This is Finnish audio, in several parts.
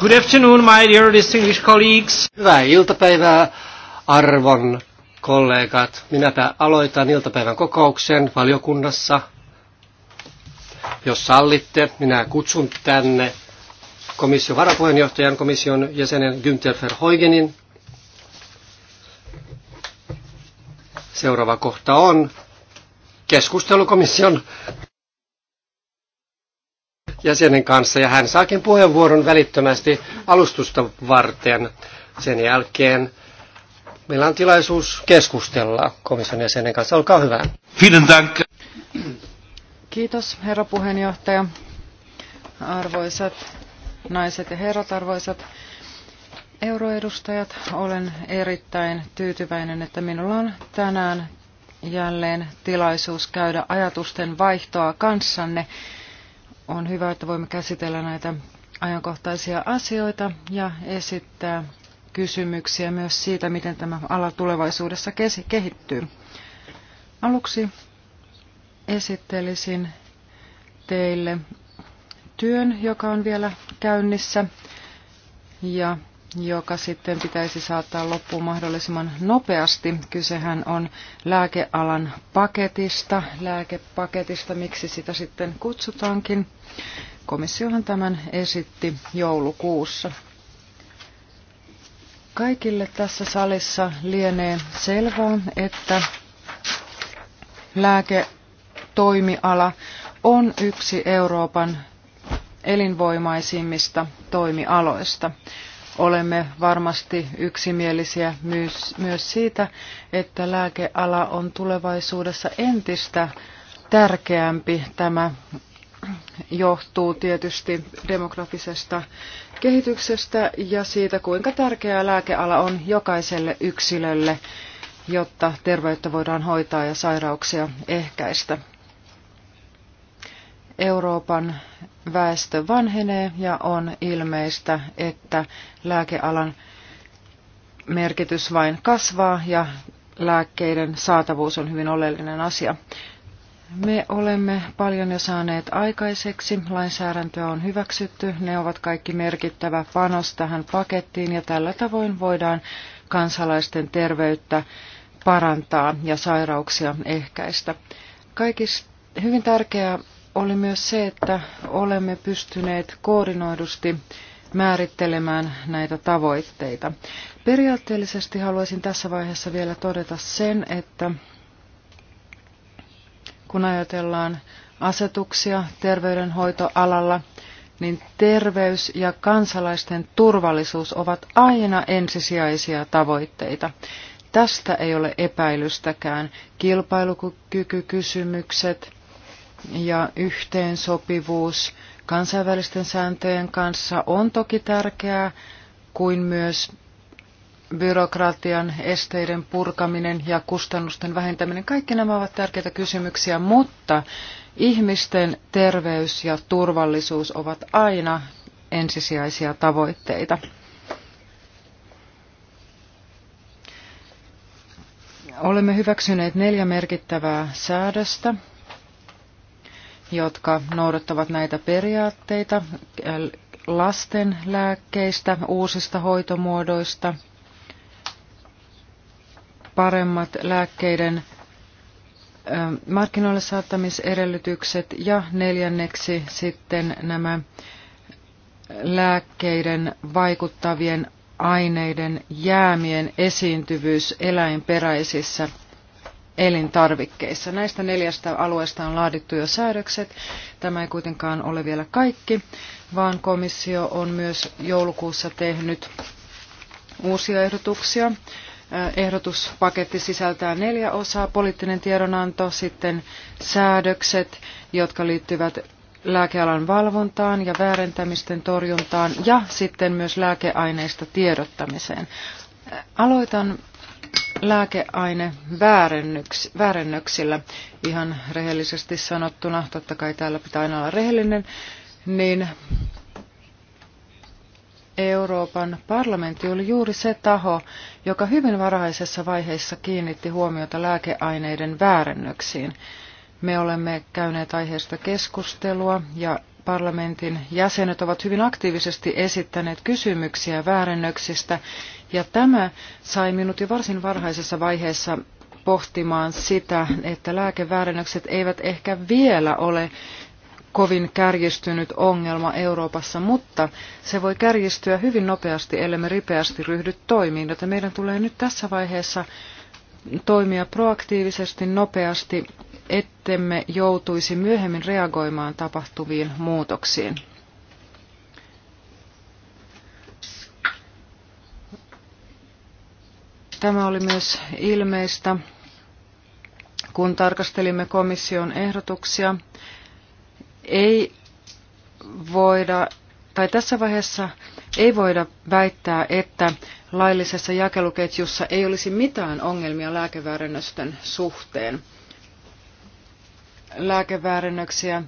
Good afternoon, my dear distinguished colleagues. Hyvää iltapäivää, arvon kollegat. Minäpä aloitan iltapäivän kokouksen valiokunnassa. Jos sallitte, minä kutsun tänne komission varapuheenjohtajan, komission jäsenen Günther Verheugenin. Seuraava kohta on keskustelukomission jäsenen kanssa ja hän saakin puheenvuoron välittömästi alustusta varten. Sen jälkeen meillä on tilaisuus keskustella komission jäsenen kanssa. Olkaa hyvä. Kiitos herra puheenjohtaja. Arvoisat naiset ja herrat, arvoisat euroedustajat, olen erittäin tyytyväinen, että minulla on tänään jälleen tilaisuus käydä ajatusten vaihtoa kanssanne on hyvä, että voimme käsitellä näitä ajankohtaisia asioita ja esittää kysymyksiä myös siitä, miten tämä ala tulevaisuudessa kehittyy. Aluksi esittelisin teille työn, joka on vielä käynnissä ja joka sitten pitäisi saattaa loppuun mahdollisimman nopeasti. Kysehän on lääkealan paketista, lääkepaketista, miksi sitä sitten kutsutaankin. Komissiohan tämän esitti joulukuussa. Kaikille tässä salissa lienee selvää, että lääketoimiala on yksi Euroopan elinvoimaisimmista toimialoista olemme varmasti yksimielisiä myös, myös siitä, että lääkeala on tulevaisuudessa entistä tärkeämpi. Tämä johtuu tietysti demografisesta kehityksestä ja siitä, kuinka tärkeä lääkeala on jokaiselle yksilölle, jotta terveyttä voidaan hoitaa ja sairauksia ehkäistä. Euroopan väestö vanhenee ja on ilmeistä, että lääkealan merkitys vain kasvaa ja lääkkeiden saatavuus on hyvin oleellinen asia. Me olemme paljon jo saaneet aikaiseksi. Lainsäädäntöä on hyväksytty. Ne ovat kaikki merkittävä panos tähän pakettiin ja tällä tavoin voidaan kansalaisten terveyttä parantaa ja sairauksia ehkäistä. Kaikista hyvin tärkeää oli myös se, että olemme pystyneet koordinoidusti määrittelemään näitä tavoitteita. Periaatteellisesti haluaisin tässä vaiheessa vielä todeta sen, että kun ajatellaan asetuksia terveydenhoitoalalla, niin terveys ja kansalaisten turvallisuus ovat aina ensisijaisia tavoitteita. Tästä ei ole epäilystäkään. Kilpailukykykysymykset, ja yhteensopivuus kansainvälisten sääntöjen kanssa on toki tärkeää, kuin myös byrokratian esteiden purkaminen ja kustannusten vähentäminen. Kaikki nämä ovat tärkeitä kysymyksiä, mutta ihmisten terveys ja turvallisuus ovat aina ensisijaisia tavoitteita. Olemme hyväksyneet neljä merkittävää säädöstä jotka noudattavat näitä periaatteita lasten lääkkeistä, uusista hoitomuodoista, paremmat lääkkeiden markkinoille saattamisedellytykset ja neljänneksi sitten nämä lääkkeiden vaikuttavien aineiden jäämien esiintyvyys eläinperäisissä elintarvikkeissa. Näistä neljästä alueesta on laadittu jo säädökset. Tämä ei kuitenkaan ole vielä kaikki, vaan komissio on myös joulukuussa tehnyt uusia ehdotuksia. Äh, ehdotuspaketti sisältää neljä osaa, poliittinen tiedonanto, sitten säädökset, jotka liittyvät lääkealan valvontaan ja väärentämisten torjuntaan ja sitten myös lääkeaineista tiedottamiseen. Äh, aloitan lääkeaine väärennöksillä, ihan rehellisesti sanottuna, totta kai täällä pitää aina olla rehellinen, niin Euroopan parlamentti oli juuri se taho, joka hyvin varhaisessa vaiheessa kiinnitti huomiota lääkeaineiden väärennöksiin. Me olemme käyneet aiheesta keskustelua ja parlamentin jäsenet ovat hyvin aktiivisesti esittäneet kysymyksiä väärennöksistä, ja tämä sai minut jo varsin varhaisessa vaiheessa pohtimaan sitä, että lääkeväärennökset eivät ehkä vielä ole kovin kärjistynyt ongelma Euroopassa, mutta se voi kärjistyä hyvin nopeasti, ellemme ripeästi ryhdy toimiin. Joten meidän tulee nyt tässä vaiheessa toimia proaktiivisesti, nopeasti ettemme joutuisi myöhemmin reagoimaan tapahtuviin muutoksiin. Tämä oli myös ilmeistä, kun tarkastelimme komission ehdotuksia. Ei voida, tai tässä vaiheessa ei voida väittää, että laillisessa jakeluketjussa ei olisi mitään ongelmia lääkeväärennösten suhteen lääkeväärennöksiä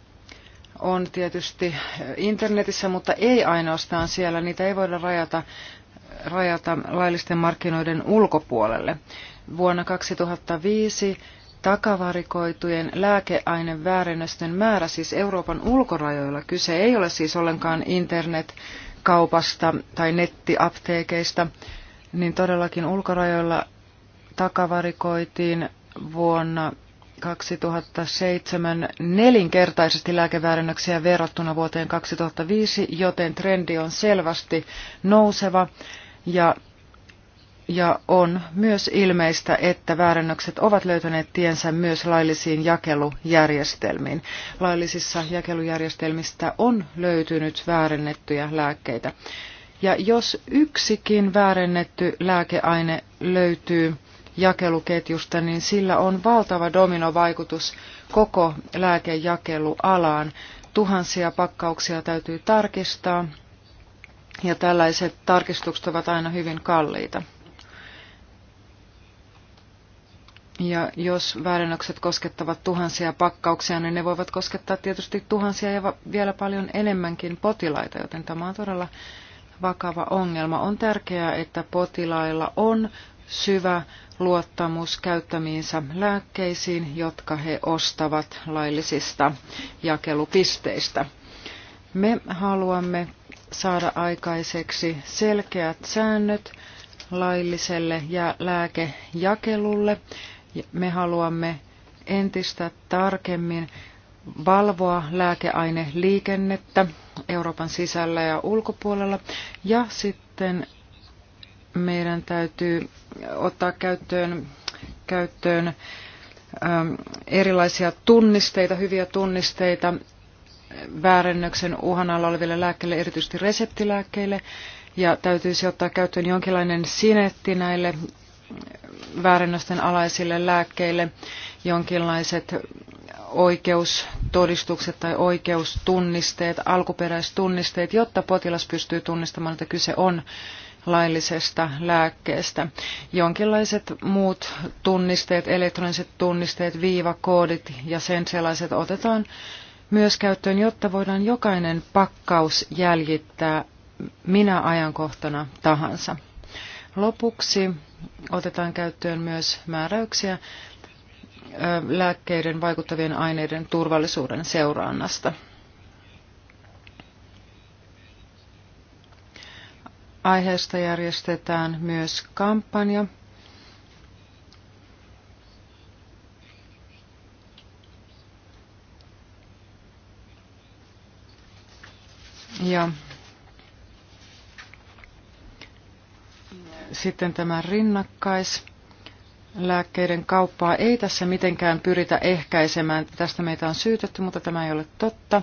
on tietysti internetissä, mutta ei ainoastaan siellä. Niitä ei voida rajata, rajata laillisten markkinoiden ulkopuolelle. Vuonna 2005 takavarikoitujen lääkeaineväärennösten määrä siis Euroopan ulkorajoilla. Kyse ei ole siis ollenkaan internetkaupasta tai nettiapteekeista, niin todellakin ulkorajoilla takavarikoitiin vuonna 2007 nelinkertaisesti lääkeväärennöksiä verrattuna vuoteen 2005, joten trendi on selvästi nouseva ja, ja on myös ilmeistä, että väärennökset ovat löytäneet tiensä myös laillisiin jakelujärjestelmiin. Laillisissa jakelujärjestelmistä on löytynyt väärennettyjä lääkkeitä. Ja jos yksikin väärennetty lääkeaine löytyy jakeluketjusta, niin sillä on valtava dominovaikutus koko lääkejakelualaan. Tuhansia pakkauksia täytyy tarkistaa ja tällaiset tarkistukset ovat aina hyvin kalliita. Ja jos väärennökset koskettavat tuhansia pakkauksia, niin ne voivat koskettaa tietysti tuhansia ja vielä paljon enemmänkin potilaita, joten tämä on todella vakava ongelma. On tärkeää, että potilailla on syvä luottamus käyttämiinsä lääkkeisiin, jotka he ostavat laillisista jakelupisteistä. Me haluamme saada aikaiseksi selkeät säännöt lailliselle ja lääkejakelulle. Me haluamme entistä tarkemmin valvoa lääkeaineliikennettä Euroopan sisällä ja ulkopuolella ja sitten meidän täytyy ottaa käyttöön, käyttöön ähm, erilaisia tunnisteita, hyviä tunnisteita väärennöksen uhan alla oleville lääkkeille, erityisesti reseptilääkkeille. Ja täytyisi ottaa käyttöön jonkinlainen sinetti näille väärennösten alaisille lääkkeille, jonkinlaiset oikeustodistukset tai oikeustunnisteet, alkuperäistunnisteet, jotta potilas pystyy tunnistamaan, että kyse on laillisesta lääkkeestä. Jonkinlaiset muut tunnisteet, elektroniset tunnisteet, viivakoodit ja sen sellaiset otetaan myös käyttöön, jotta voidaan jokainen pakkaus jäljittää minä ajankohtana tahansa. Lopuksi otetaan käyttöön myös määräyksiä lääkkeiden vaikuttavien aineiden turvallisuuden seurannasta. Aiheesta järjestetään myös kampanja. Ja sitten tämä rinnakkais. Lääkkeiden kauppaa ei tässä mitenkään pyritä ehkäisemään. Tästä meitä on syytetty, mutta tämä ei ole totta.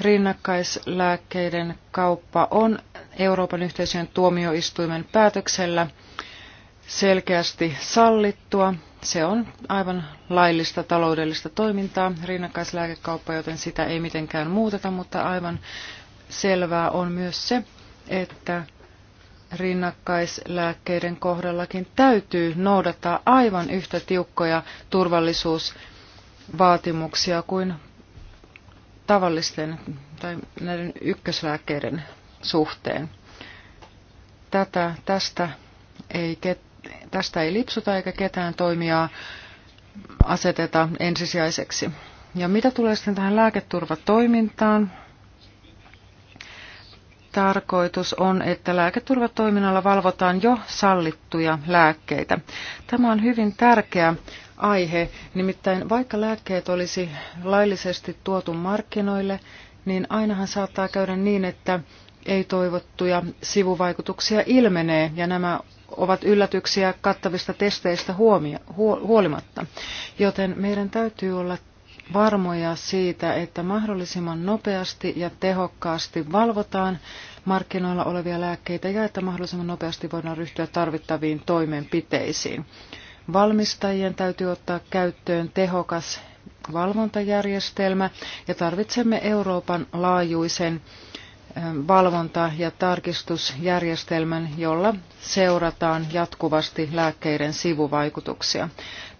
Rinnakkaislääkkeiden kauppa on Euroopan yhteisön tuomioistuimen päätöksellä selkeästi sallittua. Se on aivan laillista taloudellista toimintaa, rinnakkaislääkekauppa, joten sitä ei mitenkään muuteta, mutta aivan selvää on myös se, että rinnakkaislääkkeiden kohdallakin täytyy noudattaa aivan yhtä tiukkoja turvallisuusvaatimuksia kuin tavallisten tai näiden ykköslääkkeiden suhteen. Tätä, tästä, ei, tästä ei lipsuta eikä ketään toimijaa aseteta ensisijaiseksi. Ja mitä tulee sitten tähän lääketurvatoimintaan? Tarkoitus on, että lääketurvatoiminnalla valvotaan jo sallittuja lääkkeitä. Tämä on hyvin tärkeä aihe, nimittäin vaikka lääkkeet olisi laillisesti tuotu markkinoille, niin ainahan saattaa käydä niin, että ei-toivottuja sivuvaikutuksia ilmenee ja nämä ovat yllätyksiä kattavista testeistä huomio, huolimatta. Joten meidän täytyy olla varmoja siitä, että mahdollisimman nopeasti ja tehokkaasti valvotaan markkinoilla olevia lääkkeitä ja että mahdollisimman nopeasti voidaan ryhtyä tarvittaviin toimenpiteisiin. Valmistajien täytyy ottaa käyttöön tehokas valvontajärjestelmä ja tarvitsemme Euroopan laajuisen valvonta- ja tarkistusjärjestelmän, jolla seurataan jatkuvasti lääkkeiden sivuvaikutuksia.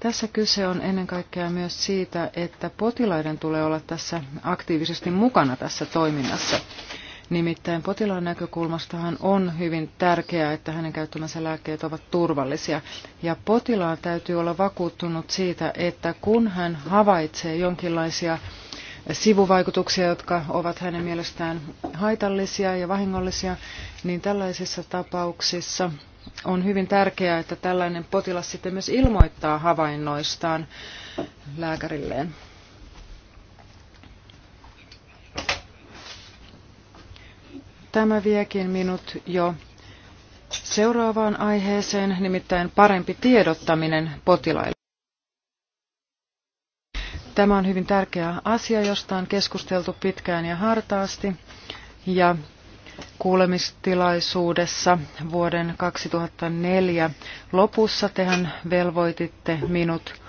Tässä kyse on ennen kaikkea myös siitä, että potilaiden tulee olla tässä aktiivisesti mukana tässä toiminnassa. Nimittäin potilaan näkökulmastahan on hyvin tärkeää, että hänen käyttämänsä lääkkeet ovat turvallisia. Ja potilaan täytyy olla vakuuttunut siitä, että kun hän havaitsee jonkinlaisia sivuvaikutuksia, jotka ovat hänen mielestään haitallisia ja vahingollisia, niin tällaisissa tapauksissa on hyvin tärkeää, että tällainen potilas sitten myös ilmoittaa havainnoistaan lääkärilleen. Tämä viekin minut jo seuraavaan aiheeseen, nimittäin parempi tiedottaminen potilaille. Tämä on hyvin tärkeä asia, josta on keskusteltu pitkään ja hartaasti. Ja kuulemistilaisuudessa vuoden 2004 lopussa tehän velvoititte minut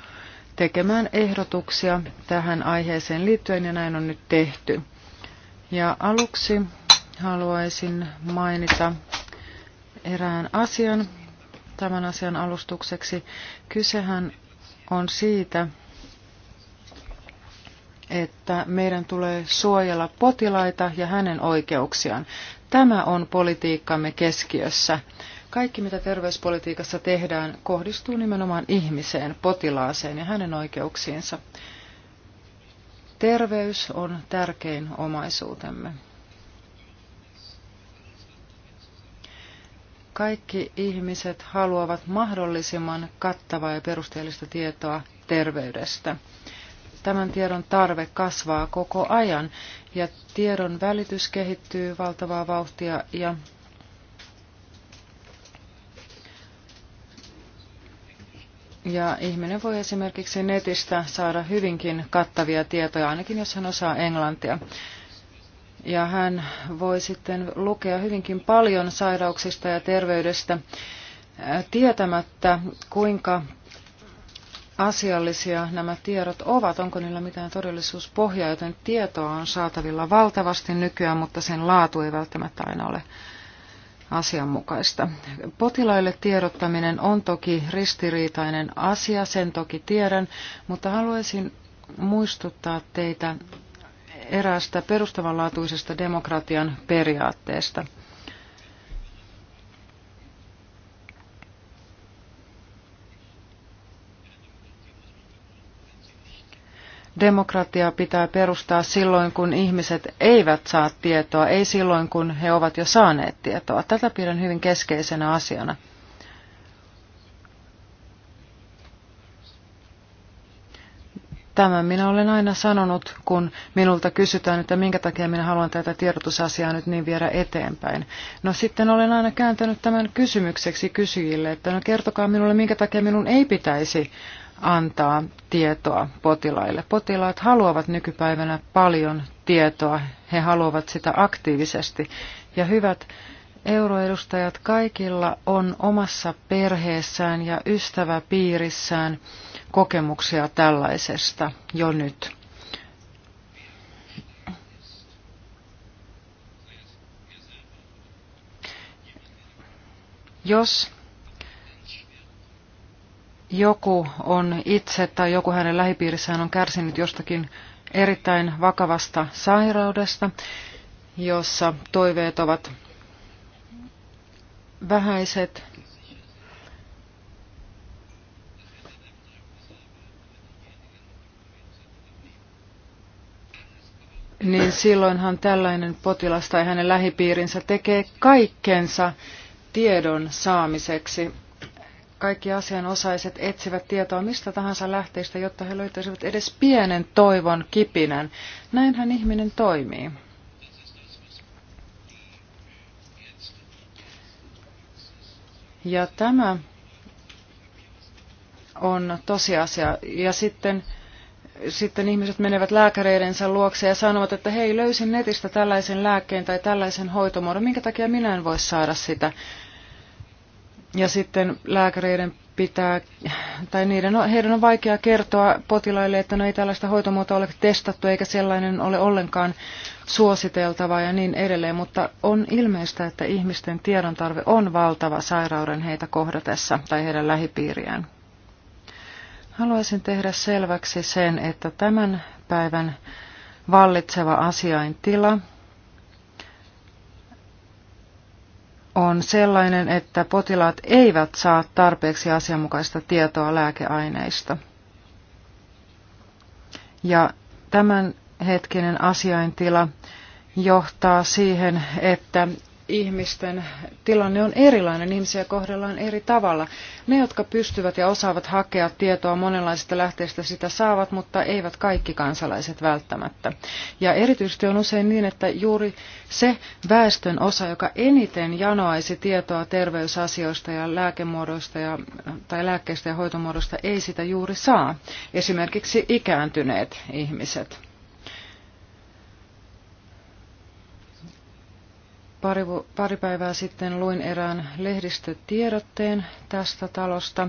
tekemään ehdotuksia tähän aiheeseen liittyen ja näin on nyt tehty. Ja aluksi haluaisin mainita erään asian tämän asian alustukseksi. Kysehän on siitä, että meidän tulee suojella potilaita ja hänen oikeuksiaan. Tämä on politiikkamme keskiössä. Kaikki, mitä terveyspolitiikassa tehdään, kohdistuu nimenomaan ihmiseen, potilaaseen ja hänen oikeuksiinsa. Terveys on tärkein omaisuutemme. Kaikki ihmiset haluavat mahdollisimman kattavaa ja perusteellista tietoa terveydestä tämän tiedon tarve kasvaa koko ajan ja tiedon välitys kehittyy valtavaa vauhtia ja Ja ihminen voi esimerkiksi netistä saada hyvinkin kattavia tietoja, ainakin jos hän osaa englantia. Ja hän voi sitten lukea hyvinkin paljon sairauksista ja terveydestä tietämättä, kuinka asiallisia nämä tiedot ovat, onko niillä mitään todellisuuspohjaa, joten tietoa on saatavilla valtavasti nykyään, mutta sen laatu ei välttämättä aina ole asianmukaista. Potilaille tiedottaminen on toki ristiriitainen asia, sen toki tiedän, mutta haluaisin muistuttaa teitä eräästä perustavanlaatuisesta demokratian periaatteesta – Demokratia pitää perustaa silloin, kun ihmiset eivät saa tietoa, ei silloin, kun he ovat jo saaneet tietoa. Tätä pidän hyvin keskeisenä asiana. Tämän minä olen aina sanonut, kun minulta kysytään, että minkä takia minä haluan tätä tiedotusasiaa nyt niin viedä eteenpäin. No sitten olen aina kääntänyt tämän kysymykseksi kysyjille, että no kertokaa minulle, minkä takia minun ei pitäisi antaa tietoa potilaille. Potilaat haluavat nykypäivänä paljon tietoa, he haluavat sitä aktiivisesti. Ja hyvät euroedustajat, kaikilla on omassa perheessään ja ystäväpiirissään kokemuksia tällaisesta jo nyt. Jos joku on itse tai joku hänen lähipiirissään on kärsinyt jostakin erittäin vakavasta sairaudesta, jossa toiveet ovat vähäiset, niin silloinhan tällainen potilas tai hänen lähipiirinsä tekee kaikkensa tiedon saamiseksi kaikki asianosaiset etsivät tietoa mistä tahansa lähteistä, jotta he löytäisivät edes pienen toivon kipinän. Näinhän ihminen toimii. Ja tämä on tosiasia. Ja sitten, sitten ihmiset menevät lääkäreidensä luokse ja sanovat, että hei, löysin netistä tällaisen lääkkeen tai tällaisen hoitomuodon, minkä takia minä en voi saada sitä. Ja sitten lääkäreiden pitää, tai niiden on, heidän on vaikea kertoa potilaille, että no ei tällaista hoitomuotoa ole testattu eikä sellainen ole ollenkaan suositeltava ja niin edelleen, mutta on ilmeistä, että ihmisten tiedon tarve on valtava sairauden heitä kohdatessa tai heidän lähipiiriään. Haluaisin tehdä selväksi sen, että tämän päivän vallitseva asiaintila – on sellainen, että potilaat eivät saa tarpeeksi asianmukaista tietoa lääkeaineista. Ja tämän hetkinen asiaintila johtaa siihen, että ihmisten tilanne on erilainen, ihmisiä kohdellaan eri tavalla. Ne, jotka pystyvät ja osaavat hakea tietoa monenlaisista lähteistä, sitä saavat, mutta eivät kaikki kansalaiset välttämättä. Ja erityisesti on usein niin, että juuri se väestön osa, joka eniten janoaisi tietoa terveysasioista ja lääkemuodoista ja, tai lääkkeistä ja hoitomuodosta, ei sitä juuri saa. Esimerkiksi ikääntyneet ihmiset. Pari, pari päivää sitten luin erään lehdistötiedotteen tästä talosta,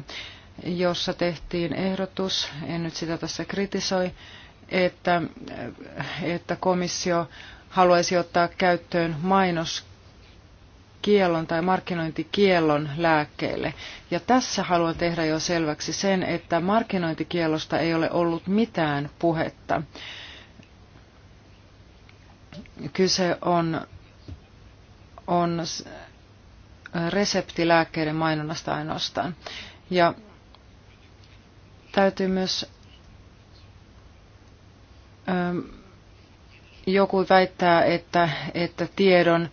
jossa tehtiin ehdotus, en nyt sitä tässä kritisoi, että, että komissio haluaisi ottaa käyttöön mainoskiellon tai markkinointikiellon lääkkeille. Ja tässä haluan tehdä jo selväksi sen, että markkinointikielosta ei ole ollut mitään puhetta. Kyse on on reseptilääkkeiden mainonnasta ainoastaan. Ja täytyy myös joku väittää, että, että tiedon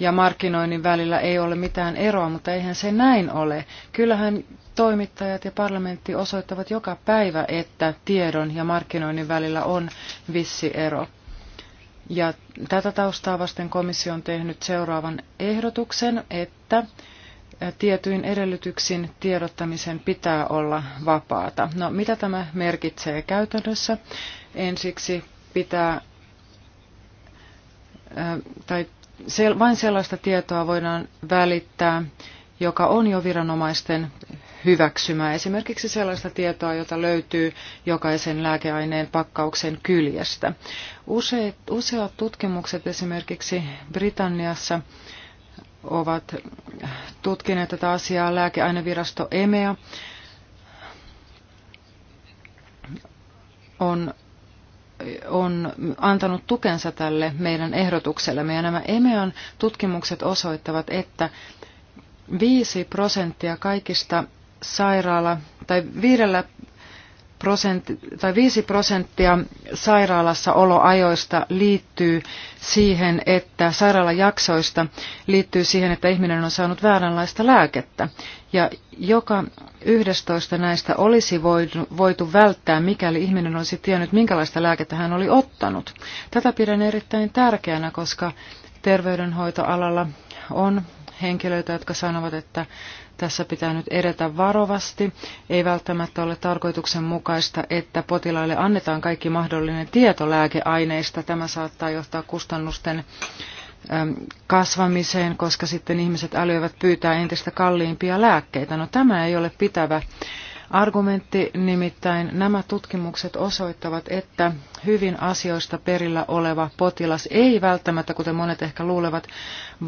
ja markkinoinnin välillä ei ole mitään eroa, mutta eihän se näin ole. Kyllähän toimittajat ja parlamentti osoittavat joka päivä, että tiedon ja markkinoinnin välillä on vissi ero. Ja tätä taustaa vasten komissio on tehnyt seuraavan ehdotuksen, että tietyin edellytyksin tiedottamisen pitää olla vapaata. No, mitä tämä merkitsee käytännössä? Ensiksi pitää, äh, tai vain sellaista tietoa voidaan välittää, joka on jo viranomaisten hyväksymään esimerkiksi sellaista tietoa, jota löytyy jokaisen lääkeaineen pakkauksen kyljestä. Useat, useat tutkimukset esimerkiksi Britanniassa ovat tutkineet tätä asiaa lääkeainevirasto EMEA on on antanut tukensa tälle meidän ehdotuksellemme. Ja nämä EMEAN tutkimukset osoittavat, että 5 prosenttia kaikista sairaala tai viidellä prosentti, tai viisi prosenttia sairaalassa oloajoista liittyy siihen, että sairaalajaksoista liittyy siihen, että ihminen on saanut vääränlaista lääkettä. Ja joka yhdestoista näistä olisi voitu välttää, mikäli ihminen olisi tiennyt, minkälaista lääkettä hän oli ottanut. Tätä pidän erittäin tärkeänä, koska terveydenhoitoalalla on henkilöitä, jotka sanovat, että tässä pitää nyt edetä varovasti. Ei välttämättä ole tarkoituksenmukaista, että potilaille annetaan kaikki mahdollinen tieto lääkeaineista. Tämä saattaa johtaa kustannusten kasvamiseen, koska sitten ihmiset älyivät pyytää entistä kalliimpia lääkkeitä. No tämä ei ole pitävä argumentti, nimittäin nämä tutkimukset osoittavat, että hyvin asioista perillä oleva potilas ei välttämättä, kuten monet ehkä luulevat,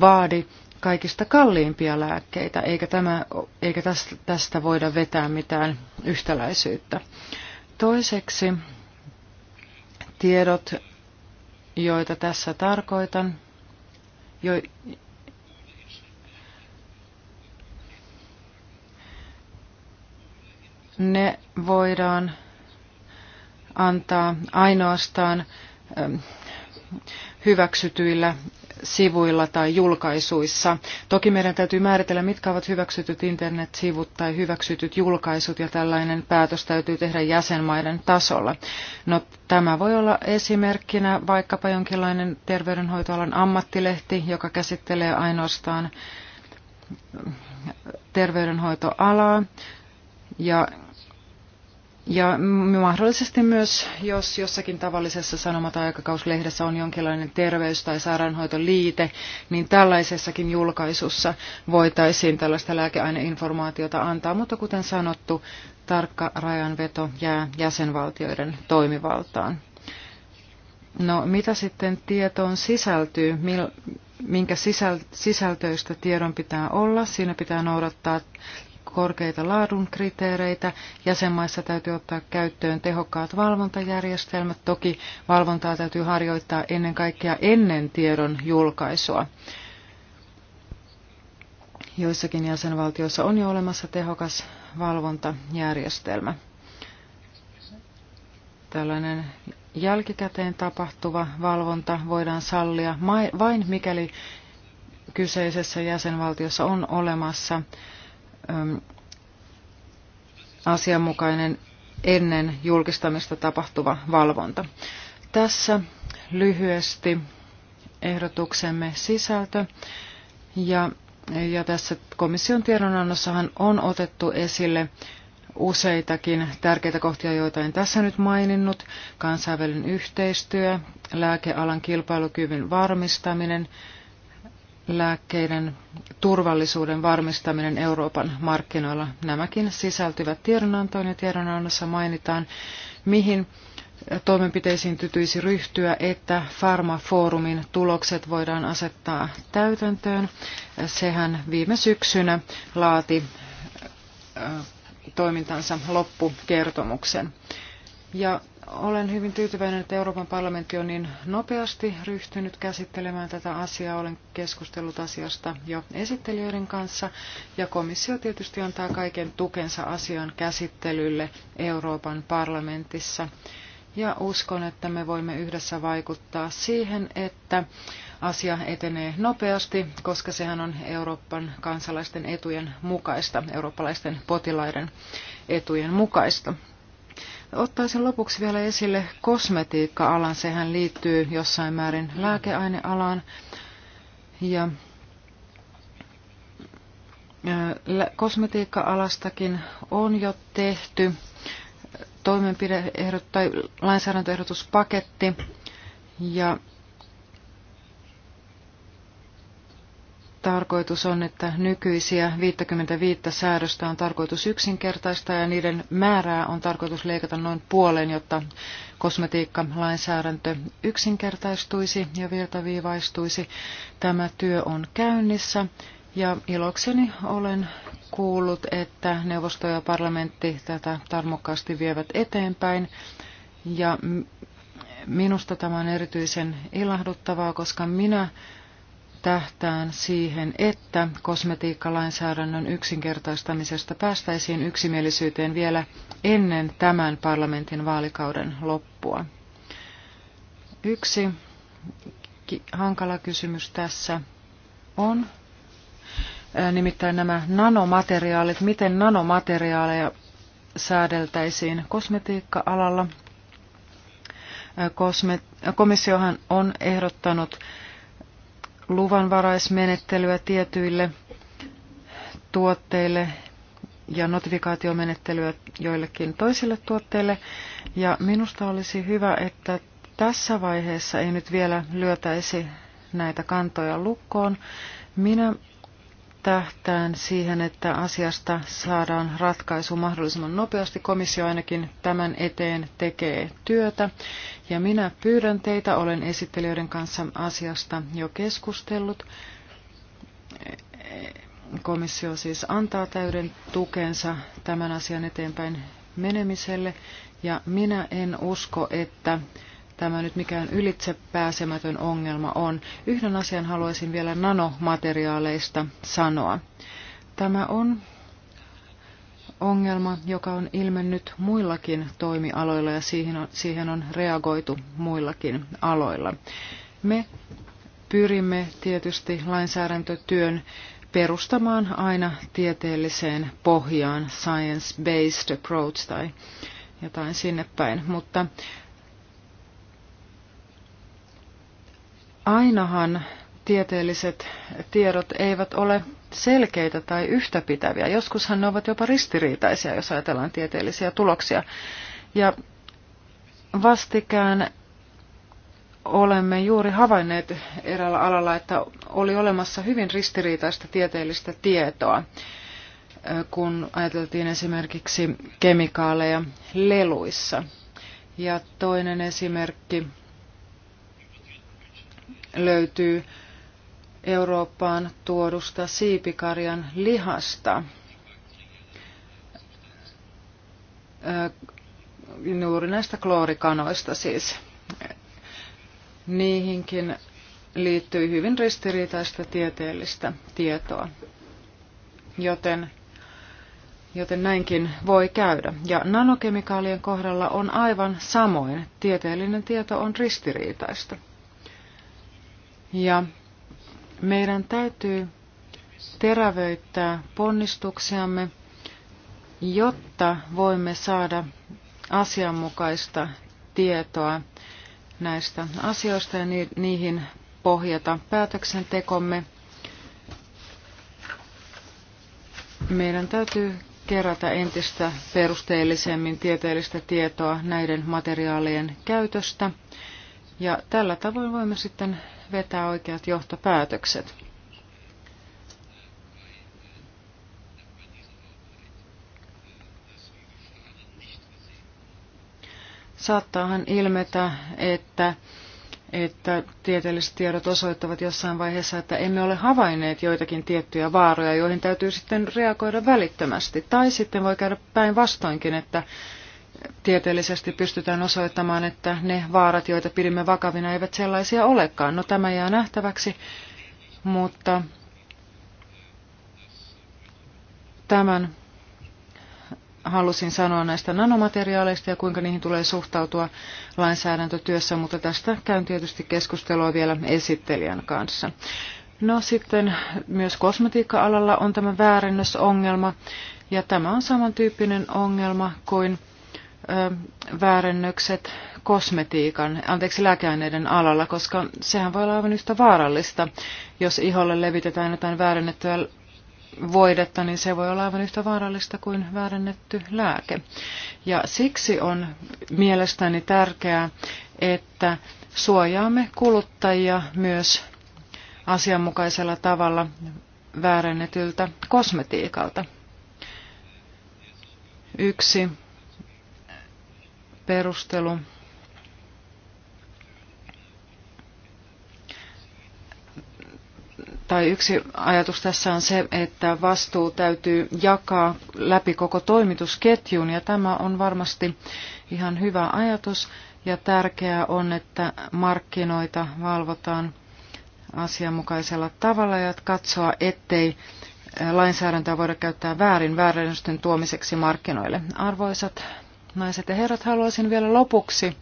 vaadi kaikista kalliimpia lääkkeitä, eikä, tämä, eikä tästä, tästä voida vetää mitään yhtäläisyyttä. Toiseksi tiedot, joita tässä tarkoitan, jo, ne voidaan antaa ainoastaan hyväksytyillä sivuilla tai julkaisuissa. Toki meidän täytyy määritellä, mitkä ovat hyväksytyt internetsivut tai hyväksytyt julkaisut, ja tällainen päätös täytyy tehdä jäsenmaiden tasolla. No, tämä voi olla esimerkkinä vaikkapa jonkinlainen terveydenhoitoalan ammattilehti, joka käsittelee ainoastaan terveydenhoitoalaa, ja ja mahdollisesti myös, jos jossakin tavallisessa sanoma- tai aikakauslehdessä on jonkinlainen terveys- tai sairaanhoitoliite, niin tällaisessakin julkaisussa voitaisiin tällaista lääkeaineinformaatiota antaa. Mutta kuten sanottu, tarkka rajanveto jää jäsenvaltioiden toimivaltaan. No mitä sitten tietoon sisältyy, minkä sisältöistä tiedon pitää olla? Siinä pitää noudattaa korkeita laadun kriteereitä. Jäsenmaissa täytyy ottaa käyttöön tehokkaat valvontajärjestelmät. Toki valvontaa täytyy harjoittaa ennen kaikkea ennen tiedon julkaisua. Joissakin jäsenvaltioissa on jo olemassa tehokas valvontajärjestelmä. Tällainen jälkikäteen tapahtuva valvonta voidaan sallia vain mikäli kyseisessä jäsenvaltiossa on olemassa asianmukainen ennen julkistamista tapahtuva valvonta. Tässä lyhyesti ehdotuksemme sisältö. Ja, ja tässä komission tiedonannossahan on otettu esille useitakin tärkeitä kohtia, joita en tässä nyt maininnut. Kansainvälinen yhteistyö, lääkealan kilpailukyvyn varmistaminen, lääkkeiden turvallisuuden varmistaminen Euroopan markkinoilla. Nämäkin sisältyvät tiedonantoon ja tiedonannossa mainitaan, mihin toimenpiteisiin tytyisi ryhtyä, että pharmaforumin tulokset voidaan asettaa täytäntöön. Sehän viime syksynä laati toimintansa loppukertomuksen. Ja olen hyvin tyytyväinen, että Euroopan parlamentti on niin nopeasti ryhtynyt käsittelemään tätä asiaa. Olen keskustellut asiasta jo esittelijöiden kanssa ja komissio tietysti antaa kaiken tukensa asian käsittelylle Euroopan parlamentissa. Ja uskon, että me voimme yhdessä vaikuttaa siihen, että asia etenee nopeasti, koska sehän on Euroopan kansalaisten etujen mukaista, eurooppalaisten potilaiden etujen mukaista. Ottaisin lopuksi vielä esille kosmetiikka-alan. Sehän liittyy jossain määrin lääkeainealaan. Ja kosmetiikka-alastakin on jo tehty toimenpideehdot tai lainsäädäntöehdotuspaketti. Ja tarkoitus on, että nykyisiä 55 säädöstä on tarkoitus yksinkertaistaa ja niiden määrää on tarkoitus leikata noin puoleen, jotta kosmetiikkalainsäädäntö yksinkertaistuisi ja virtaviivaistuisi. Tämä työ on käynnissä ja ilokseni olen kuullut, että neuvosto ja parlamentti tätä tarmokkaasti vievät eteenpäin ja minusta tämä on erityisen ilahduttavaa, koska minä tähtään siihen, että kosmetiikkalainsäädännön yksinkertaistamisesta päästäisiin yksimielisyyteen vielä ennen tämän parlamentin vaalikauden loppua. Yksi hankala kysymys tässä on nimittäin nämä nanomateriaalit, miten nanomateriaaleja säädeltäisiin kosmetiikka-alalla. Kosme- komissiohan on ehdottanut luvanvaraismenettelyä tietyille tuotteille ja notifikaatiomenettelyä joillekin toisille tuotteille. Ja minusta olisi hyvä, että tässä vaiheessa ei nyt vielä lyötäisi näitä kantoja lukkoon. Minä tähtään siihen, että asiasta saadaan ratkaisu mahdollisimman nopeasti. Komissio ainakin tämän eteen tekee työtä. Ja minä pyydän teitä, olen esittelijöiden kanssa asiasta jo keskustellut. Komissio siis antaa täyden tukensa tämän asian eteenpäin menemiselle. Ja minä en usko, että tämä nyt mikään ylitsepääsemätön ongelma on. Yhden asian haluaisin vielä nanomateriaaleista sanoa. Tämä on ongelma, joka on ilmennyt muillakin toimialoilla ja siihen on, siihen on reagoitu muillakin aloilla. Me pyrimme tietysti lainsäädäntötyön perustamaan aina tieteelliseen pohjaan, science-based approach tai jotain sinne päin, mutta ainahan tieteelliset tiedot eivät ole selkeitä tai yhtäpitäviä. Joskushan ne ovat jopa ristiriitaisia, jos ajatellaan tieteellisiä tuloksia. Ja vastikään olemme juuri havainneet eräällä alalla, että oli olemassa hyvin ristiriitaista tieteellistä tietoa, kun ajateltiin esimerkiksi kemikaaleja leluissa. Ja toinen esimerkki löytyy Eurooppaan tuodusta siipikarjan lihasta. Juuri näistä kloorikanoista siis. Niihinkin liittyy hyvin ristiriitaista tieteellistä tietoa. Joten, joten näinkin voi käydä. Ja nanokemikaalien kohdalla on aivan samoin. Tieteellinen tieto on ristiriitaista. Ja meidän täytyy terävöittää ponnistuksiamme, jotta voimme saada asianmukaista tietoa näistä asioista ja niihin pohjata päätöksentekomme. Meidän täytyy kerätä entistä perusteellisemmin tieteellistä tietoa näiden materiaalien käytöstä. Ja tällä tavoin voimme sitten vetää oikeat johtopäätökset. Saattaahan ilmetä, että, että tieteelliset tiedot osoittavat jossain vaiheessa, että emme ole havainneet joitakin tiettyjä vaaroja, joihin täytyy sitten reagoida välittömästi. Tai sitten voi käydä päinvastoinkin, että tieteellisesti pystytään osoittamaan, että ne vaarat, joita pidimme vakavina, eivät sellaisia olekaan. No tämä jää nähtäväksi, mutta tämän halusin sanoa näistä nanomateriaaleista ja kuinka niihin tulee suhtautua lainsäädäntötyössä, mutta tästä käyn tietysti keskustelua vielä esittelijän kanssa. No sitten myös kosmetiikka-alalla on tämä väärennösongelma, ja tämä on samantyyppinen ongelma kuin väärennökset kosmetiikan, anteeksi lääkeaineiden alalla, koska sehän voi olla aivan yhtä vaarallista. Jos iholle levitetään jotain väärennettyä voidetta, niin se voi olla aivan yhtä vaarallista kuin väärennetty lääke. Ja siksi on mielestäni tärkeää, että suojaamme kuluttajia myös asianmukaisella tavalla väärennetyltä kosmetiikalta. Yksi perustelu. Tai yksi ajatus tässä on se, että vastuu täytyy jakaa läpi koko toimitusketjun, ja tämä on varmasti ihan hyvä ajatus, ja tärkeää on, että markkinoita valvotaan asianmukaisella tavalla ja katsoa, ettei lainsäädäntöä voida käyttää väärin väärennysten tuomiseksi markkinoille. Arvoisat naiset ja herrat, haluaisin vielä lopuksi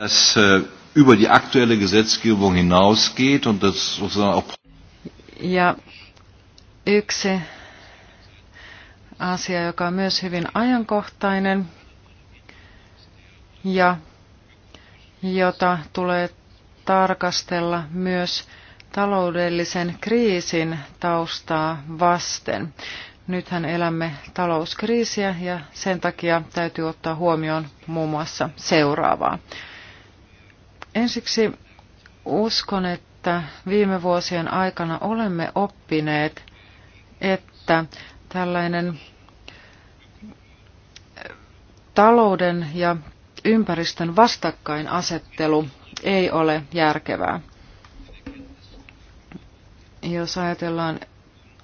äh, über die aktuelle Gesetzgebung hinausgeht und das sozusagen auch ja yksi asia, joka on myös hyvin ajankohtainen ja jota tulee tarkastella myös taloudellisen kriisin taustaa vasten. Nythän elämme talouskriisiä ja sen takia täytyy ottaa huomioon muun muassa seuraavaa. Ensiksi uskon, että viime vuosien aikana olemme oppineet, että tällainen talouden ja ympäristön vastakkainasettelu ei ole järkevää. Jos ajatellaan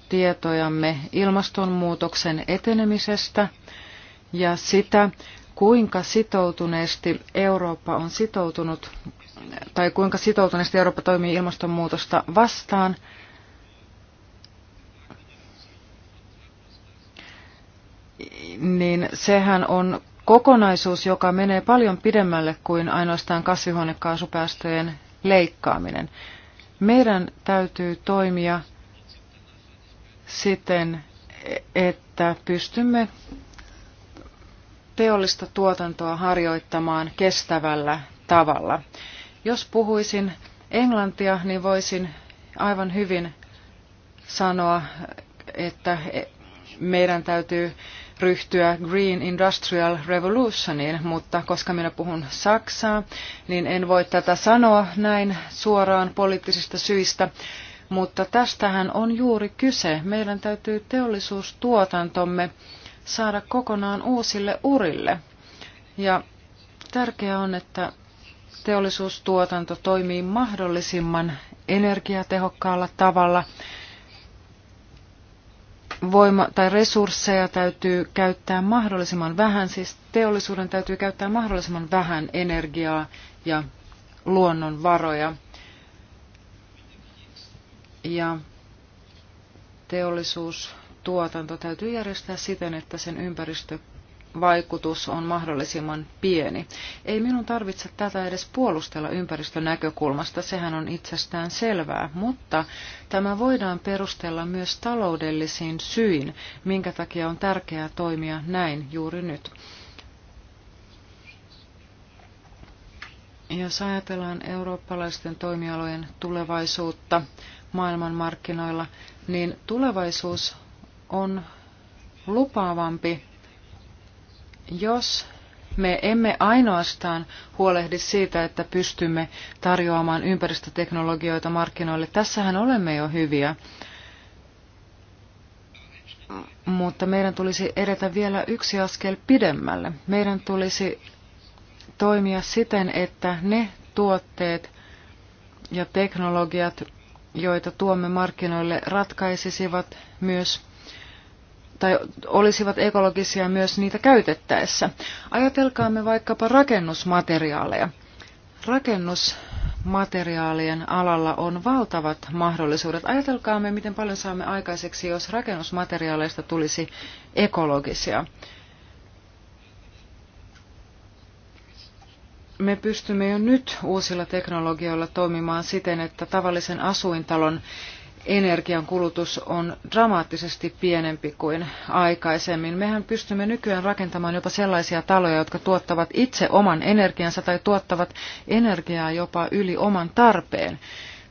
tietojamme ilmastonmuutoksen etenemisestä ja sitä, kuinka sitoutuneesti Eurooppa on sitoutunut tai kuinka sitoutuneesti Eurooppa toimii ilmastonmuutosta vastaan. Niin sehän on kokonaisuus, joka menee paljon pidemmälle kuin ainoastaan kasvihuonekaasupäästöjen leikkaaminen. Meidän täytyy toimia siten, että pystymme teollista tuotantoa harjoittamaan kestävällä tavalla. Jos puhuisin englantia, niin voisin aivan hyvin sanoa, että meidän täytyy ryhtyä Green Industrial Revolutioniin, mutta koska minä puhun saksaa, niin en voi tätä sanoa näin suoraan poliittisista syistä, mutta tästähän on juuri kyse. Meidän täytyy teollisuustuotantomme saada kokonaan uusille urille. Ja tärkeää on, että teollisuustuotanto toimii mahdollisimman energiatehokkaalla tavalla. Voima- tai resursseja täytyy käyttää mahdollisimman vähän, siis teollisuuden täytyy käyttää mahdollisimman vähän energiaa ja luonnonvaroja ja teollisuustuotanto täytyy järjestää siten, että sen ympäristö vaikutus on mahdollisimman pieni. Ei minun tarvitse tätä edes puolustella ympäristönäkökulmasta, sehän on itsestään selvää, mutta tämä voidaan perustella myös taloudellisiin syin, minkä takia on tärkeää toimia näin juuri nyt. Jos ajatellaan eurooppalaisten toimialojen tulevaisuutta, maailmanmarkkinoilla, niin tulevaisuus on lupaavampi, jos me emme ainoastaan huolehdi siitä, että pystymme tarjoamaan ympäristöteknologioita markkinoille. Tässähän olemme jo hyviä, mutta meidän tulisi edetä vielä yksi askel pidemmälle. Meidän tulisi toimia siten, että ne tuotteet ja teknologiat, joita tuomme markkinoille, ratkaisisivat myös tai olisivat ekologisia myös niitä käytettäessä. Ajatelkaamme vaikkapa rakennusmateriaaleja. Rakennusmateriaalien alalla on valtavat mahdollisuudet. Ajatelkaamme, miten paljon saamme aikaiseksi, jos rakennusmateriaaleista tulisi ekologisia. me pystymme jo nyt uusilla teknologioilla toimimaan siten, että tavallisen asuintalon kulutus on dramaattisesti pienempi kuin aikaisemmin. Mehän pystymme nykyään rakentamaan jopa sellaisia taloja, jotka tuottavat itse oman energiansa tai tuottavat energiaa jopa yli oman tarpeen.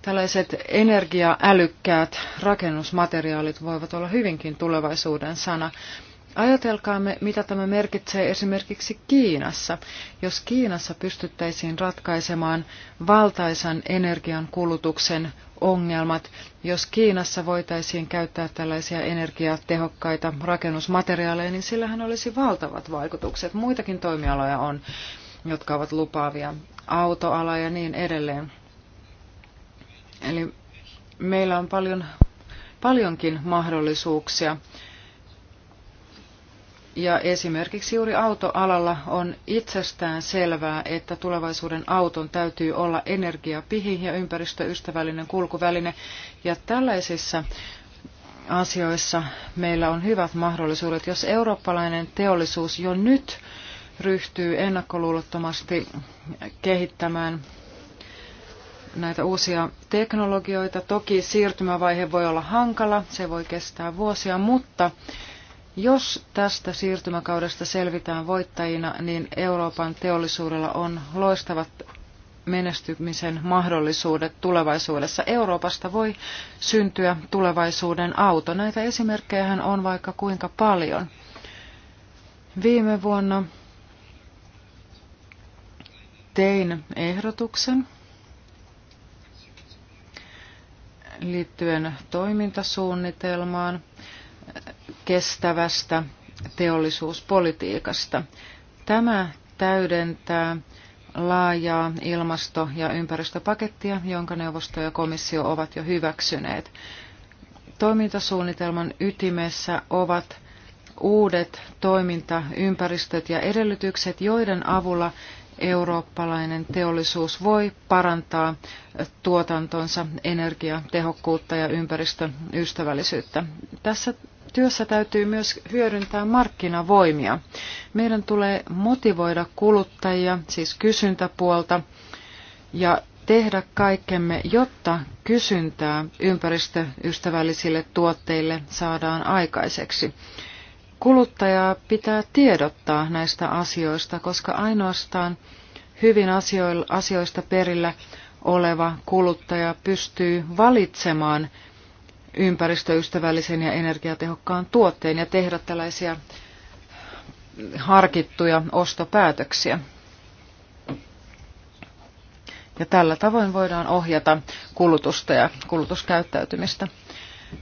Tällaiset energiaälykkäät rakennusmateriaalit voivat olla hyvinkin tulevaisuuden sana. Ajatelkaamme, mitä tämä merkitsee esimerkiksi Kiinassa. Jos Kiinassa pystyttäisiin ratkaisemaan valtaisan energian kulutuksen ongelmat, jos Kiinassa voitaisiin käyttää tällaisia energiatehokkaita rakennusmateriaaleja, niin sillähän olisi valtavat vaikutukset. Muitakin toimialoja on, jotka ovat lupaavia, autoala ja niin edelleen. Eli meillä on paljon, paljonkin mahdollisuuksia ja esimerkiksi juuri autoalalla on itsestään selvää, että tulevaisuuden auton täytyy olla energiapihi ja ympäristöystävällinen kulkuväline. Ja tällaisissa asioissa meillä on hyvät mahdollisuudet. Jos eurooppalainen teollisuus jo nyt ryhtyy ennakkoluulottomasti kehittämään näitä uusia teknologioita, toki siirtymävaihe voi olla hankala, se voi kestää vuosia, mutta jos tästä siirtymäkaudesta selvitään voittajina, niin Euroopan teollisuudella on loistavat menestymisen mahdollisuudet tulevaisuudessa. Euroopasta voi syntyä tulevaisuuden auto. Näitä esimerkkejä on vaikka kuinka paljon. Viime vuonna tein ehdotuksen liittyen toimintasuunnitelmaan – kestävästä teollisuuspolitiikasta. Tämä täydentää laajaa ilmasto- ja ympäristöpakettia, jonka neuvosto ja komissio ovat jo hyväksyneet. Toimintasuunnitelman ytimessä ovat uudet toimintaympäristöt ja edellytykset, joiden avulla eurooppalainen teollisuus voi parantaa tuotantonsa energiatehokkuutta ja ympäristön ystävällisyyttä. Tässä Työssä täytyy myös hyödyntää markkinavoimia. Meidän tulee motivoida kuluttajia, siis kysyntäpuolta, ja tehdä kaikkemme, jotta kysyntää ympäristöystävällisille tuotteille saadaan aikaiseksi. Kuluttajaa pitää tiedottaa näistä asioista, koska ainoastaan hyvin asioista perillä oleva kuluttaja pystyy valitsemaan ympäristöystävällisen ja energiatehokkaan tuotteen ja tehdä tällaisia harkittuja ostopäätöksiä. Ja tällä tavoin voidaan ohjata kulutusta ja kulutuskäyttäytymistä.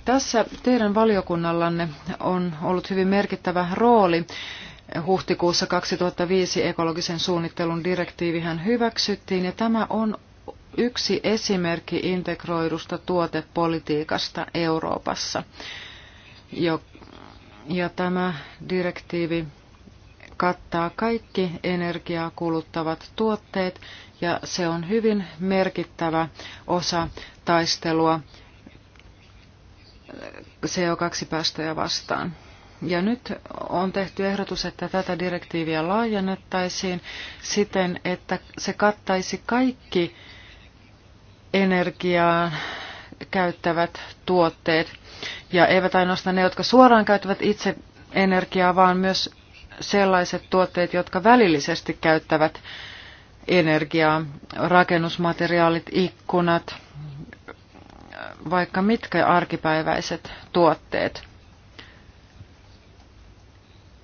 Tässä teidän valiokunnallanne on ollut hyvin merkittävä rooli. Huhtikuussa 2005 ekologisen suunnittelun direktiivihän hyväksyttiin ja tämä on yksi esimerkki integroidusta tuotepolitiikasta Euroopassa. Ja tämä direktiivi kattaa kaikki energiaa kuluttavat tuotteet ja se on hyvin merkittävä osa taistelua CO2-päästöjä vastaan. Ja nyt on tehty ehdotus, että tätä direktiiviä laajennettaisiin siten, että se kattaisi kaikki energiaa käyttävät tuotteet. Ja eivät ainoastaan ne, jotka suoraan käyttävät itse energiaa, vaan myös sellaiset tuotteet, jotka välillisesti käyttävät energiaa, rakennusmateriaalit, ikkunat, vaikka mitkä arkipäiväiset tuotteet.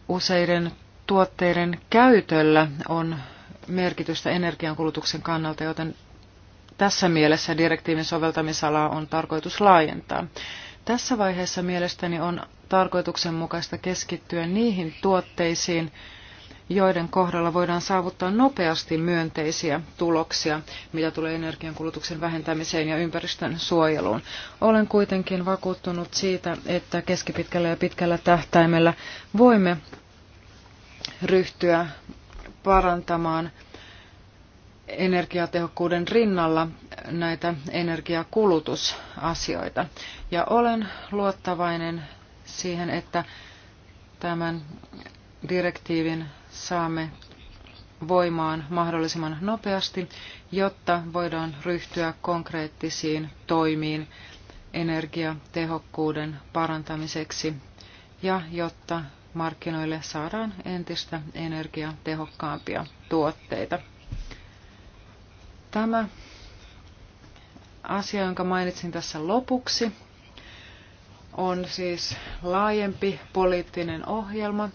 Useiden tuotteiden käytöllä on merkitystä energiankulutuksen kannalta, joten tässä mielessä direktiivin soveltamisalaa on tarkoitus laajentaa. Tässä vaiheessa mielestäni on tarkoituksenmukaista keskittyä niihin tuotteisiin, joiden kohdalla voidaan saavuttaa nopeasti myönteisiä tuloksia, mitä tulee energiankulutuksen vähentämiseen ja ympäristön suojeluun. Olen kuitenkin vakuuttunut siitä, että keskipitkällä ja pitkällä tähtäimellä voimme ryhtyä parantamaan energiatehokkuuden rinnalla näitä energiakulutusasioita. Ja olen luottavainen siihen, että tämän direktiivin saamme voimaan mahdollisimman nopeasti, jotta voidaan ryhtyä konkreettisiin toimiin energiatehokkuuden parantamiseksi ja jotta markkinoille saadaan entistä energiatehokkaampia tuotteita tämä asia, jonka mainitsin tässä lopuksi, on siis laajempi poliittinen ohjelma,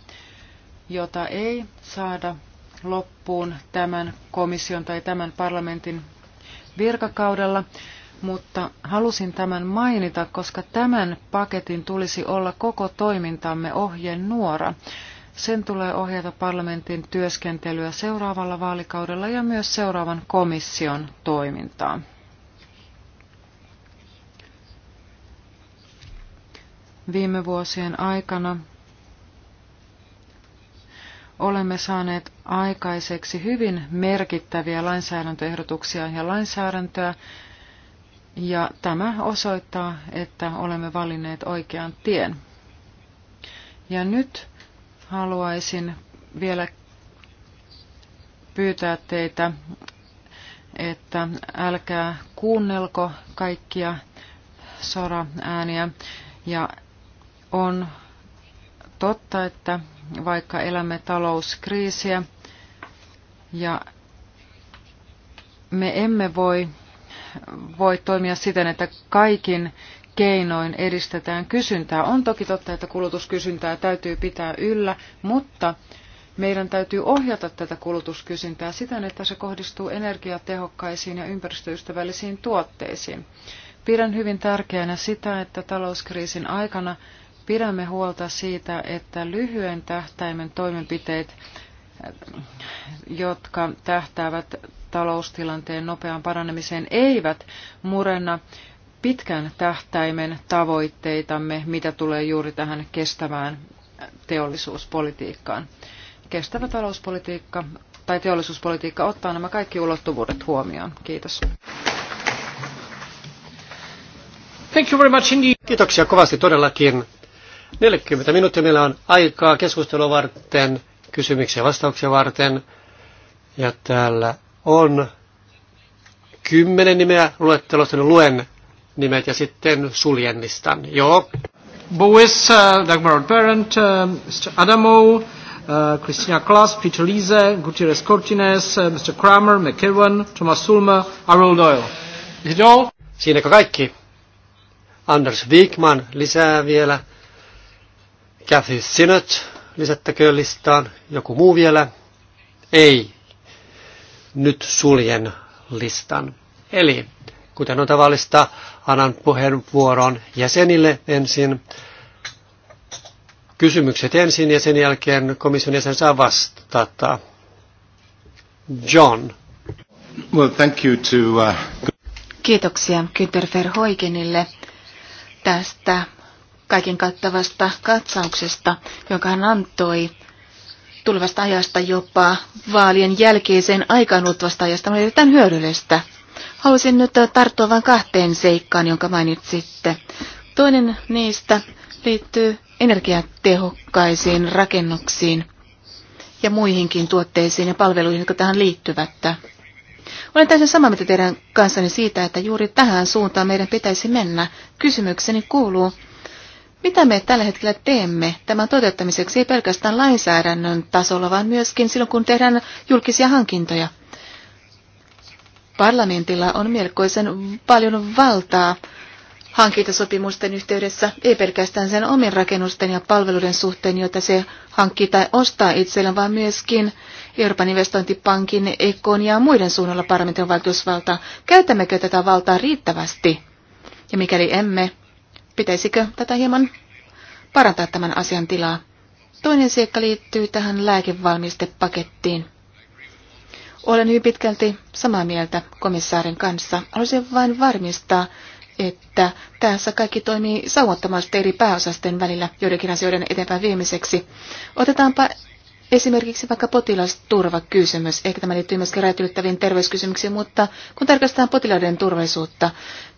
jota ei saada loppuun tämän komission tai tämän parlamentin virkakaudella, mutta halusin tämän mainita, koska tämän paketin tulisi olla koko toimintamme ohjenuora. Sen tulee ohjata parlamentin työskentelyä seuraavalla vaalikaudella ja myös seuraavan komission toimintaa. Viime vuosien aikana olemme saaneet aikaiseksi hyvin merkittäviä lainsäädäntöehdotuksia ja lainsäädäntöä, ja tämä osoittaa, että olemme valinneet oikean tien. Ja nyt haluaisin vielä pyytää teitä, että älkää kuunnelko kaikkia sora-ääniä. Ja on totta, että vaikka elämme talouskriisiä ja me emme voi, voi toimia siten, että kaikin keinoin edistetään kysyntää. On toki totta, että kulutuskysyntää täytyy pitää yllä, mutta meidän täytyy ohjata tätä kulutuskysyntää siten, että se kohdistuu energiatehokkaisiin ja ympäristöystävällisiin tuotteisiin. Pidän hyvin tärkeänä sitä, että talouskriisin aikana pidämme huolta siitä, että lyhyen tähtäimen toimenpiteet, jotka tähtäävät taloustilanteen nopeaan paranemiseen, eivät murenna pitkän tähtäimen tavoitteitamme, mitä tulee juuri tähän kestävään teollisuuspolitiikkaan. Kestävä talouspolitiikka tai teollisuuspolitiikka ottaa nämä kaikki ulottuvuudet huomioon. Kiitos. Thank you very much indeed. Kiitoksia kovasti todellakin. 40 minuuttia meillä on aikaa keskustelua varten, kysymyksiä ja vastauksia varten. Ja täällä on kymmenen nimeä luettelosta, niin luen nimet ja sitten suljennistan. Joo. Bois, uh, Dagmar Parent, uh, Mr. Adamo, Uh, Christina Klaas, Peter Lise, Gutierrez Cortines, uh, Mr. Kramer, McEwan, Thomas Sulma, Arul Doyle. Is it all? Siinäkö kaikki? Anders Wikman lisää vielä. Kathy Sinnott lisättäkö listaan. Joku muu vielä? Ei. Nyt suljen listan. Eli, kuten on tavallista, annan puheenvuoron jäsenille ensin. Kysymykset ensin ja sen jälkeen komission jäsen saa vastata. John. Well, thank you to, uh... Kiitoksia Günther Verhoikenille tästä kaiken kattavasta katsauksesta, jonka hän antoi tulevasta ajasta jopa vaalien jälkeiseen aikaan ajasta on erittäin hyödyllistä Haluaisin nyt äh, tarttua vain kahteen seikkaan, jonka mainitsitte. Toinen niistä liittyy energiatehokkaisiin rakennuksiin ja muihinkin tuotteisiin ja palveluihin, jotka tähän liittyvät. Olen täysin sama mitä teidän kanssanne siitä, että juuri tähän suuntaan meidän pitäisi mennä. Kysymykseni kuuluu, mitä me tällä hetkellä teemme tämän toteuttamiseksi ei pelkästään lainsäädännön tasolla, vaan myöskin silloin, kun tehdään julkisia hankintoja? Parlamentilla on melkoisen paljon valtaa hankintasopimusten yhteydessä, ei pelkästään sen omien rakennusten ja palveluiden suhteen, joita se hankkii tai ostaa itsellään, vaan myöskin Euroopan investointipankin, Ekon ja muiden suunnalla parlamentin valtuusvalta. Käytämmekö tätä valtaa riittävästi? Ja mikäli emme, pitäisikö tätä hieman parantaa tämän asian tilaa? Toinen seikka liittyy tähän lääkevalmistepakettiin. Olen hyvin pitkälti samaa mieltä komissaarin kanssa. Haluaisin vain varmistaa, että tässä kaikki toimii saumattomasti eri pääosasten välillä joidenkin asioiden eteenpäin viemiseksi. Otetaanpa esimerkiksi vaikka potilasturvakysymys. Ehkä tämä liittyy myöskin räätyyttäviin terveyskysymyksiin, mutta kun tarkastetaan potilaiden turvallisuutta,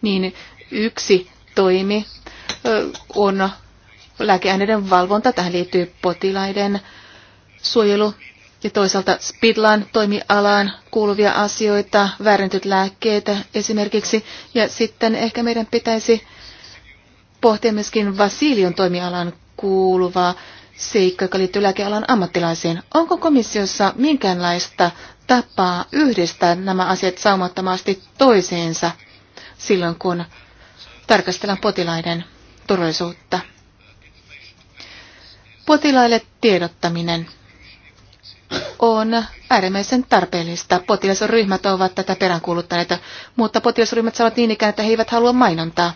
niin yksi toimi on lääkeaineiden valvonta. Tähän liittyy potilaiden suojelu ja toisaalta Spidlan toimialaan kuuluvia asioita, väärentyt lääkkeitä esimerkiksi. Ja sitten ehkä meidän pitäisi pohtia myöskin Vasilion toimialaan kuuluvaa seikka, joka liittyy lääkealan ammattilaisiin. Onko komissiossa minkäänlaista tapaa yhdistää nämä asiat saumattomasti toiseensa silloin, kun tarkastellaan potilaiden turvallisuutta? Potilaille tiedottaminen on äärimmäisen tarpeellista. Potilasryhmät ovat tätä peräänkuuluttaneet, mutta potilasryhmät sanovat niin ikään, että he eivät halua mainontaa.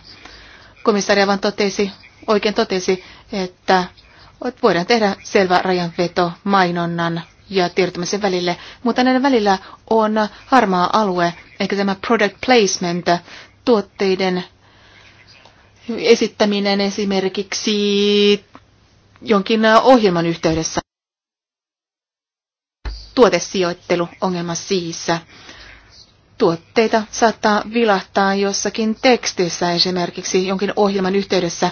Komissaria vaan totesi, oikein totesi, että voidaan tehdä selvä rajanveto mainonnan ja tiedottamisen välille, mutta näiden välillä on harmaa alue, eikä tämä product placement, tuotteiden esittäminen esimerkiksi jonkin ohjelman yhteydessä tuotesijoitteluongelma siissä. Tuotteita saattaa vilahtaa jossakin tekstissä, esimerkiksi jonkin ohjelman yhteydessä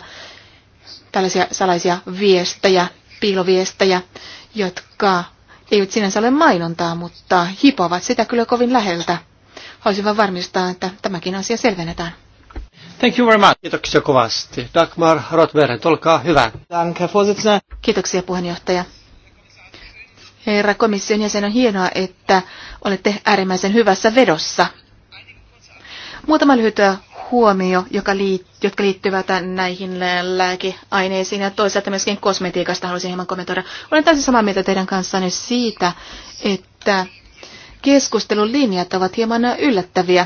tällaisia salaisia viestejä, piiloviestejä, jotka eivät sinänsä ole mainontaa, mutta hipovat sitä kyllä kovin läheltä. Haluaisin vain varmistaa, että tämäkin asia selvennetään. Thank you very much. Kiitoksia kovasti. Dagmar Rotberen, olkaa hyvä. Danke, Kiitoksia puheenjohtaja. Herra komission jäsen, on hienoa, että olette äärimmäisen hyvässä vedossa. Muutama lyhyt huomio, joka liit, jotka liittyvät näihin lääkeaineisiin ja toisaalta myöskin kosmetiikasta haluaisin hieman kommentoida. Olen täysin samaa mieltä teidän kanssanne siitä, että keskustelun linjat ovat hieman yllättäviä,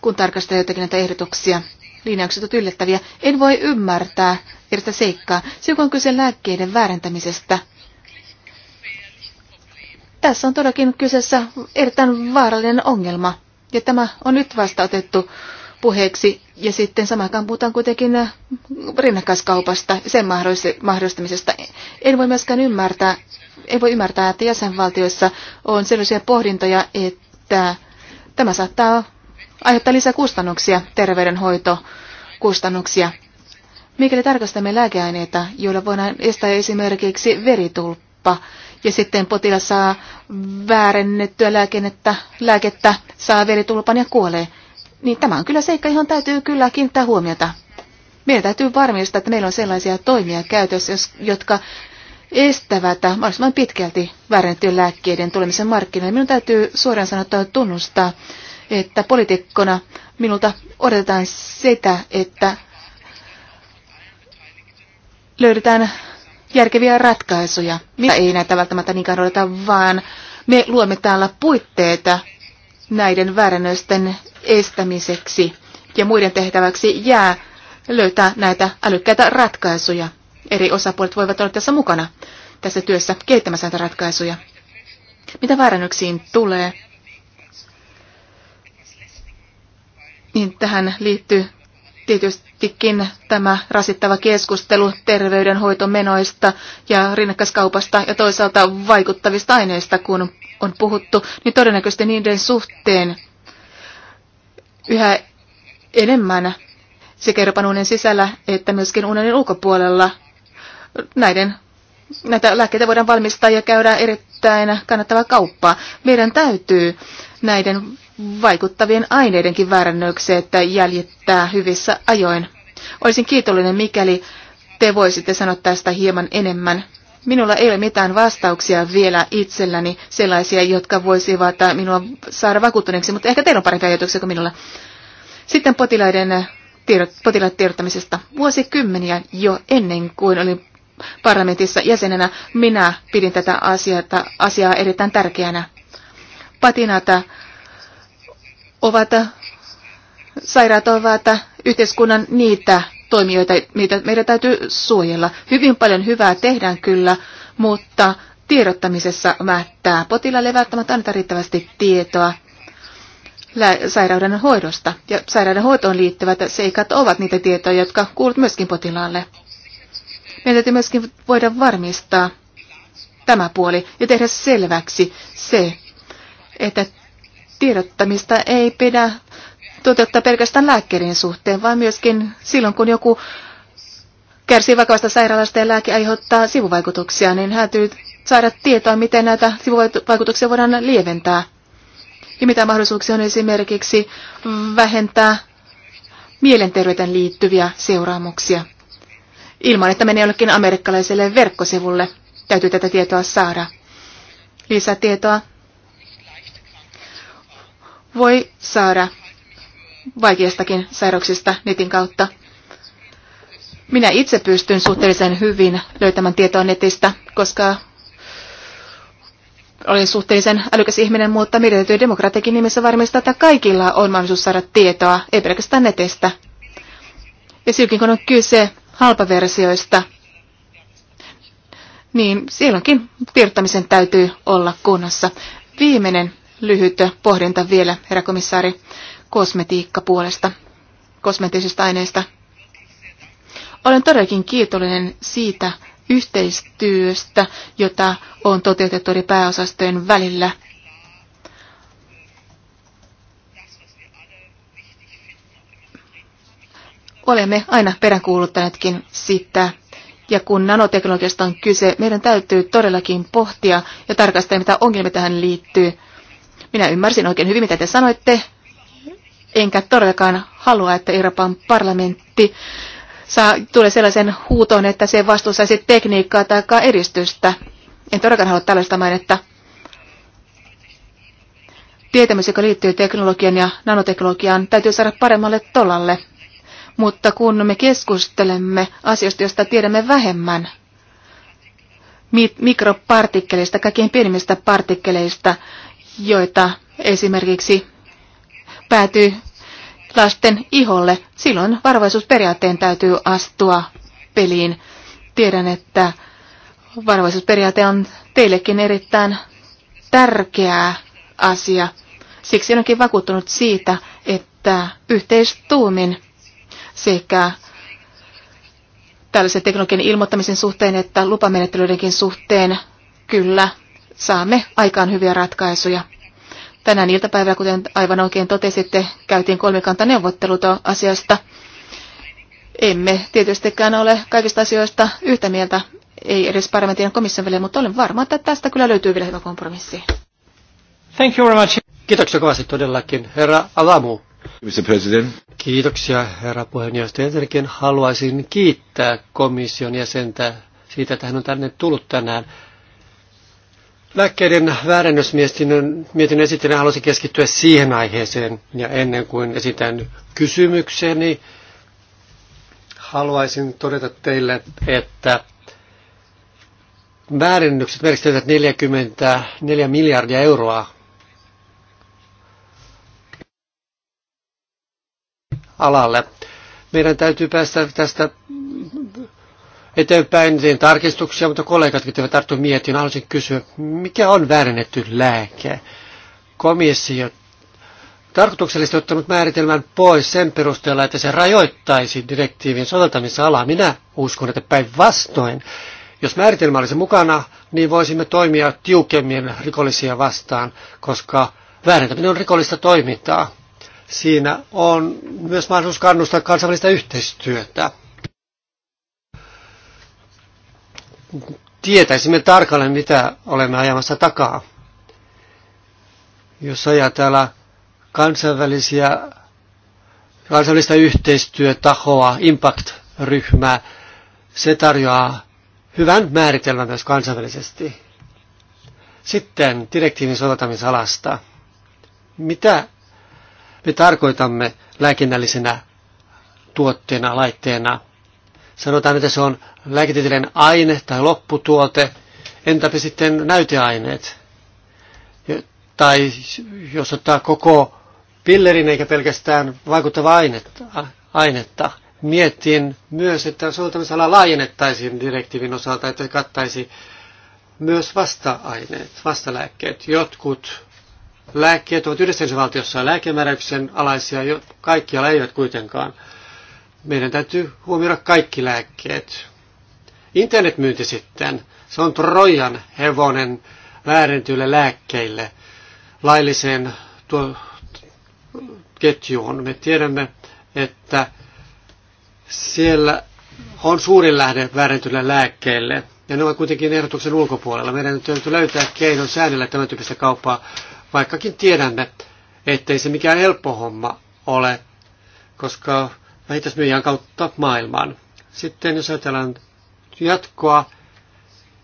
kun tarkastelee jotakin näitä ehdotuksia. Linjaukset ovat yllättäviä. En voi ymmärtää erittäin seikkaa. Silloin kun on kyse lääkkeiden väärentämisestä, tässä on todellakin kyseessä erittäin vaarallinen ongelma. Ja tämä on nyt vasta otettu puheeksi. Ja sitten samaan puhutaan kuitenkin äh, rinnakkaiskaupasta, sen mahdollistamisesta. En voi myöskään ymmärtää, en voi ymmärtää, että jäsenvaltioissa on sellaisia pohdintoja, että tämä saattaa aiheuttaa lisää kustannuksia, terveydenhoitokustannuksia. Mikäli tarkastamme lääkeaineita, joilla voidaan estää esimerkiksi veritulppa, ja sitten potilas saa väärennettyä lääkennettä, lääkettä, saa veritulpan ja kuolee. Niin tämä on kyllä seikka, johon täytyy kyllä kiinnittää huomiota. Meidän täytyy varmistaa, että meillä on sellaisia toimia käytössä, jotka estävät mahdollisimman pitkälti väärennettyjen lääkkeiden tulemisen markkinoille. Minun täytyy suoraan sanottuna tunnustaa, että poliitikkona minulta odotetaan sitä, että löydetään järkeviä ratkaisuja. Mitä ei näitä välttämättä niinkään odota, vaan me luomme täällä puitteita näiden väärännösten estämiseksi ja muiden tehtäväksi jää löytää näitä älykkäitä ratkaisuja. Eri osapuolet voivat olla tässä mukana tässä työssä kehittämässä näitä ratkaisuja. Mitä väärännöksiin tulee, niin tähän liittyy Tietystikin tämä rasittava keskustelu terveydenhoitomenoista ja rinnakkaiskaupasta ja toisaalta vaikuttavista aineista, kun on puhuttu, niin todennäköisesti niiden suhteen yhä enemmän sekä Euroopan unionin sisällä että myöskin unionin ulkopuolella näiden näitä lääkkeitä voidaan valmistaa ja käydä erittäin kannattavaa kauppaa. Meidän täytyy näiden vaikuttavien aineidenkin että jäljittää hyvissä ajoin. Olisin kiitollinen, mikäli te voisitte sanoa tästä hieman enemmän. Minulla ei ole mitään vastauksia vielä itselläni, sellaisia, jotka voisivat minua saada vakuuttuneeksi, mutta ehkä teillä on parempia ajatuksia kuin minulla. Sitten potilaiden tiedot, potilaat tiedottamisesta. Vuosikymmeniä jo ennen kuin olin parlamentissa jäsenenä, minä pidin tätä asiaa, asiaa erittäin tärkeänä. Patinata ovat, äh, sairaat ovat äh, yhteiskunnan niitä toimijoita, mitä meidän täytyy suojella. Hyvin paljon hyvää tehdään kyllä, mutta tiedottamisessa mättää. Potilaille ei välttämättä anneta riittävästi tietoa sairauden hoidosta. Ja sairauden hoitoon liittyvät seikat ovat niitä tietoja, jotka kuulut myöskin potilaalle. Meidän täytyy myöskin voida varmistaa tämä puoli ja tehdä selväksi se, että tiedottamista ei pidä toteuttaa pelkästään lääkkeiden suhteen, vaan myöskin silloin, kun joku kärsii vakavasta sairaalasta ja lääke aiheuttaa sivuvaikutuksia, niin hän saada tietoa, miten näitä sivuvaikutuksia voidaan lieventää. Ja mitä mahdollisuuksia on esimerkiksi vähentää mielenterveyteen liittyviä seuraamuksia. Ilman, että menee jollekin amerikkalaiselle verkkosivulle, täytyy tätä tietoa saada. Lisätietoa voi saada vaikeistakin sairauksista netin kautta. Minä itse pystyn suhteellisen hyvin löytämään tietoa netistä, koska olin suhteellisen älykäs ihminen, mutta meidän täytyy demokratiakin nimessä varmistaa, että kaikilla on mahdollisuus saada tietoa, ei pelkästään netistä. Ja silläkin kun on kyse halpaversioista, niin silloinkin tiedottamisen täytyy olla kunnossa. Viimeinen lyhyt pohdinta vielä, herra komissaari, puolesta kosmetisista aineista. Olen todellakin kiitollinen siitä yhteistyöstä, jota on toteutettu eri pääosastojen välillä. Olemme aina peräänkuuluttaneetkin sitä, ja kun nanoteknologiasta on kyse, meidän täytyy todellakin pohtia ja tarkastaa, mitä ongelmia tähän liittyy minä ymmärsin oikein hyvin, mitä te sanoitte, enkä todellakaan halua, että Euroopan parlamentti saa, tulee sellaisen huuton, että se vastustaisi tekniikkaa tai edistystä. En todellakaan halua tällaista mainetta. Tietämys, joka liittyy teknologian ja nanoteknologiaan, täytyy saada paremmalle tolalle. Mutta kun me keskustelemme asioista, joista tiedämme vähemmän, mikropartikkeleista, kaikkein pienimmistä partikkeleista, joita esimerkiksi päätyy lasten iholle. Silloin varovaisuusperiaatteen täytyy astua peliin. Tiedän, että varovaisuusperiaate on teillekin erittäin tärkeä asia. Siksi olenkin vakuuttunut siitä, että yhteistuumin sekä tällaisen teknologian ilmoittamisen suhteen että lupamenettelyidenkin suhteen kyllä saamme aikaan hyviä ratkaisuja. Tänään iltapäivällä, kuten aivan oikein totesitte, käytiin kolmikantaneuvottelut asiasta. Emme tietystikään ole kaikista asioista yhtä mieltä, ei edes parlamentin ja komission välillä, mutta olen varma, että tästä kyllä löytyy vielä hyvä kompromissi. Thank you very much. Kiitoksia kovasti todellakin, herra Alamu. Mr. President. Kiitoksia, herra puheenjohtaja. Ensinnäkin haluaisin kiittää komission jäsentä siitä, että hän on tänne tullut tänään. Lääkkeiden väärennösmietinnön mietin esittelen haluaisin keskittyä siihen aiheeseen ja ennen kuin esitän kysymykseni, haluaisin todeta teille, että väärennykset merkitsevät 44 miljardia euroa alalle. Meidän täytyy päästä tästä eteenpäin, tein tarkistuksia, mutta kollegatkin eivät tarttu mietin. Haluaisin kysyä, mikä on väärennetty lääke? Komissio tarkoituksellisesti ottanut määritelmän pois sen perusteella, että se rajoittaisi direktiivin soveltamisalaa. Minä uskon, että päinvastoin, jos määritelmä olisi mukana, niin voisimme toimia tiukemmin rikollisia vastaan, koska väärentäminen on rikollista toimintaa. Siinä on myös mahdollisuus kannustaa kansainvälistä yhteistyötä. tietäisimme tarkalleen, mitä olemme ajamassa takaa. Jos ajatellaan kansainvälisiä, kansainvälistä yhteistyötahoa, impact-ryhmää, se tarjoaa hyvän määritelmän myös kansainvälisesti. Sitten direktiivin soveltamisalasta. Mitä me tarkoitamme lääkinnällisenä tuotteena, laitteena? sanotaan, että se on lääketieteellinen aine tai lopputuote, entäpä sitten näyteaineet? Tai jos ottaa koko pillerin eikä pelkästään vaikuttava ainetta, ainetta. Mietin myös, että soveltamisala laajennettaisiin direktiivin osalta, että kattaisi myös vasta-aineet, vastalääkkeet. Jotkut lääkkeet ovat yhdessä valtiossa lääkemääräyksen alaisia, jo kaikkialla eivät kuitenkaan. Meidän täytyy huomioida kaikki lääkkeet. Internetmyynti sitten, se on Trojan hevonen väärentyille lääkkeille lailliseen tuo, ketjuun. Me tiedämme, että siellä on suurin lähde väärentyille lääkkeille. Ja ne ovat kuitenkin ehdotuksen ulkopuolella. Meidän täytyy löytää keinon säännellä tämän tyyppistä kauppaa, vaikkakin tiedämme, ettei se mikään helppo homma ole, koska vähittäismyyjän kautta maailmaan. Sitten jos ajatellaan jatkoa,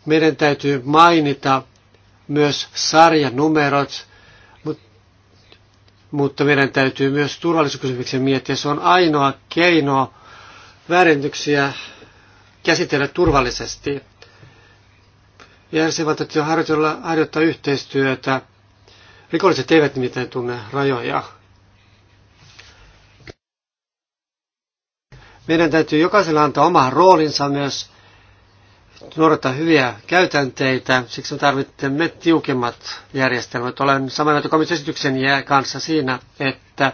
meidän täytyy mainita myös sarjanumerot, mutta meidän täytyy myös turvallisuuskysymyksen miettiä. Se on ainoa keino väärennyksiä käsitellä turvallisesti. Järjestelmät harjoittaa yhteistyötä. Rikolliset eivät nimittäin tunne rajoja. Meidän täytyy jokaisella antaa oma roolinsa myös noudattaa hyviä käytänteitä. Siksi me tarvitsemme tiukemmat järjestelmät. Olen samaa mieltä kanssa siinä, että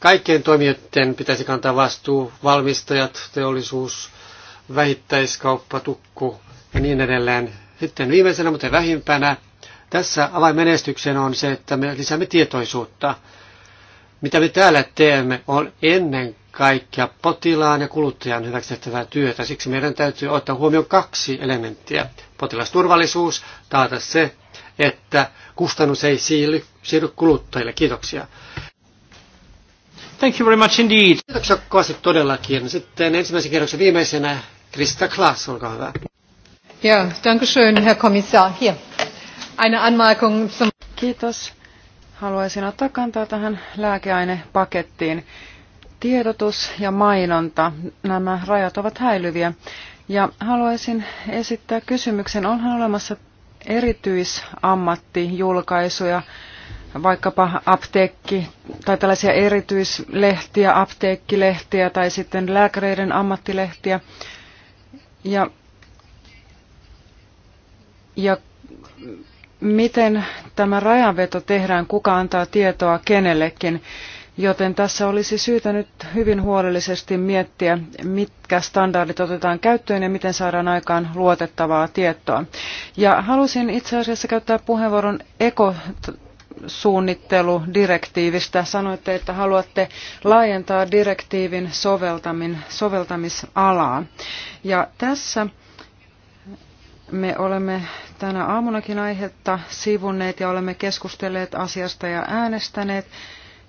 kaikkien toimijoiden pitäisi kantaa vastuu. Valmistajat, teollisuus, vähittäiskauppa, tukku ja niin edelleen. Sitten viimeisenä, mutta vähimpänä, tässä avainmenestyksen on se, että me lisäämme tietoisuutta. Mitä me täällä teemme on ennen Kaikkia potilaan ja kuluttajan hyväksyttävää työtä. Siksi meidän täytyy ottaa huomioon kaksi elementtiä. Potilasturvallisuus, taata se, että kustannus ei siirry, siirry kuluttajille. Kiitoksia. Thank you very much indeed. Kiitoksia kovasti todellakin. Sitten ensimmäisen kerroksen viimeisenä Krista Klaas, olkaa hyvä. Ja, danke schön, Herr Kommissar. Hier. Eine Anmerkung zum... Kiitos. Haluaisin ottaa kantaa tähän lääkeainepakettiin. Tiedotus ja mainonta, nämä rajat ovat häilyviä. Ja haluaisin esittää kysymyksen, onhan olemassa erityisammattijulkaisuja, vaikkapa apteekki tai tällaisia erityislehtiä, apteekkilehtiä tai sitten lääkäreiden ammattilehtiä. Ja, ja miten tämä rajanveto tehdään, kuka antaa tietoa kenellekin. Joten tässä olisi syytä nyt hyvin huolellisesti miettiä, mitkä standardit otetaan käyttöön ja miten saadaan aikaan luotettavaa tietoa. Ja halusin itse asiassa käyttää puheenvuoron eko suunnitteludirektiivistä. Sanoitte, että haluatte laajentaa direktiivin soveltamin, soveltamisalaa. Ja tässä me olemme tänä aamunakin aihetta sivunneet ja olemme keskustelleet asiasta ja äänestäneet.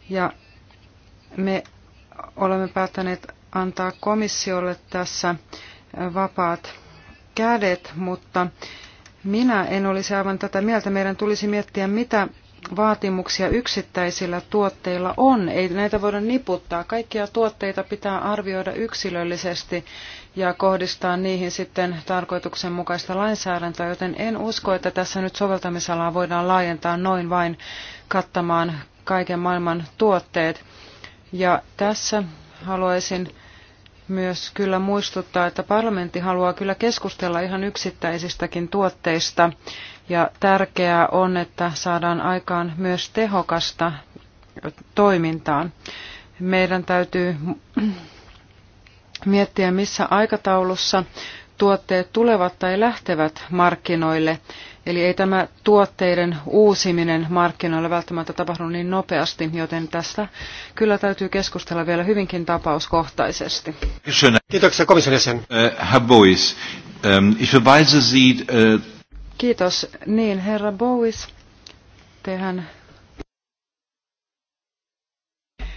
Ja me olemme päättäneet antaa komissiolle tässä vapaat kädet, mutta minä en olisi aivan tätä mieltä. Meidän tulisi miettiä, mitä vaatimuksia yksittäisillä tuotteilla on. Ei näitä voida niputtaa. Kaikkia tuotteita pitää arvioida yksilöllisesti ja kohdistaa niihin sitten tarkoituksenmukaista lainsäädäntöä, joten en usko, että tässä nyt soveltamisalaa voidaan laajentaa noin vain kattamaan kaiken maailman tuotteet. Ja tässä haluaisin myös kyllä muistuttaa, että parlamentti haluaa kyllä keskustella ihan yksittäisistäkin tuotteista. Ja tärkeää on, että saadaan aikaan myös tehokasta toimintaa. Meidän täytyy miettiä, missä aikataulussa tuotteet tulevat tai lähtevät markkinoille Eli ei tämä tuotteiden uusiminen markkinoilla välttämättä tapahdu niin nopeasti, joten tästä kyllä täytyy keskustella vielä hyvinkin tapauskohtaisesti. Kiitoksia komission jäsen. Eh, Herr Bois, ehm, ich verweise eh, Kiitos. Niin, herra Bois, tehän eh,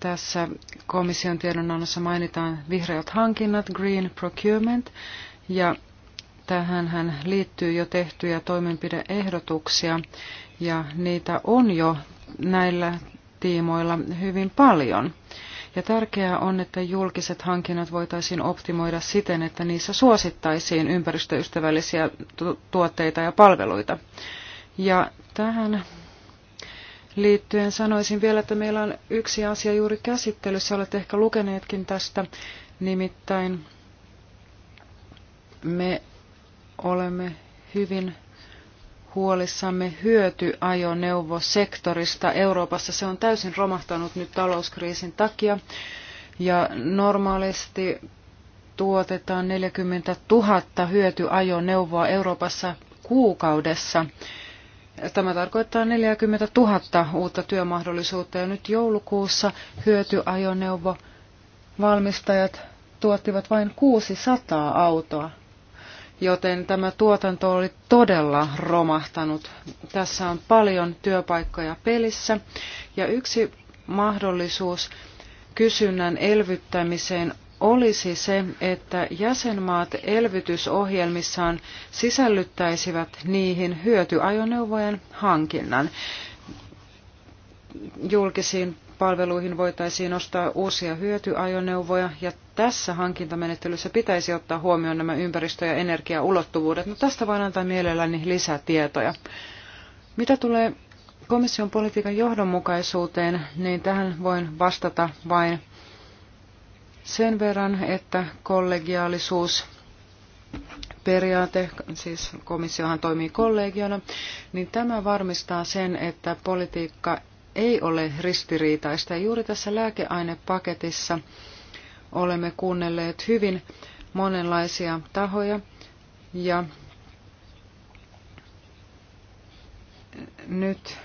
tässä komission tiedonannossa mainitaan vihreät hankinnat, green procurement, ja Tähän hän liittyy jo tehtyjä toimenpideehdotuksia ja niitä on jo näillä tiimoilla hyvin paljon. Ja tärkeää on, että julkiset hankinnat voitaisiin optimoida siten, että niissä suosittaisiin ympäristöystävällisiä tuotteita ja palveluita. Ja tähän liittyen sanoisin vielä, että meillä on yksi asia juuri käsittelyssä, olet ehkä lukeneetkin tästä, nimittäin me olemme hyvin huolissamme hyötyajoneuvosektorista Euroopassa. Se on täysin romahtanut nyt talouskriisin takia ja normaalisti tuotetaan 40 000 hyötyajoneuvoa Euroopassa kuukaudessa. Tämä tarkoittaa 40 000 uutta työmahdollisuutta ja nyt joulukuussa hyötyajoneuvo valmistajat tuottivat vain 600 autoa joten tämä tuotanto oli todella romahtanut. Tässä on paljon työpaikkoja pelissä ja yksi mahdollisuus kysynnän elvyttämiseen olisi se, että jäsenmaat elvytysohjelmissaan sisällyttäisivät niihin hyötyajoneuvojen hankinnan. Julkisiin palveluihin voitaisiin ostaa uusia hyötyajoneuvoja ja tässä hankintamenettelyssä pitäisi ottaa huomioon nämä ympäristö- ja energiaulottuvuudet. No tästä voin antaa mielelläni lisätietoja. Mitä tulee komission politiikan johdonmukaisuuteen, niin tähän voin vastata vain sen verran, että kollegiaalisuus periaate, siis komissiohan toimii kollegiona, niin tämä varmistaa sen, että politiikka ei ole ristiriitaista. Ja juuri tässä lääkeainepaketissa olemme kuunnelleet hyvin monenlaisia tahoja ja nyt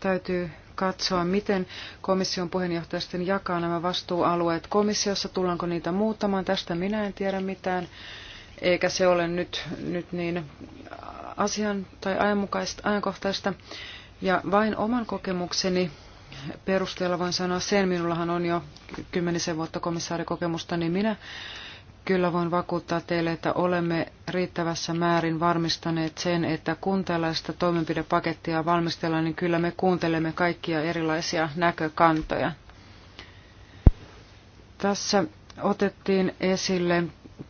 täytyy katsoa, miten komission puheenjohtaja sitten jakaa nämä vastuualueet komissiossa, tullaanko niitä muuttamaan. Tästä minä en tiedä mitään, eikä se ole nyt, nyt niin asian tai ajanmukaista, ajankohtaista. Ja vain oman kokemukseni perusteella voin sanoa sen, minullahan on jo kymmenisen vuotta komissaarikokemusta, niin minä kyllä voin vakuuttaa teille, että olemme riittävässä määrin varmistaneet sen, että kun tällaista toimenpidepakettia valmistellaan, niin kyllä me kuuntelemme kaikkia erilaisia näkökantoja. Tässä otettiin esille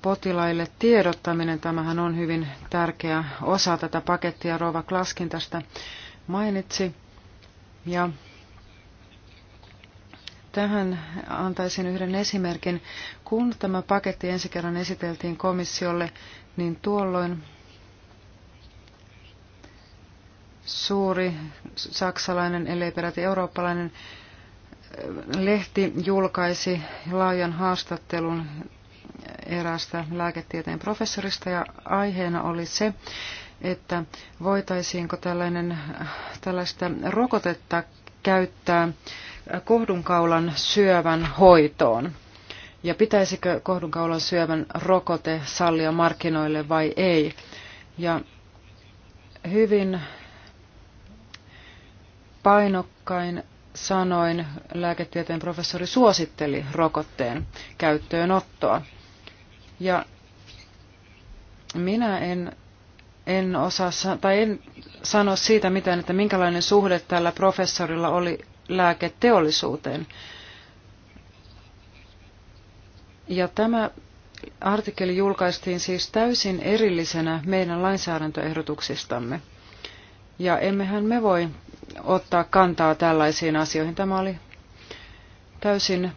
potilaille tiedottaminen. Tämähän on hyvin tärkeä osa tätä pakettia. Rova Klaskin tästä mainitsi. Ja tähän antaisin yhden esimerkin. Kun tämä paketti ensi kerran esiteltiin komissiolle, niin tuolloin suuri saksalainen, ellei peräti eurooppalainen lehti julkaisi laajan haastattelun eräästä lääketieteen professorista ja aiheena oli se, että voitaisiinko tällainen, tällaista rokotetta käyttää kohdunkaulan syövän hoitoon. Ja pitäisikö kohdunkaulan syövän rokote sallia markkinoille vai ei? Ja hyvin painokkain sanoin lääketieteen professori suositteli rokotteen käyttöönottoa. Ja minä en en osaa, tai en sano siitä mitään, että minkälainen suhde tällä professorilla oli lääketeollisuuteen. Ja tämä artikkeli julkaistiin siis täysin erillisenä meidän lainsäädäntöehdotuksistamme. Ja emmehän me voi ottaa kantaa tällaisiin asioihin. Tämä oli täysin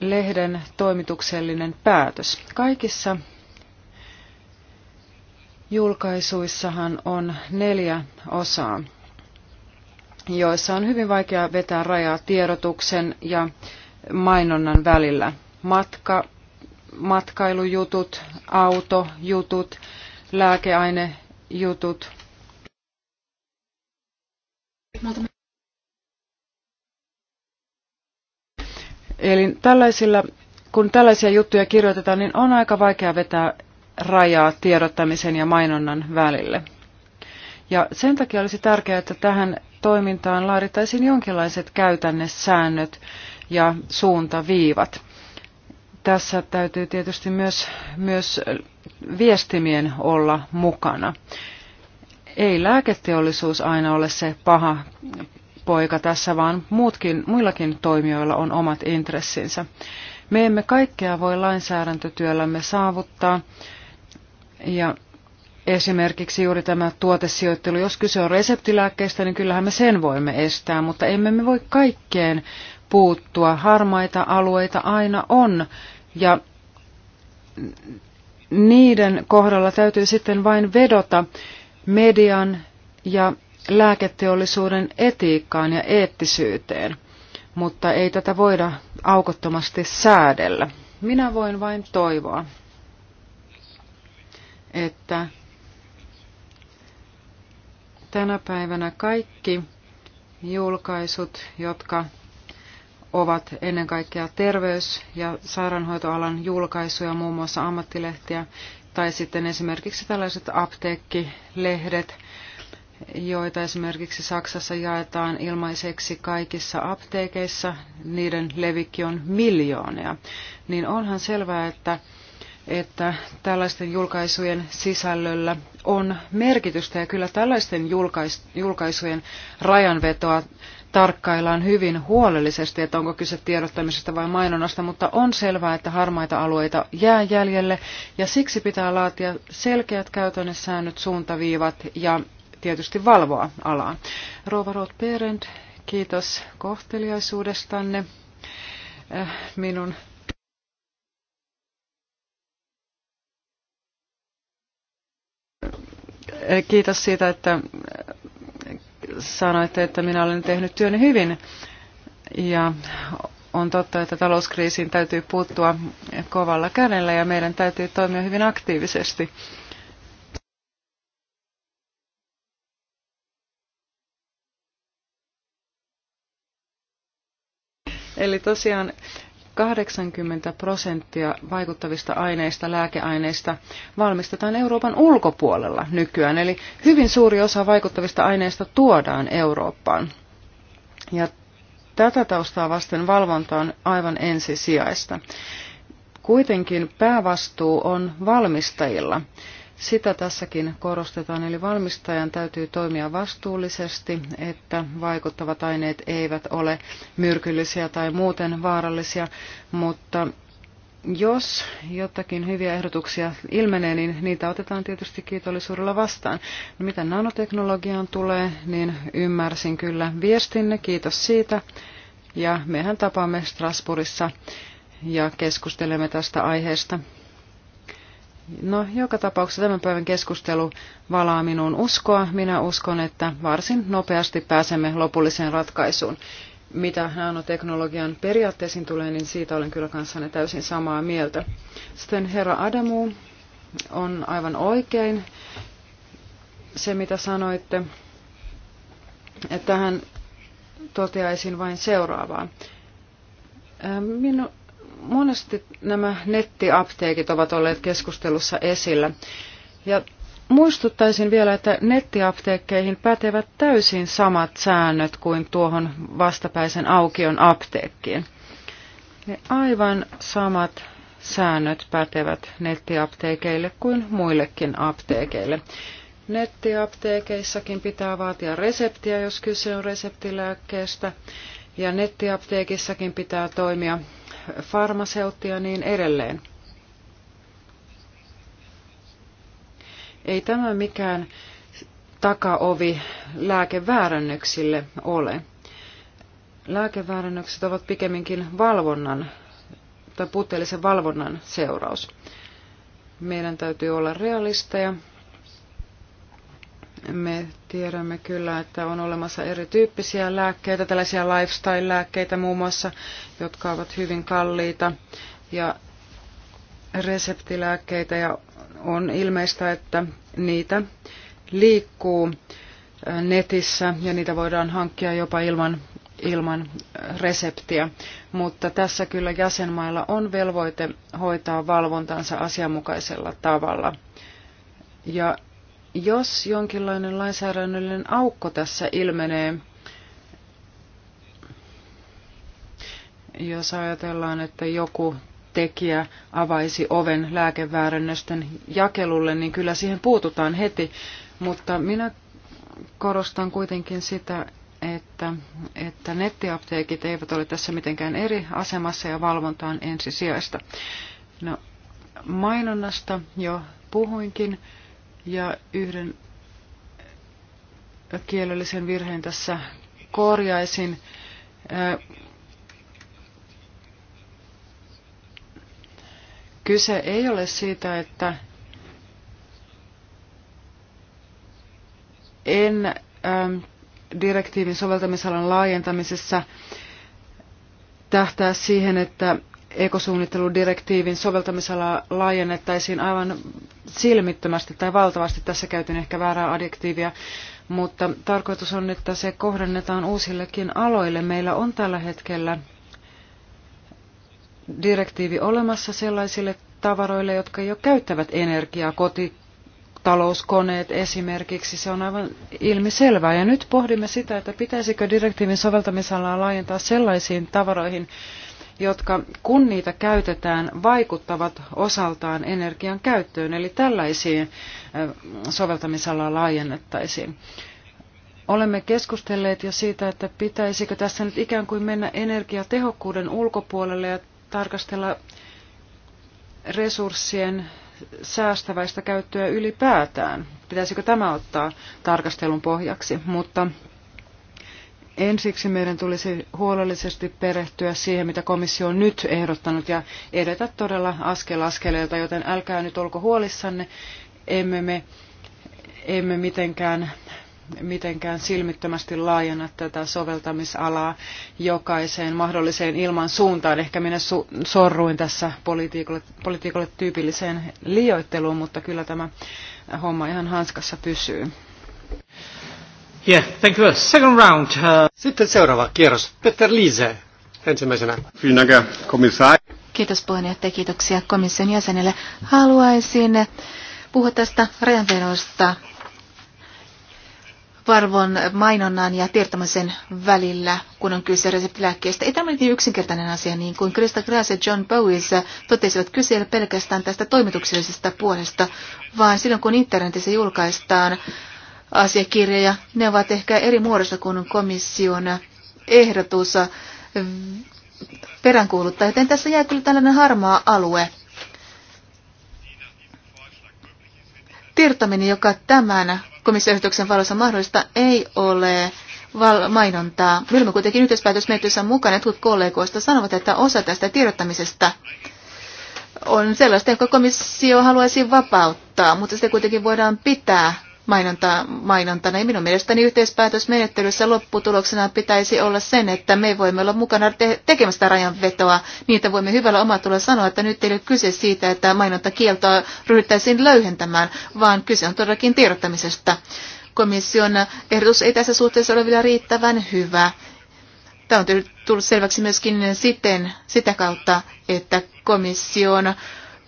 lehden toimituksellinen päätös. Kaikissa julkaisuissahan on neljä osaa, joissa on hyvin vaikea vetää rajaa tiedotuksen ja mainonnan välillä. Matka, matkailujutut, autojutut, lääkeainejutut. Eli tällaisilla, kun tällaisia juttuja kirjoitetaan, niin on aika vaikea vetää rajaa tiedottamisen ja mainonnan välille. Ja sen takia olisi tärkeää, että tähän toimintaan laadittaisiin jonkinlaiset säännöt ja suuntaviivat. Tässä täytyy tietysti myös, myös viestimien olla mukana. Ei lääketeollisuus aina ole se paha poika tässä, vaan muutkin, muillakin toimijoilla on omat intressinsä. Me emme kaikkea voi lainsäädäntötyöllämme saavuttaa, ja esimerkiksi juuri tämä tuotesijoittelu, jos kyse on reseptilääkkeistä, niin kyllähän me sen voimme estää, mutta emme me voi kaikkeen puuttua. Harmaita alueita aina on ja niiden kohdalla täytyy sitten vain vedota median ja lääketeollisuuden etiikkaan ja eettisyyteen, mutta ei tätä voida aukottomasti säädellä. Minä voin vain toivoa että tänä päivänä kaikki julkaisut, jotka ovat ennen kaikkea terveys- ja sairaanhoitoalan julkaisuja, muun muassa ammattilehtiä, tai sitten esimerkiksi tällaiset apteekkilehdet, joita esimerkiksi Saksassa jaetaan ilmaiseksi kaikissa apteekeissa, niiden levikki on miljoonia, niin onhan selvää, että että tällaisten julkaisujen sisällöllä on merkitystä ja kyllä tällaisten julkaisujen rajanvetoa tarkkaillaan hyvin huolellisesti, että onko kyse tiedottamisesta vai mainonnasta, mutta on selvää, että harmaita alueita jää jäljelle ja siksi pitää laatia selkeät säännöt, suuntaviivat ja tietysti valvoa alaa. Rova Roth Berend, kiitos kohteliaisuudestanne. Äh, minun Kiitos siitä, että sanoitte, että minä olen tehnyt työni hyvin. Ja on totta, että talouskriisiin täytyy puuttua kovalla kädellä ja meidän täytyy toimia hyvin aktiivisesti. Eli tosiaan 80 prosenttia vaikuttavista aineista, lääkeaineista, valmistetaan Euroopan ulkopuolella nykyään. Eli hyvin suuri osa vaikuttavista aineista tuodaan Eurooppaan. Ja tätä taustaa vasten valvonta on aivan ensisijaista. Kuitenkin päävastuu on valmistajilla. Sitä tässäkin korostetaan, eli valmistajan täytyy toimia vastuullisesti, että vaikuttavat aineet eivät ole myrkyllisiä tai muuten vaarallisia, mutta jos jotakin hyviä ehdotuksia ilmenee, niin niitä otetaan tietysti kiitollisuudella vastaan. No, mitä nanoteknologiaan tulee, niin ymmärsin kyllä viestinne, kiitos siitä. Ja mehän tapaamme Strasbourgissa ja keskustelemme tästä aiheesta. No, joka tapauksessa tämän päivän keskustelu valaa minun uskoa. Minä uskon, että varsin nopeasti pääsemme lopulliseen ratkaisuun. Mitä nanoteknologian periaatteisiin tulee, niin siitä olen kyllä kanssanne täysin samaa mieltä. Sitten herra Adamu on aivan oikein se, mitä sanoitte. Että hän toteaisin vain seuraavaa. Minu, monesti nämä nettiapteekit ovat olleet keskustelussa esillä. Ja muistuttaisin vielä, että nettiapteekkeihin pätevät täysin samat säännöt kuin tuohon vastapäisen aukion apteekkiin. Ne aivan samat säännöt pätevät nettiapteekeille kuin muillekin apteekeille. Nettiapteekeissakin pitää vaatia reseptiä, jos kyse on reseptilääkkeestä, ja nettiapteekissakin pitää toimia farmaseuttia ja niin edelleen. Ei tämä mikään takaovi lääkeväärännyksille ole. Lääkeväärännykset ovat pikemminkin valvonnan tai puutteellisen valvonnan seuraus. Meidän täytyy olla realisteja me tiedämme kyllä, että on olemassa erityyppisiä lääkkeitä, tällaisia lifestyle-lääkkeitä muun muassa, jotka ovat hyvin kalliita ja reseptilääkkeitä ja on ilmeistä, että niitä liikkuu äh, netissä ja niitä voidaan hankkia jopa ilman, ilman äh, reseptiä. Mutta tässä kyllä jäsenmailla on velvoite hoitaa valvontansa asianmukaisella tavalla. Ja jos jonkinlainen lainsäädännöllinen aukko tässä ilmenee, jos ajatellaan, että joku tekijä avaisi oven lääkeväärennösten jakelulle, niin kyllä siihen puututaan heti. Mutta minä korostan kuitenkin sitä, että, että nettiapteekit eivät ole tässä mitenkään eri asemassa ja valvonta on ensisijaista. No, mainonnasta jo puhuinkin ja yhden kielellisen virheen tässä korjaisin. Kyse ei ole siitä, että en ähm, direktiivin soveltamisalan laajentamisessa tähtää siihen, että ekosuunnitteludirektiivin soveltamisala laajennettaisiin aivan silmittömästi tai valtavasti. Tässä käytin ehkä väärää adjektiivia, mutta tarkoitus on, että se kohdennetaan uusillekin aloille. Meillä on tällä hetkellä direktiivi olemassa sellaisille tavaroille, jotka jo käyttävät energiaa, koti, talouskoneet esimerkiksi, se on aivan ilmiselvää. Ja nyt pohdimme sitä, että pitäisikö direktiivin soveltamisalaa laajentaa sellaisiin tavaroihin, jotka kun niitä käytetään, vaikuttavat osaltaan energian käyttöön, eli tällaisiin soveltamisalaa laajennettaisiin. Olemme keskustelleet jo siitä, että pitäisikö tässä nyt ikään kuin mennä energiatehokkuuden ulkopuolelle ja tarkastella resurssien säästäväistä käyttöä ylipäätään. Pitäisikö tämä ottaa tarkastelun pohjaksi, mutta Ensiksi meidän tulisi huolellisesti perehtyä siihen, mitä komissio on nyt ehdottanut ja edetä todella askel askeleelta, joten älkää nyt olko huolissanne. Emme me emme mitenkään, mitenkään silmittömästi laajenna tätä soveltamisalaa jokaiseen mahdolliseen ilman suuntaan. Ehkä minä su- sorruin tässä politiikolle, politiikolle tyypilliseen liioitteluun, mutta kyllä tämä homma ihan hanskassa pysyy. Yeah, thank you. Second round. Uh... Sitten seuraava kierros. Peter Liese, ensimmäisenä. Kiitos puheenjohtaja, kiitoksia komission jäsenelle. Haluaisin puhua tästä rajanvedosta varvon mainonnan ja tietämisen välillä, kun on kyse reseptilääkkeestä. Ei tämä ole niin yksinkertainen asia, niin kuin Krista Grass ja John Bowies totesivat, kyse ei ole pelkästään tästä toimituksellisesta puolesta, vaan silloin kun internetissä julkaistaan asiakirjoja. Ne ovat ehkä eri muodossa kuin komission ehdotus äh, peräänkuuluttaa, joten tässä jää kyllä tällainen harmaa alue. Tirtominen, joka tämän komissioehdotuksen valossa mahdollista, ei ole val- mainontaa. Me olemme kuitenkin yhteispäätösmenettelyssä mukana. Jotkut kollegoista sanovat, että osa tästä tiedottamisesta on sellaista, jonka komissio haluaisi vapauttaa, mutta sitä kuitenkin voidaan pitää mainonta, mainontana. Ja minun mielestäni yhteispäätösmenettelyssä lopputuloksena pitäisi olla sen, että me voimme olla mukana te- tekemästä rajanvetoa. Niin, että voimme hyvällä omatulla sanoa, että nyt ei ole kyse siitä, että mainontakieltoa ryhdyttäisiin löyhentämään, vaan kyse on todellakin tiedottamisesta. Komission ehdotus ei tässä suhteessa ole vielä riittävän hyvä. Tämä on tullut selväksi myöskin siten, sitä kautta, että komission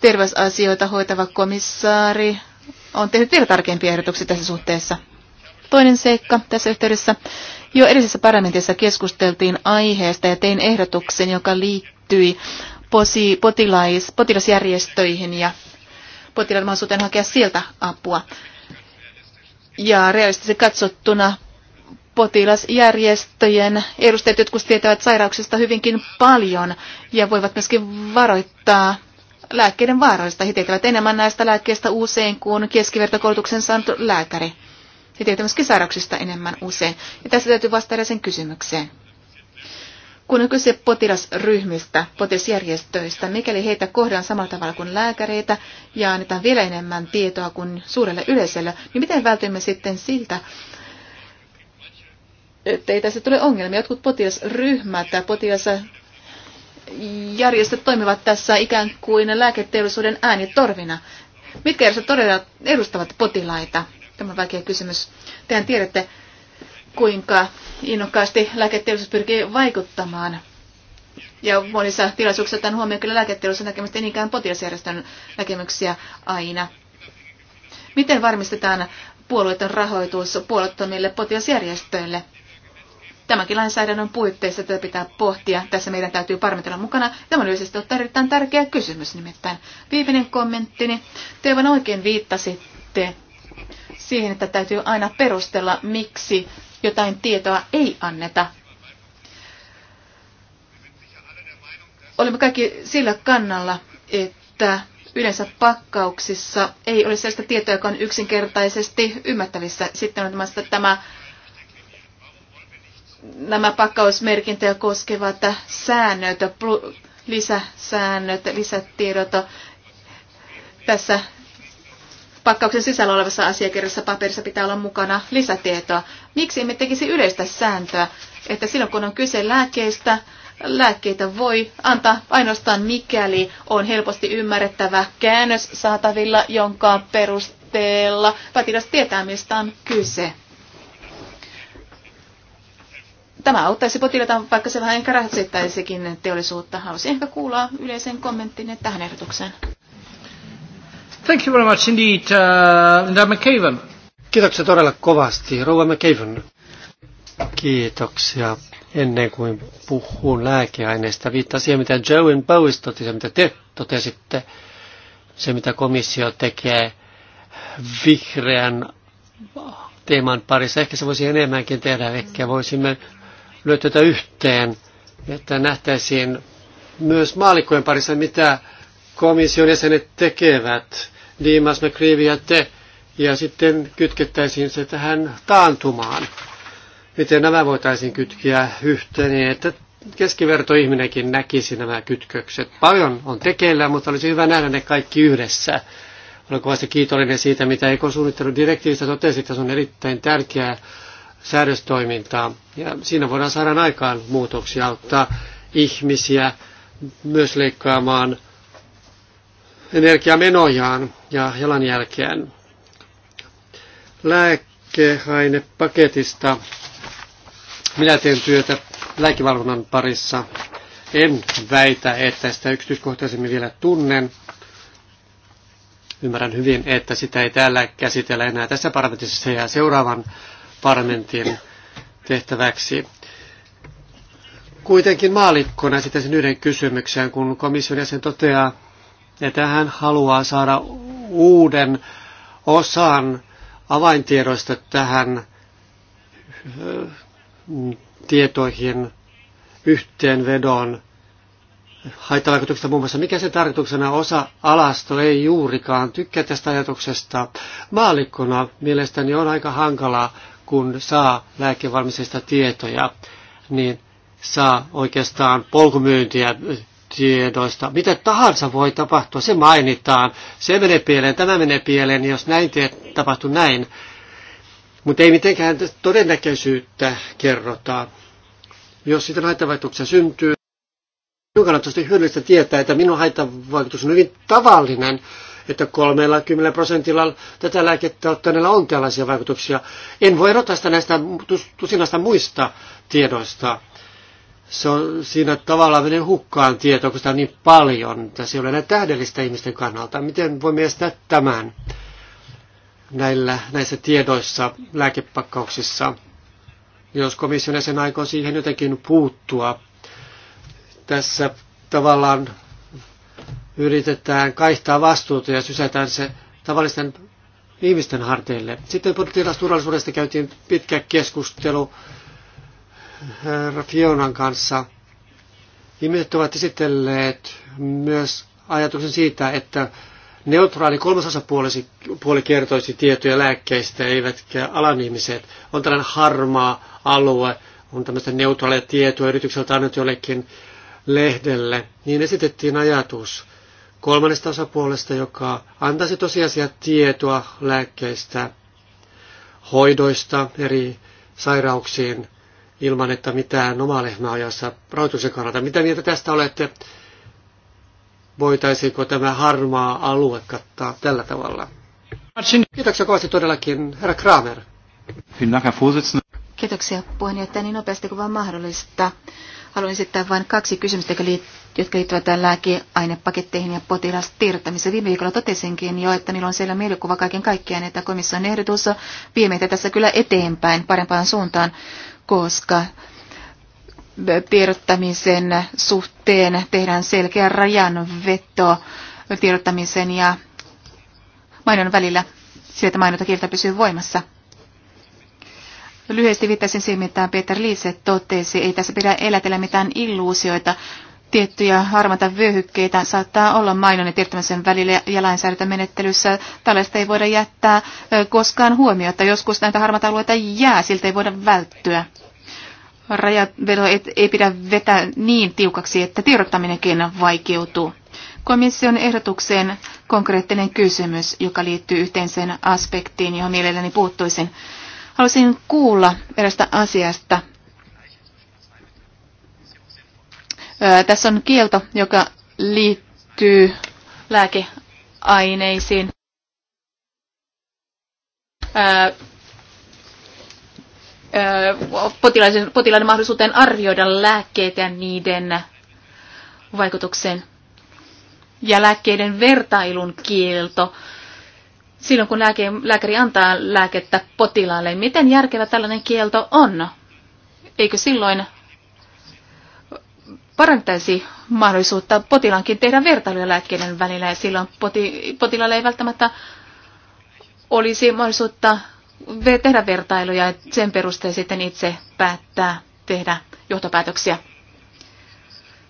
terveysasioita hoitava komissaari on tehnyt vielä tarkempia ehdotuksia tässä suhteessa. Toinen seikka tässä yhteydessä. Jo edellisessä parlamentissa keskusteltiin aiheesta ja tein ehdotuksen, joka liittyi posi, potilais, potilasjärjestöihin ja potilaiden hakea sieltä apua. Ja realistisesti katsottuna potilasjärjestöjen edustajat jotkut tietävät sairauksista hyvinkin paljon ja voivat myöskin varoittaa lääkkeiden vaarallista. He tietävät enemmän näistä lääkkeistä usein kuin keskivertokoulutuksen saanut lääkäri. He tietävät myöskin sairauksista enemmän usein. Ja tässä täytyy vastata sen kysymykseen. Kun on kyse potilasryhmistä, potilasjärjestöistä, mikäli heitä kohdan samalla tavalla kuin lääkäreitä ja annetaan vielä enemmän tietoa kuin suurelle yleisölle, niin miten vältymme sitten siltä, että ei tässä tule ongelmia. Jotkut potilasryhmät tai potilas järjestöt toimivat tässä ikään kuin lääketeollisuuden äänitorvina. Mitkä järjestöt todella edustavat potilaita? Tämä on vaikea kysymys. Tehän tiedätte, kuinka innokkaasti lääketeollisuus pyrkii vaikuttamaan. Ja monissa tilaisuuksissa tämän huomioon kyllä lääketeollisuuden näkemystä, ei niinkään potilasjärjestön näkemyksiä aina. Miten varmistetaan puolueiden rahoitus puolueettomille potilasjärjestöille? Tämäkin lainsäädännön puitteissa tätä pitää pohtia. Tässä meidän täytyy parmitella mukana. Tämä on yleisesti ottaen erittäin tärkeä kysymys nimittäin. Viimeinen kommenttini. Te aivan oikein viittasitte siihen, että täytyy aina perustella, miksi jotain tietoa ei anneta. Olemme kaikki sillä kannalla, että yleensä pakkauksissa ei ole sellaista tietoa, joka on yksinkertaisesti ymmärtävissä. Sitten on tämä nämä pakkausmerkintöjä koskevat säännöt, lisäsäännöt, lisätiedot tässä pakkauksen sisällä olevassa asiakirjassa paperissa pitää olla mukana lisätietoa. Miksi emme tekisi yleistä sääntöä, että silloin kun on kyse lääkkeistä, lääkkeitä voi antaa ainoastaan mikäli on helposti ymmärrettävä käännös saatavilla, jonka perusteella potilas tietää mistä on kyse. Tämä auttaisi potilaita, vaikka se vähän ehkä teollisuutta. Haluaisin ehkä kuulla yleisen kommenttinne tähän ehdotukseen. Thank you very much indeed, uh, Linda McCaven. Kiitoksia todella kovasti, Rouva McCaven. Kiitoksia. Ennen kuin puhun lääkeaineista, viittaa siihen, mitä Joe Bowes totesi, mitä te totesitte, se mitä komissio tekee vihreän teeman parissa. Ehkä se voisi enemmänkin tehdä, ehkä voisimme tätä yhteen, että nähtäisiin myös maalikkojen parissa, mitä komission jäsenet tekevät, Dimas McCreevy ja te, ja sitten kytkettäisiin se tähän taantumaan. Miten nämä voitaisiin kytkiä yhteen, niin että keskivertoihminenkin näkisi nämä kytkökset. Paljon on tekeillä, mutta olisi hyvä nähdä ne kaikki yhdessä. Olen kovasti kiitollinen siitä, mitä direktiivistä totesi, että se on erittäin tärkeää säädöstoimintaa. Ja siinä voidaan saada aikaan muutoksia, auttaa ihmisiä myös leikkaamaan energiamenojaan ja jalanjälkeen. Lääkehainepaketista. Minä teen työtä lääkivalvonnan parissa. En väitä, että sitä yksityiskohtaisemmin vielä tunnen. Ymmärrän hyvin, että sitä ei täällä käsitellä enää tässä parlamentissa ja seuraavan parlamentin tehtäväksi. Kuitenkin maalikkona sitten sen yhden kysymyksen, kun komission jäsen toteaa, että hän haluaa saada uuden osan avaintiedoista tähän äh, tietoihin yhteenvedon haittavaikutuksesta muun muassa. Mikä se tarkoituksena osa alasto ei juurikaan tykkää tästä ajatuksesta. Maalikkona mielestäni on aika hankalaa kun saa lääkevalmisesta tietoja, niin saa oikeastaan polkumyyntiä tiedoista. Mitä tahansa voi tapahtua, se mainitaan. Se menee pieleen, tämä menee pieleen, jos näin teet, tapahtuu näin. Mutta ei mitenkään todennäköisyyttä kerrota. Jos sitä haittavaikutuksia syntyy, minun kannattaa hyödyllistä tietää, että minun haittavaikutus on hyvin tavallinen, että 30 prosentilla tätä lääkettä ottaneella on tällaisia vaikutuksia. En voi erottaa sitä näistä tusinasta muista tiedoista. Se on, siinä tavallaan menee hukkaan tietoa, kun sitä on niin paljon. Tässä ei ole enää tähdellistä ihmisten kannalta. Miten voimme estää tämän näillä, näissä tiedoissa lääkepakkauksissa? Jos komission jäsen aikoo siihen jotenkin puuttua, tässä tavallaan yritetään kaihtaa vastuuta ja sysätään se tavallisten ihmisten harteille. Sitten potilasturvallisuudesta käytiin pitkä keskustelu Fionan kanssa. Ihmiset ovat esitelleet myös ajatuksen siitä, että neutraali kolmasosapuoli puoli kertoisi tietoja lääkkeistä, eivätkä alan ihmiset. On tällainen harmaa alue, on tämmöistä neutraalia tietoa yritykseltä annettu jollekin lehdelle. Niin esitettiin ajatus, kolmannesta osapuolesta, joka antaisi tosiasia tietoa lääkkeistä, hoidoista eri sairauksiin ilman, että mitään omaa lehmää ajassa rahoituksen kannalta. Mitä mieltä tästä olette? Voitaisiinko tämä harmaa alue kattaa tällä tavalla? Kiitoksia kovasti todellakin, herra Kramer. Kiitoksia puheenjohtaja niin nopeasti kuin vaan mahdollista. Haluan esittää vain kaksi kysymystä, jotka liittyvät lääkeainepaketteihin ja potilastiirtämiseen. Viime viikolla totesinkin jo, että niillä on siellä mielikuva kaiken kaikkiaan, että komission ehdotus vie meitä tässä kyllä eteenpäin parempaan suuntaan, koska tiedottamisen suhteen tehdään selkeä rajanveto tiedottamisen ja mainon välillä, sillä että kieltä pysyy voimassa. Lyhyesti viittasin siihen, mitä Peter Liise totesi. Ei tässä pidä elätellä mitään illuusioita. Tiettyjä harmata vyöhykkeitä saattaa olla ja tietämisen välillä ja lainsäädäntömenettelyssä. Tällaista ei voida jättää koskaan huomiota. Joskus näitä harmata alueita jää, siltä ei voida välttyä. Rajavedo ei pidä vetää niin tiukaksi, että tiedottaminenkin vaikeutuu. Komission ehdotukseen konkreettinen kysymys, joka liittyy yhteiseen aspektiin, johon mielelläni puuttuisin. Haluaisin kuulla erästä asiasta. Öö, tässä on kielto, joka liittyy lääkeaineisiin. Öö, potilaiden, potilaiden mahdollisuuteen arvioida lääkkeitä ja niiden vaikutuksen. Ja lääkkeiden vertailun kielto silloin, kun lääke, lääkäri antaa lääkettä potilaalle. Miten järkevä tällainen kielto on? Eikö silloin parantaisi mahdollisuutta potilaankin tehdä vertailuja lääkkeiden välillä ja silloin poti, potilaalle ei välttämättä olisi mahdollisuutta tehdä vertailuja ja sen perusteella sitten itse päättää tehdä johtopäätöksiä.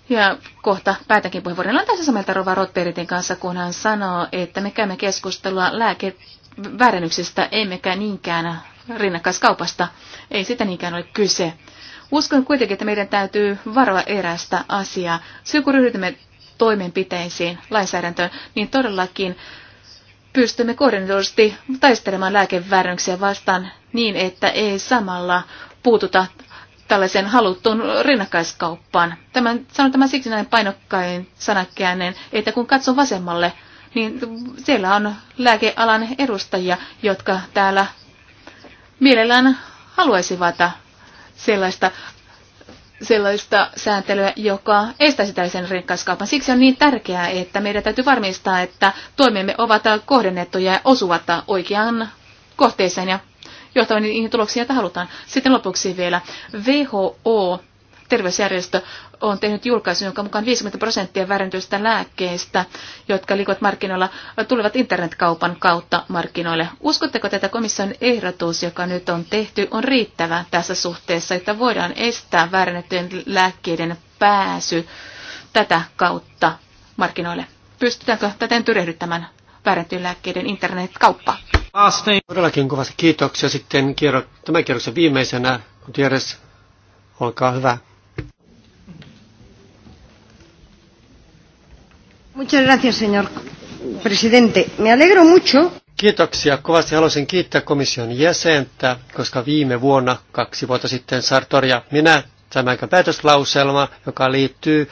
Ja kohta päätänkin puheenvuoron. Olen tässä samalta Rova rotperitin kanssa, kun hän sanoo, että me käymme keskustelua lääke emmekä niinkään rinnakkaiskaupasta. Ei sitä niinkään ole kyse. Uskon kuitenkin, että meidän täytyy varoa erästä asiaa. Silloin kun ryhdytämme toimenpiteisiin, lainsäädäntöön, niin todellakin pystymme koordinoidusti taistelemaan lääkeväärennyksiä vastaan niin, että ei samalla puututa tällaiseen haluttuun rinnakkaiskauppaan. Tämän, sanon tämän siksi näin painokkain sanakäänneen, että kun katson vasemmalle, niin siellä on lääkealan edustajia, jotka täällä mielellään haluaisivat sellaista, sellaista sääntelyä, joka estäisi tällaisen rinnakkaiskaupan. Siksi on niin tärkeää, että meidän täytyy varmistaa, että toimemme ovat kohdennettuja ja osuvat oikeaan kohteeseen ja johtavan niihin tuloksiin, joita halutaan. Sitten lopuksi vielä WHO terveysjärjestö on tehnyt julkaisun, jonka mukaan 50 prosenttia väärentyistä lääkkeistä, jotka liikkuvat markkinoilla, tulevat internetkaupan kautta markkinoille. Uskotteko tätä komission ehdotus, joka nyt on tehty, on riittävä tässä suhteessa, että voidaan estää väärennettyjen lääkkeiden pääsy tätä kautta markkinoille? Pystytäänkö täten tyrehdyttämään väärättyjen lääkkeiden internetkauppa. Todellakin kovasti kiitoksia. Sitten kierro, tämän kierroksen viimeisenä, kun tiedes, olkaa hyvä. Muchas gracias, señor presidente. Me alegro mucho. Kiitoksia. Kovasti haluaisin kiittää komission jäsentä, koska viime vuonna, kaksi vuotta sitten, Sartori ja minä saimme päätöslauselma, joka liittyy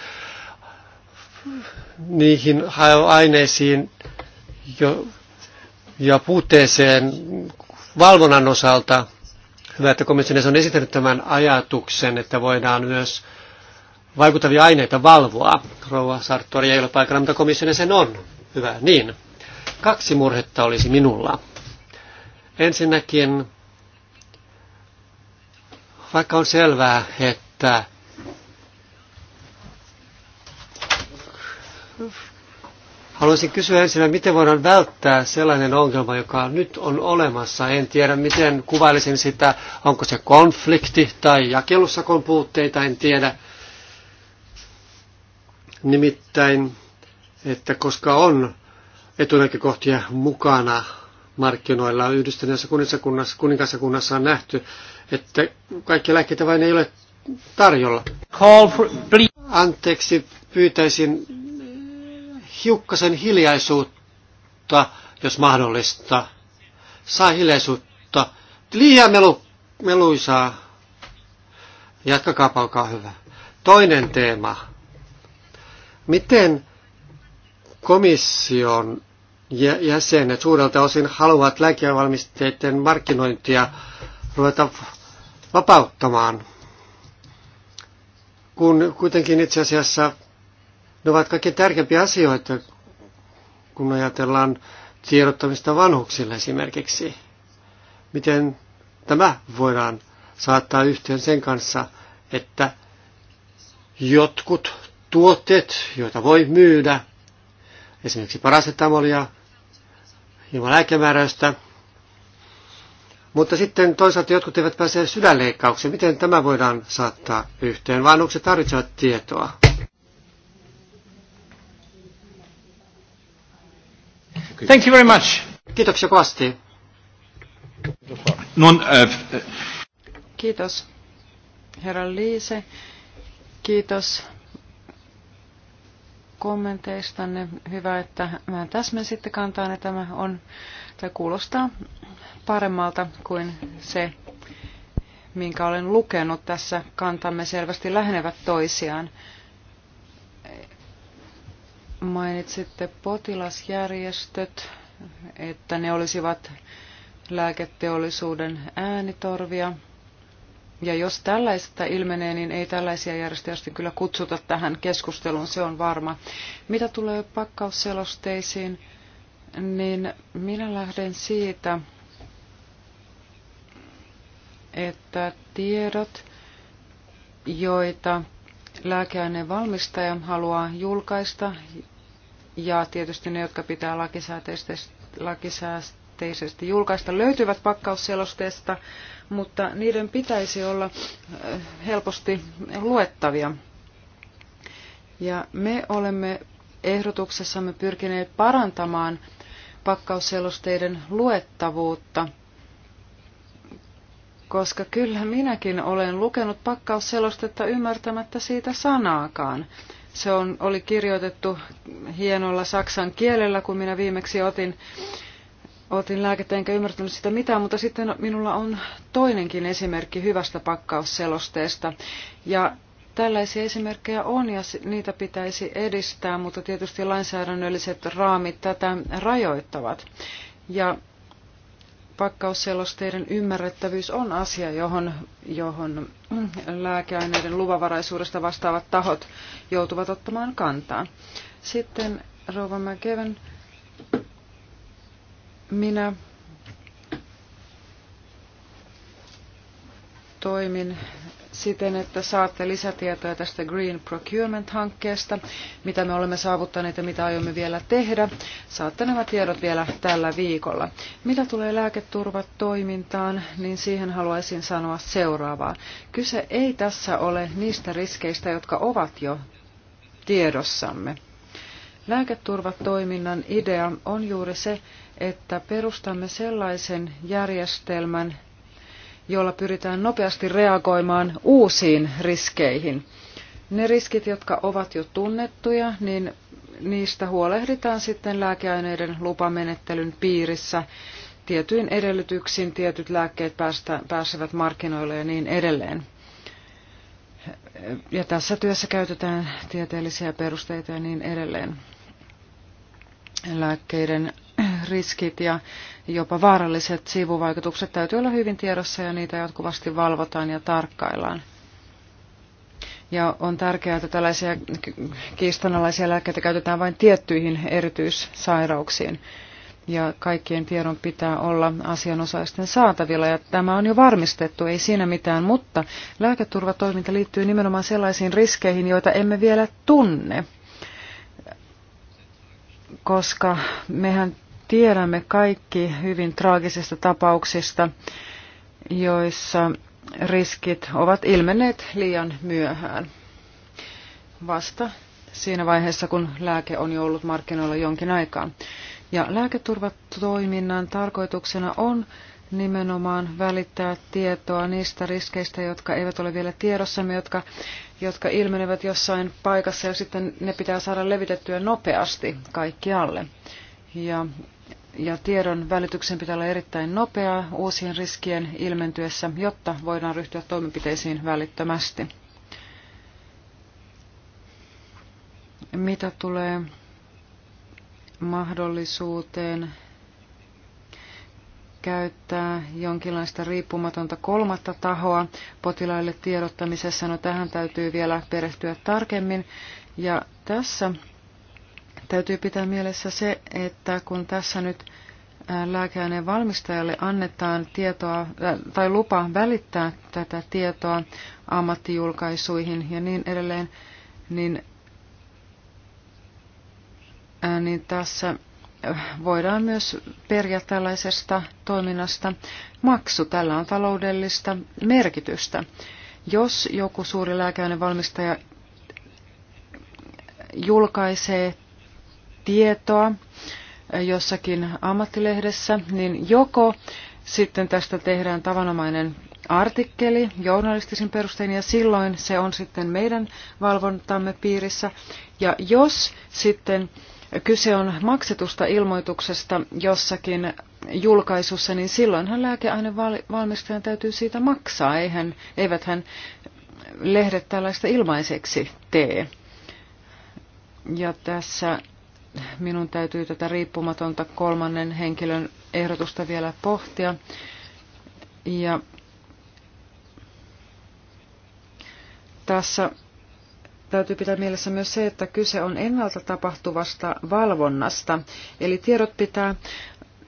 niihin aineisiin, jo, ja puutteeseen valvonnan osalta. Hyvä, että komissio on esittänyt tämän ajatuksen, että voidaan myös vaikuttavia aineita valvoa. Rouva Sartori ei ole paikalla, mutta komissio sen on. Hyvä, niin. Kaksi murhetta olisi minulla. Ensinnäkin, vaikka on selvää, että Haluaisin kysyä ensin, miten voidaan välttää sellainen ongelma, joka nyt on olemassa. En tiedä, miten kuvailisin sitä, onko se konflikti tai jakelussa puutteita, en tiedä. Nimittäin, että koska on etunäkökohtia mukana markkinoilla yhdistyneessä kuninkaassa kunnassa on nähty, että kaikki lääkkeitä vain ei ole tarjolla. Call for, Anteeksi, pyytäisin hiukkasen hiljaisuutta, jos mahdollista. Saa hiljaisuutta. Liian melu, meluisaa. Jatkakaapa, olkaa hyvä. Toinen teema. Miten komission jäsenet suurelta osin haluavat lääkevalmisteiden markkinointia ruveta vapauttamaan, kun kuitenkin itse asiassa ne ovat kaikkein tärkeimpiä asioita, kun ajatellaan tiedottamista vanhuksille esimerkiksi. Miten tämä voidaan saattaa yhteen sen kanssa, että jotkut tuotteet, joita voi myydä, esimerkiksi parasetamolia ilman lääkemääräystä, mutta sitten toisaalta jotkut eivät pääse sydänleikkaukseen. Miten tämä voidaan saattaa yhteen? Vanhukset tarvitsevat tietoa. Thank you very much. Kiitoksia kovasti. Nun, äh, Kiitos, herra Liise. Kiitos kommenteistanne. Hyvä, että mä täsmensitte kantaa, että tämä on, tai kuulostaa paremmalta kuin se, minkä olen lukenut tässä. Kantamme selvästi lähenevät toisiaan. Mainitsitte potilasjärjestöt, että ne olisivat lääketeollisuuden äänitorvia. Ja jos tällaista ilmenee, niin ei tällaisia järjestöjä kyllä kutsuta tähän keskusteluun, se on varma. Mitä tulee pakkausselosteisiin, niin minä lähden siitä, että tiedot, joita lääkeaineen valmistaja haluaa julkaista ja tietysti ne, jotka pitää lakisääteisesti julkaista, löytyvät pakkausselosteesta, mutta niiden pitäisi olla äh, helposti luettavia. Ja me olemme ehdotuksessamme pyrkineet parantamaan pakkausselosteiden luettavuutta – koska kyllä minäkin olen lukenut pakkausselostetta ymmärtämättä siitä sanaakaan. Se on, oli kirjoitettu hienolla saksan kielellä, kun minä viimeksi otin, otin lääkettä, enkä ymmärtänyt sitä mitään, mutta sitten minulla on toinenkin esimerkki hyvästä pakkausselosteesta. Ja tällaisia esimerkkejä on ja niitä pitäisi edistää, mutta tietysti lainsäädännölliset raamit tätä rajoittavat. Ja pakkausselosteiden ymmärrettävyys on asia, johon, johon lääkeaineiden luvavaraisuudesta vastaavat tahot joutuvat ottamaan kantaa. Sitten Rova McKeven, minä toimin siten, että saatte lisätietoja tästä Green Procurement-hankkeesta, mitä me olemme saavuttaneet ja mitä aiomme vielä tehdä. Saatte nämä tiedot vielä tällä viikolla. Mitä tulee lääketurvatoimintaan, niin siihen haluaisin sanoa seuraavaa. Kyse ei tässä ole niistä riskeistä, jotka ovat jo tiedossamme. Lääketurvatoiminnan idea on juuri se, että perustamme sellaisen järjestelmän, jolla pyritään nopeasti reagoimaan uusiin riskeihin. Ne riskit, jotka ovat jo tunnettuja, niin niistä huolehditaan sitten lääkeaineiden lupamenettelyn piirissä. Tietyin edellytyksiin tietyt lääkkeet päästä, pääsevät markkinoille ja niin edelleen. Ja tässä työssä käytetään tieteellisiä perusteita ja niin edelleen. Lääkkeiden riskit ja jopa vaaralliset sivuvaikutukset täytyy olla hyvin tiedossa ja niitä jatkuvasti valvotaan ja tarkkaillaan. Ja on tärkeää, että tällaisia kiistanalaisia lääkkeitä käytetään vain tiettyihin erityissairauksiin. Ja kaikkien tiedon pitää olla asianosaisten saatavilla, ja tämä on jo varmistettu, ei siinä mitään, mutta lääketurvatoiminta liittyy nimenomaan sellaisiin riskeihin, joita emme vielä tunne koska mehän Tiedämme kaikki hyvin traagisista tapauksista, joissa riskit ovat ilmenneet liian myöhään. Vasta siinä vaiheessa, kun lääke on jo ollut markkinoilla jonkin aikaa. Ja lääketurvatoiminnan tarkoituksena on nimenomaan välittää tietoa niistä riskeistä, jotka eivät ole vielä tiedossamme, jotka, jotka ilmenevät jossain paikassa ja sitten ne pitää saada levitettyä nopeasti kaikkialle. Ja ja tiedon välityksen pitää olla erittäin nopeaa uusien riskien ilmentyessä, jotta voidaan ryhtyä toimenpiteisiin välittömästi. Mitä tulee mahdollisuuteen käyttää jonkinlaista riippumatonta kolmatta tahoa potilaille tiedottamisessa. No tähän täytyy vielä perehtyä tarkemmin. Ja tässä Täytyy pitää mielessä se, että kun tässä nyt lääkeaineen valmistajalle annetaan tietoa tai lupa välittää tätä tietoa ammattijulkaisuihin ja niin edelleen, niin, niin tässä voidaan myös periä tällaisesta toiminnasta maksu. Tällä on taloudellista merkitystä. Jos joku suuri lääkeainevalmistaja julkaisee tietoa jossakin ammattilehdessä, niin joko sitten tästä tehdään tavanomainen artikkeli journalistisin perustein ja silloin se on sitten meidän valvontamme piirissä. Ja jos sitten kyse on maksetusta ilmoituksesta jossakin julkaisussa, niin silloinhan lääkeainevalmistajan täytyy siitä maksaa. Eihän, eiväthän lehdet tällaista ilmaiseksi tee. Ja tässä minun täytyy tätä riippumatonta kolmannen henkilön ehdotusta vielä pohtia. Ja tässä täytyy pitää mielessä myös se, että kyse on ennalta tapahtuvasta valvonnasta. Eli tiedot pitää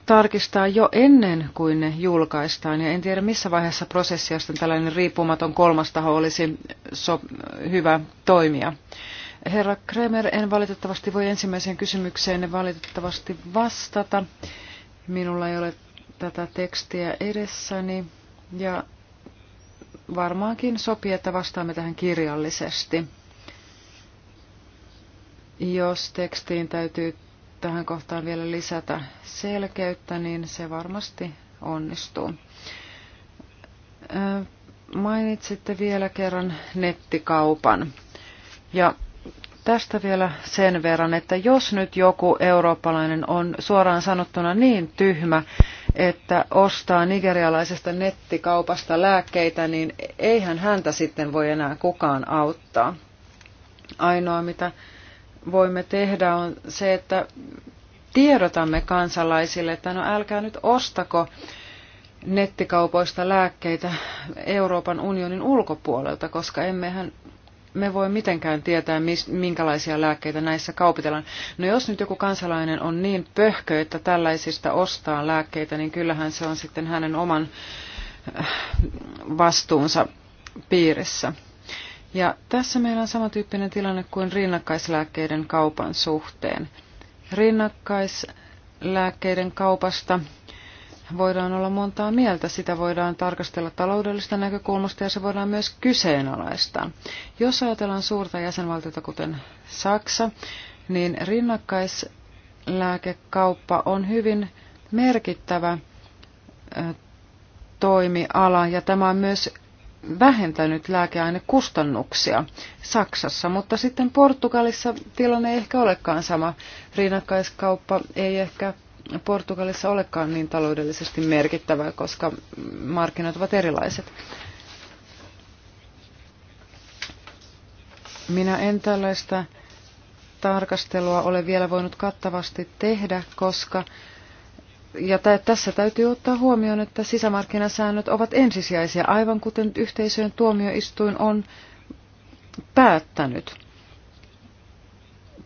tarkistaa jo ennen kuin ne julkaistaan. Ja en tiedä, missä vaiheessa prosessiasta tällainen riippumaton kolmas taho olisi so- hyvä toimia. Herra Kremer, en valitettavasti voi ensimmäiseen kysymykseen valitettavasti vastata. Minulla ei ole tätä tekstiä edessäni ja varmaankin sopii, että vastaamme tähän kirjallisesti. Jos tekstiin täytyy tähän kohtaan vielä lisätä selkeyttä, niin se varmasti onnistuu. Mainitsitte vielä kerran nettikaupan. Ja Tästä vielä sen verran, että jos nyt joku eurooppalainen on suoraan sanottuna niin tyhmä, että ostaa nigerialaisesta nettikaupasta lääkkeitä, niin eihän häntä sitten voi enää kukaan auttaa. Ainoa mitä voimme tehdä on se, että tiedotamme kansalaisille, että no älkää nyt ostako nettikaupoista lääkkeitä Euroopan unionin ulkopuolelta, koska emmehän me voi mitenkään tietää, minkälaisia lääkkeitä näissä kaupitellaan. No jos nyt joku kansalainen on niin pöhkö, että tällaisista ostaa lääkkeitä, niin kyllähän se on sitten hänen oman äh, vastuunsa piirissä. Ja tässä meillä on samantyyppinen tilanne kuin rinnakkaislääkkeiden kaupan suhteen. Rinnakkaislääkkeiden kaupasta voidaan olla montaa mieltä. Sitä voidaan tarkastella taloudellista näkökulmasta ja se voidaan myös kyseenalaistaa. Jos ajatellaan suurta jäsenvaltiota, kuten Saksa, niin rinnakkaislääkekauppa on hyvin merkittävä toimiala ja tämä on myös vähentänyt lääkeainekustannuksia Saksassa, mutta sitten Portugalissa tilanne ei ehkä olekaan sama. Rinnakkaiskauppa ei ehkä Portugalissa olekaan niin taloudellisesti merkittävää, koska markkinat ovat erilaiset. Minä en tällaista tarkastelua ole vielä voinut kattavasti tehdä, koska ja tässä täytyy ottaa huomioon, että sisämarkkinasäännöt ovat ensisijaisia, aivan kuten yhteisöjen tuomioistuin on päättänyt.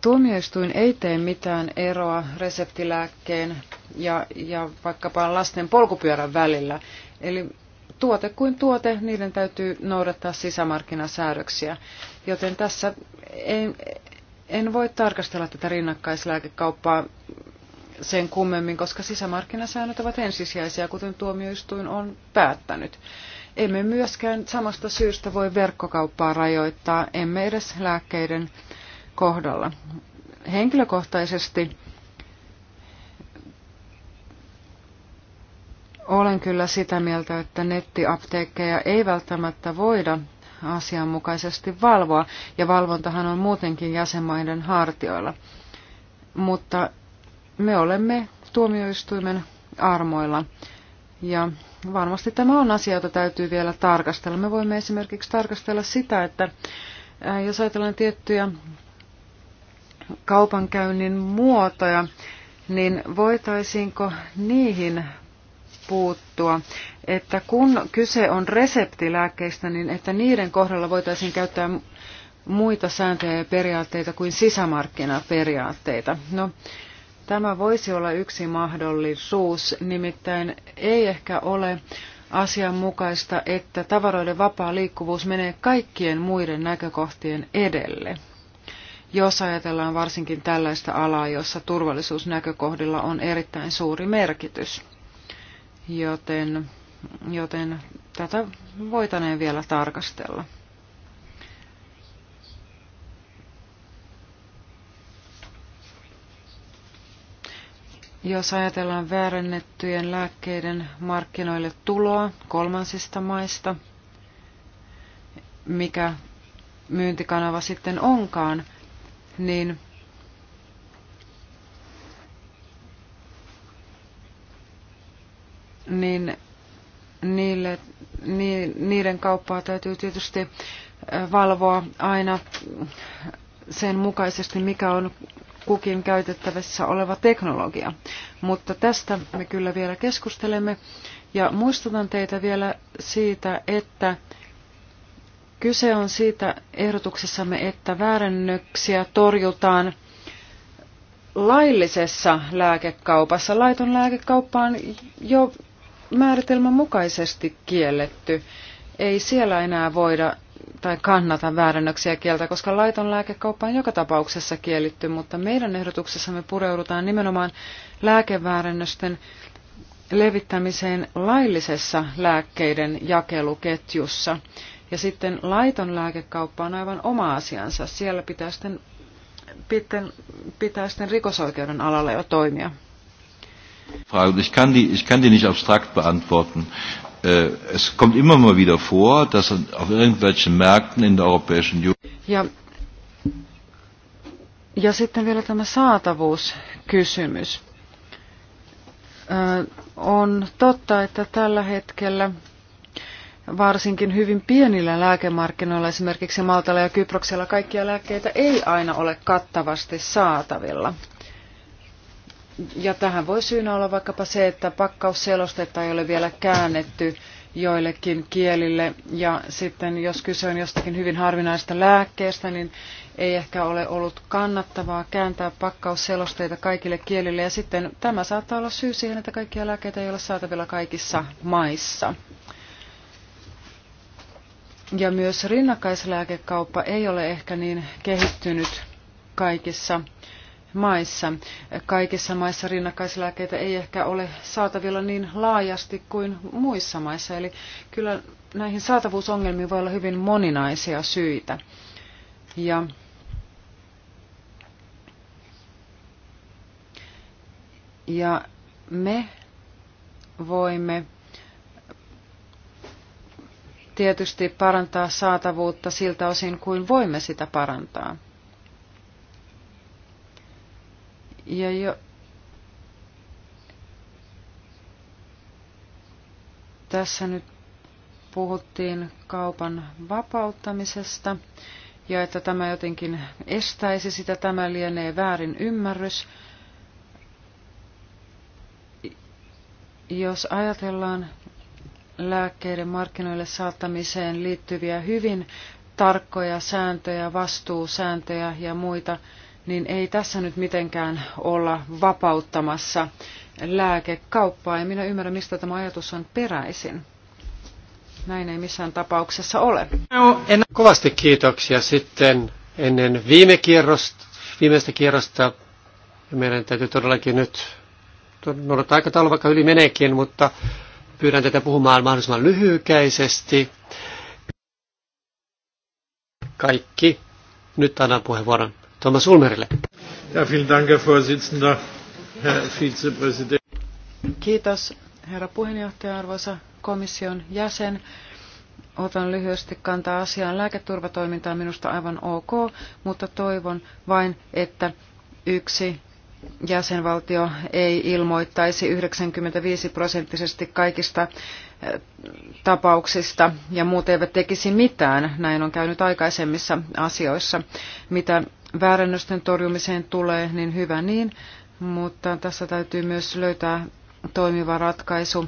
Tuomioistuin ei tee mitään eroa reseptilääkkeen ja, ja vaikkapa lasten polkupyörän välillä. Eli tuote kuin tuote, niiden täytyy noudattaa sisämarkkinasäädöksiä. Joten tässä en, en voi tarkastella tätä rinnakkaislääkekauppaa sen kummemmin, koska sisämarkkinasäännöt ovat ensisijaisia, kuten tuomioistuin on päättänyt. Emme myöskään samasta syystä voi verkkokauppaa rajoittaa, emme edes lääkkeiden kohdalla. Henkilökohtaisesti olen kyllä sitä mieltä, että nettiapteekkeja ei välttämättä voida asianmukaisesti valvoa, ja valvontahan on muutenkin jäsenmaiden hartioilla. Mutta me olemme tuomioistuimen armoilla, ja varmasti tämä on asia, jota täytyy vielä tarkastella. Me voimme esimerkiksi tarkastella sitä, että jos ajatellaan tiettyjä kaupankäynnin muotoja, niin voitaisiinko niihin puuttua, että kun kyse on reseptilääkkeistä, niin että niiden kohdalla voitaisiin käyttää muita sääntöjä ja periaatteita kuin sisämarkkinaperiaatteita. No, tämä voisi olla yksi mahdollisuus, nimittäin ei ehkä ole asianmukaista, että tavaroiden vapaa liikkuvuus menee kaikkien muiden näkökohtien edelle jos ajatellaan varsinkin tällaista alaa, jossa turvallisuusnäkökohdilla on erittäin suuri merkitys. Joten, joten tätä voitaneen vielä tarkastella. Jos ajatellaan väärennettyjen lääkkeiden markkinoille tuloa kolmansista maista, mikä myyntikanava sitten onkaan, niin niin niille, niiden kauppaa täytyy tietysti valvoa aina sen mukaisesti, mikä on kukin käytettävissä oleva teknologia. Mutta tästä me kyllä vielä keskustelemme. Ja muistutan teitä vielä siitä, että Kyse on siitä ehdotuksessamme, että väärännöksiä torjutaan laillisessa lääkekaupassa. Laiton lääkekauppa on jo määritelmän mukaisesti kielletty. Ei siellä enää voida tai kannata väärännöksiä kieltä, koska laiton lääkekauppa on joka tapauksessa kielletty, mutta meidän ehdotuksessamme pureudutaan nimenomaan lääkeväärännösten levittämiseen laillisessa lääkkeiden jakeluketjussa. Ja sitten laiton lääkekauppa on aivan oma asiansa. Siellä pitää sitten, pitää, pitää sitten rikosoikeuden alalla jo toimia. Frage. Ich kann die, ich kann die nicht abstrakt beantworten. Äh, es kommt immer mal wieder vor, dass auf irgendwelchen Märkten in der Europäischen Union. Ja, ja sitten vielä tämä saatavuuskysymys. Äh, on totta, että tällä hetkellä varsinkin hyvin pienillä lääkemarkkinoilla, esimerkiksi Maltalla ja Kyproksella, kaikkia lääkkeitä ei aina ole kattavasti saatavilla. Ja tähän voi syynä olla vaikkapa se, että pakkausselostetta ei ole vielä käännetty joillekin kielille. Ja sitten jos kyse on jostakin hyvin harvinaista lääkkeestä, niin ei ehkä ole ollut kannattavaa kääntää pakkausselosteita kaikille kielille. Ja sitten tämä saattaa olla syy siihen, että kaikkia lääkkeitä ei ole saatavilla kaikissa maissa. Ja myös rinnakkaislääkekauppa ei ole ehkä niin kehittynyt kaikissa maissa. Kaikissa maissa rinnakkaislääkkeitä ei ehkä ole saatavilla niin laajasti kuin muissa maissa. Eli kyllä näihin saatavuusongelmiin voi olla hyvin moninaisia syitä. Ja ja me voimme tietysti parantaa saatavuutta siltä osin kuin voimme sitä parantaa. Ja jo tässä nyt puhuttiin kaupan vapauttamisesta ja että tämä jotenkin estäisi sitä, tämä lienee väärin ymmärrys. Jos ajatellaan lääkkeiden markkinoille saattamiseen liittyviä hyvin tarkkoja sääntöjä, vastuusääntöjä ja muita, niin ei tässä nyt mitenkään olla vapauttamassa lääkekauppaa. Ja minä ymmärrän, mistä tämä ajatus on peräisin. Näin ei missään tapauksessa ole. No, en... Kovasti kiitoksia sitten ennen viime kierrosta, viimeistä kierrosta. Meidän täytyy todellakin nyt noudattaa aikataulu, vaikka yli meneekin, mutta Pyydän tätä puhumaan mahdollisimman lyhykäisesti. Kaikki. Nyt annan puheenvuoron Thomas Ulmerille. Ja, vielen Dank, Vorsitzender, Herr Kiitos, herra puheenjohtaja, arvoisa komission jäsen. Otan lyhyesti kantaa asiaan. Lääketurvatoiminta on minusta aivan ok, mutta toivon vain, että yksi jäsenvaltio ei ilmoittaisi 95 prosenttisesti kaikista eh, tapauksista ja muut eivät tekisi mitään. Näin on käynyt aikaisemmissa asioissa. Mitä väärännösten torjumiseen tulee, niin hyvä niin, mutta tässä täytyy myös löytää toimiva ratkaisu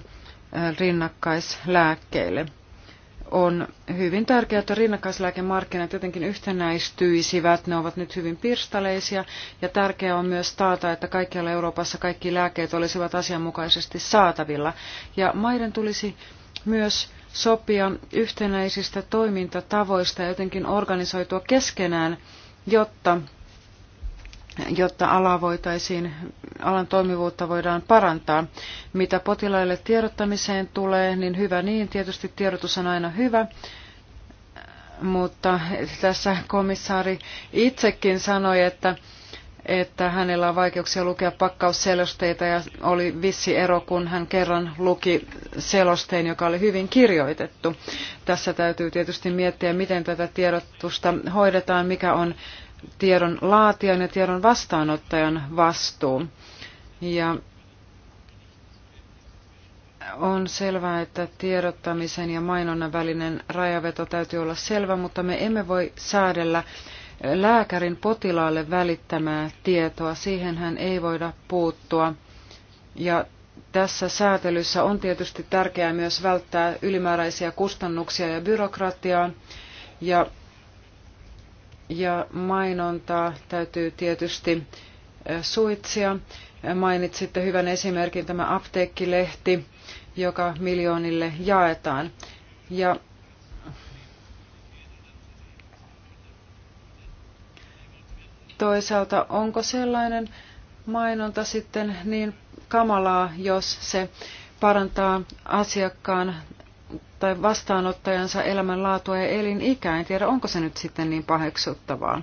eh, rinnakkaislääkkeille on hyvin tärkeää, että rinnakkaislääkemarkkinat jotenkin yhtenäistyisivät. Ne ovat nyt hyvin pirstaleisia ja tärkeää on myös taata, että kaikkialla Euroopassa kaikki lääkkeet olisivat asianmukaisesti saatavilla. Ja maiden tulisi myös sopia yhtenäisistä toimintatavoista ja jotenkin organisoitua keskenään, jotta jotta ala voitaisiin, alan toimivuutta voidaan parantaa. Mitä potilaille tiedottamiseen tulee, niin hyvä niin, tietysti tiedotus on aina hyvä, mutta tässä komissaari itsekin sanoi, että, että hänellä on vaikeuksia lukea pakkausselosteita ja oli vissi ero, kun hän kerran luki selosteen, joka oli hyvin kirjoitettu. Tässä täytyy tietysti miettiä, miten tätä tiedotusta hoidetaan, mikä on tiedon laatijan ja tiedon vastaanottajan vastuu. Ja on selvää, että tiedottamisen ja mainonnan välinen rajaveto täytyy olla selvä, mutta me emme voi säädellä lääkärin potilaalle välittämää tietoa. siihen hän ei voida puuttua. Ja tässä säätelyssä on tietysti tärkeää myös välttää ylimääräisiä kustannuksia ja byrokratiaa. Ja ja mainontaa täytyy tietysti suitsia. Mainitsitte hyvän esimerkin tämä apteekkilehti, joka miljoonille jaetaan. Ja toisaalta onko sellainen mainonta sitten niin kamalaa, jos se parantaa asiakkaan tai vastaanottajansa elämänlaatua ja elinikää. En tiedä, onko se nyt sitten niin paheksuttavaa.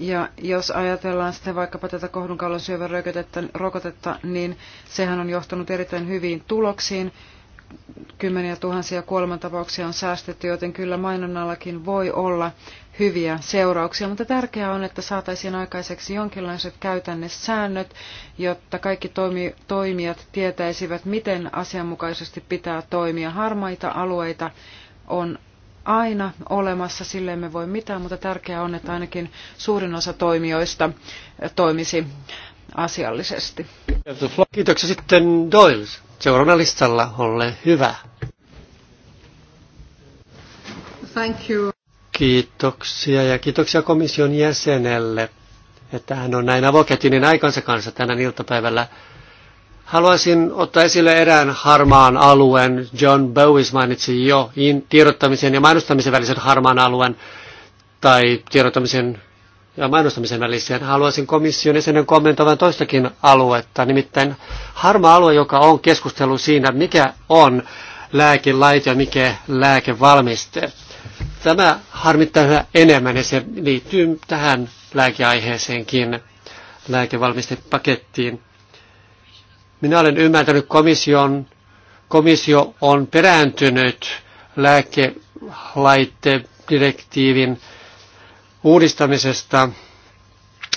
Ja jos ajatellaan sitten vaikkapa tätä kohdunkaulan syövän rokotetta, niin sehän on johtanut erittäin hyviin tuloksiin kymmeniä tuhansia kuolemantapauksia on säästetty, joten kyllä mainonnallakin voi olla hyviä seurauksia, mutta tärkeää on, että saataisiin aikaiseksi jonkinlaiset käytännessäännöt, jotta kaikki toimi, toimijat tietäisivät, miten asianmukaisesti pitää toimia. Harmaita alueita on aina olemassa, sille emme voi mitään, mutta tärkeää on, että ainakin suurin osa toimijoista toimisi asiallisesti. Kiitoksia sitten Doyles seuraavana listalla. Ole hyvä. Thank you. Kiitoksia ja kiitoksia komission jäsenelle, että hän on näin avokätinen aikansa kanssa tänään iltapäivällä. Haluaisin ottaa esille erään harmaan alueen. John Bowis mainitsi jo tiedottamisen ja mainostamisen välisen harmaan alueen tai tiedottamisen ja mainostamisen väliseen. Haluaisin komission jäsenen kommentoivan toistakin aluetta, nimittäin harma alue, joka on keskustelu siinä, mikä on lääkelaite ja mikä lääkevalmiste. Tämä harmittaa yhä enemmän ja se liittyy tähän lääkeaiheeseenkin lääkevalmistepakettiin. Minä olen ymmärtänyt, komission, komissio on perääntynyt lääkelaitedirektiivin uudistamisesta.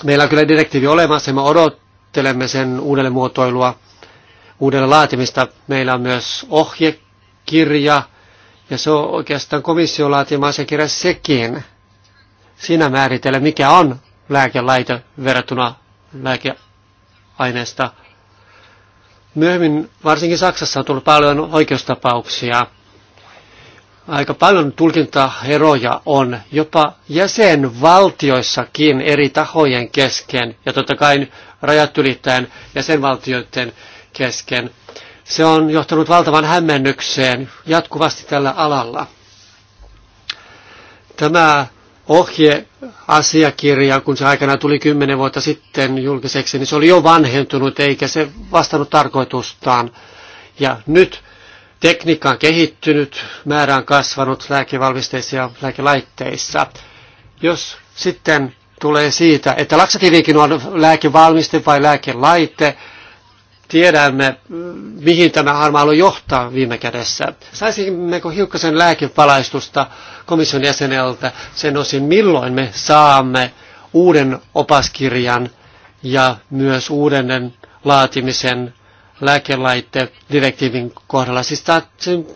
Meillä on kyllä direktiivi olemassa ja me odottelemme sen uudelle muotoilua, uudelle laatimista. Meillä on myös ohjekirja ja se on oikeastaan komission laatima asiakirja sekin. Siinä määritellä, mikä on lääkelaite verrattuna lääkeaineesta. Myöhemmin, varsinkin Saksassa, on tullut paljon oikeustapauksia – aika paljon tulkintaeroja on jopa jäsenvaltioissakin eri tahojen kesken ja totta kai rajat ylittäen jäsenvaltioiden kesken. Se on johtanut valtavan hämmennykseen jatkuvasti tällä alalla. Tämä ohjeasiakirja, kun se aikana tuli kymmenen vuotta sitten julkiseksi, niin se oli jo vanhentunut eikä se vastannut tarkoitustaan. Ja nyt Tekniikka on kehittynyt, määrä on kasvanut lääkevalmisteissa ja lääkelaitteissa. Jos sitten tulee siitä, että laksatiiviikin on lääkevalmiste vai lääkelaite, tiedämme, mihin tämä harmailu johtaa viime kädessä. Saisimmeko hiukkasen lääkevalaistusta komission jäseneltä sen osin, milloin me saamme uuden opaskirjan ja myös uuden laatimisen lääkelaite direktiivin kohdalla. Siis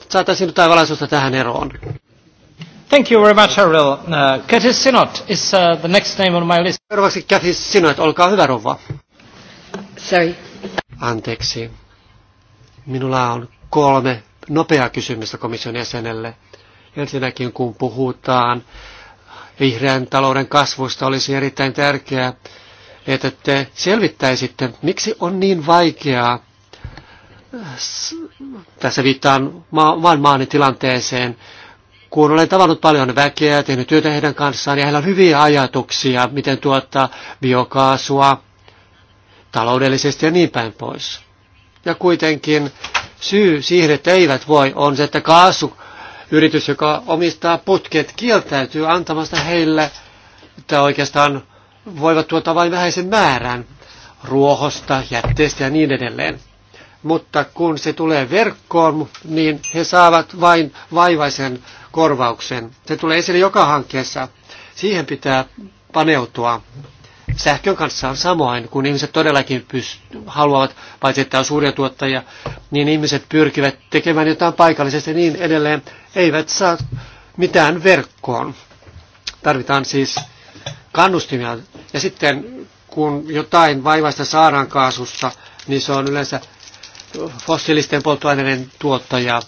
saataisiin jotain valaisuutta tähän eroon. Thank you very much, Harrell. Uh, Cathy Sinot is uh, the next name on my list. Seuraavaksi Cathy Sinot, olkaa hyvä rouva. Sorry. Anteeksi. Minulla on kolme nopeaa kysymystä komission jäsenelle. Ensinnäkin kun puhutaan vihreän talouden kasvusta, olisi erittäin tärkeää, että te selvittäisitte, miksi on niin vaikeaa tässä viittaan vain maani tilanteeseen, kun olen tavannut paljon väkeä ja tehnyt työtä heidän kanssaan, ja niin heillä on hyviä ajatuksia, miten tuottaa biokaasua taloudellisesti ja niin päin pois. Ja kuitenkin syy siihen, että eivät voi, on se, että kaasuyritys, joka omistaa putket, kieltäytyy antamasta heille, että oikeastaan voivat tuottaa vain vähäisen määrän ruohosta, jätteestä ja niin edelleen mutta kun se tulee verkkoon, niin he saavat vain vaivaisen korvauksen. Se tulee esille joka hankkeessa. Siihen pitää paneutua. Sähkön kanssa on samoin, kun ihmiset todellakin pyst- haluavat, paitsi että on suuria tuottajia, niin ihmiset pyrkivät tekemään jotain paikallisesti niin edelleen, eivät saa mitään verkkoon. Tarvitaan siis kannustimia. Ja sitten kun jotain vaivaista saadaan kaasussa, niin se on yleensä fossiilisten polttoaineiden tuottaja.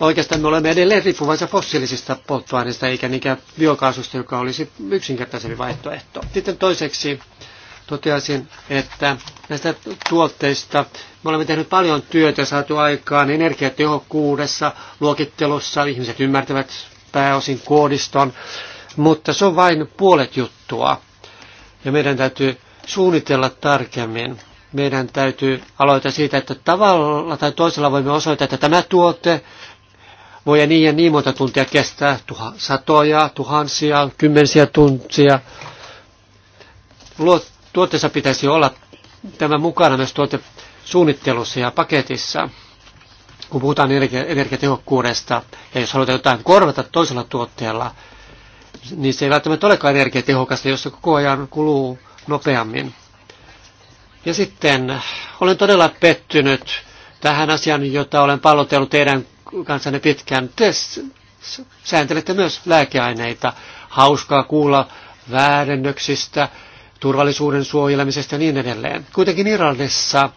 Oikeastaan me olemme edelleen riippuvaisia fossiilisista polttoaineista, eikä niinkään biokaasusta, joka olisi yksinkertaisempi vaihtoehto. Sitten toiseksi toteaisin, että näistä tuotteista me olemme tehneet paljon työtä saatu aikaan energiatehokkuudessa, luokittelussa, ihmiset ymmärtävät pääosin koodiston, mutta se on vain puolet juttua. Ja meidän täytyy suunnitella tarkemmin meidän täytyy aloittaa siitä, että tavalla tai toisella voimme osoittaa, että tämä tuote voi ja niin ja niin monta tuntia kestää, tuha, satoja, tuhansia, kymmensiä tuntia. Luot, tuotteessa pitäisi olla tämä mukana myös tuotesuunnittelussa ja paketissa, kun puhutaan energia, energiatehokkuudesta. Ja jos halutaan jotain korvata toisella tuotteella, niin se ei välttämättä olekaan energiatehokasta, jos se koko ajan kuluu nopeammin. Ja sitten olen todella pettynyt tähän asiaan, jota olen pallotellut teidän kanssanne pitkään. Te sääntelette myös lääkeaineita. Hauskaa kuulla väärennöksistä, turvallisuuden suojelemisesta ja niin edelleen. Kuitenkin Irlannissa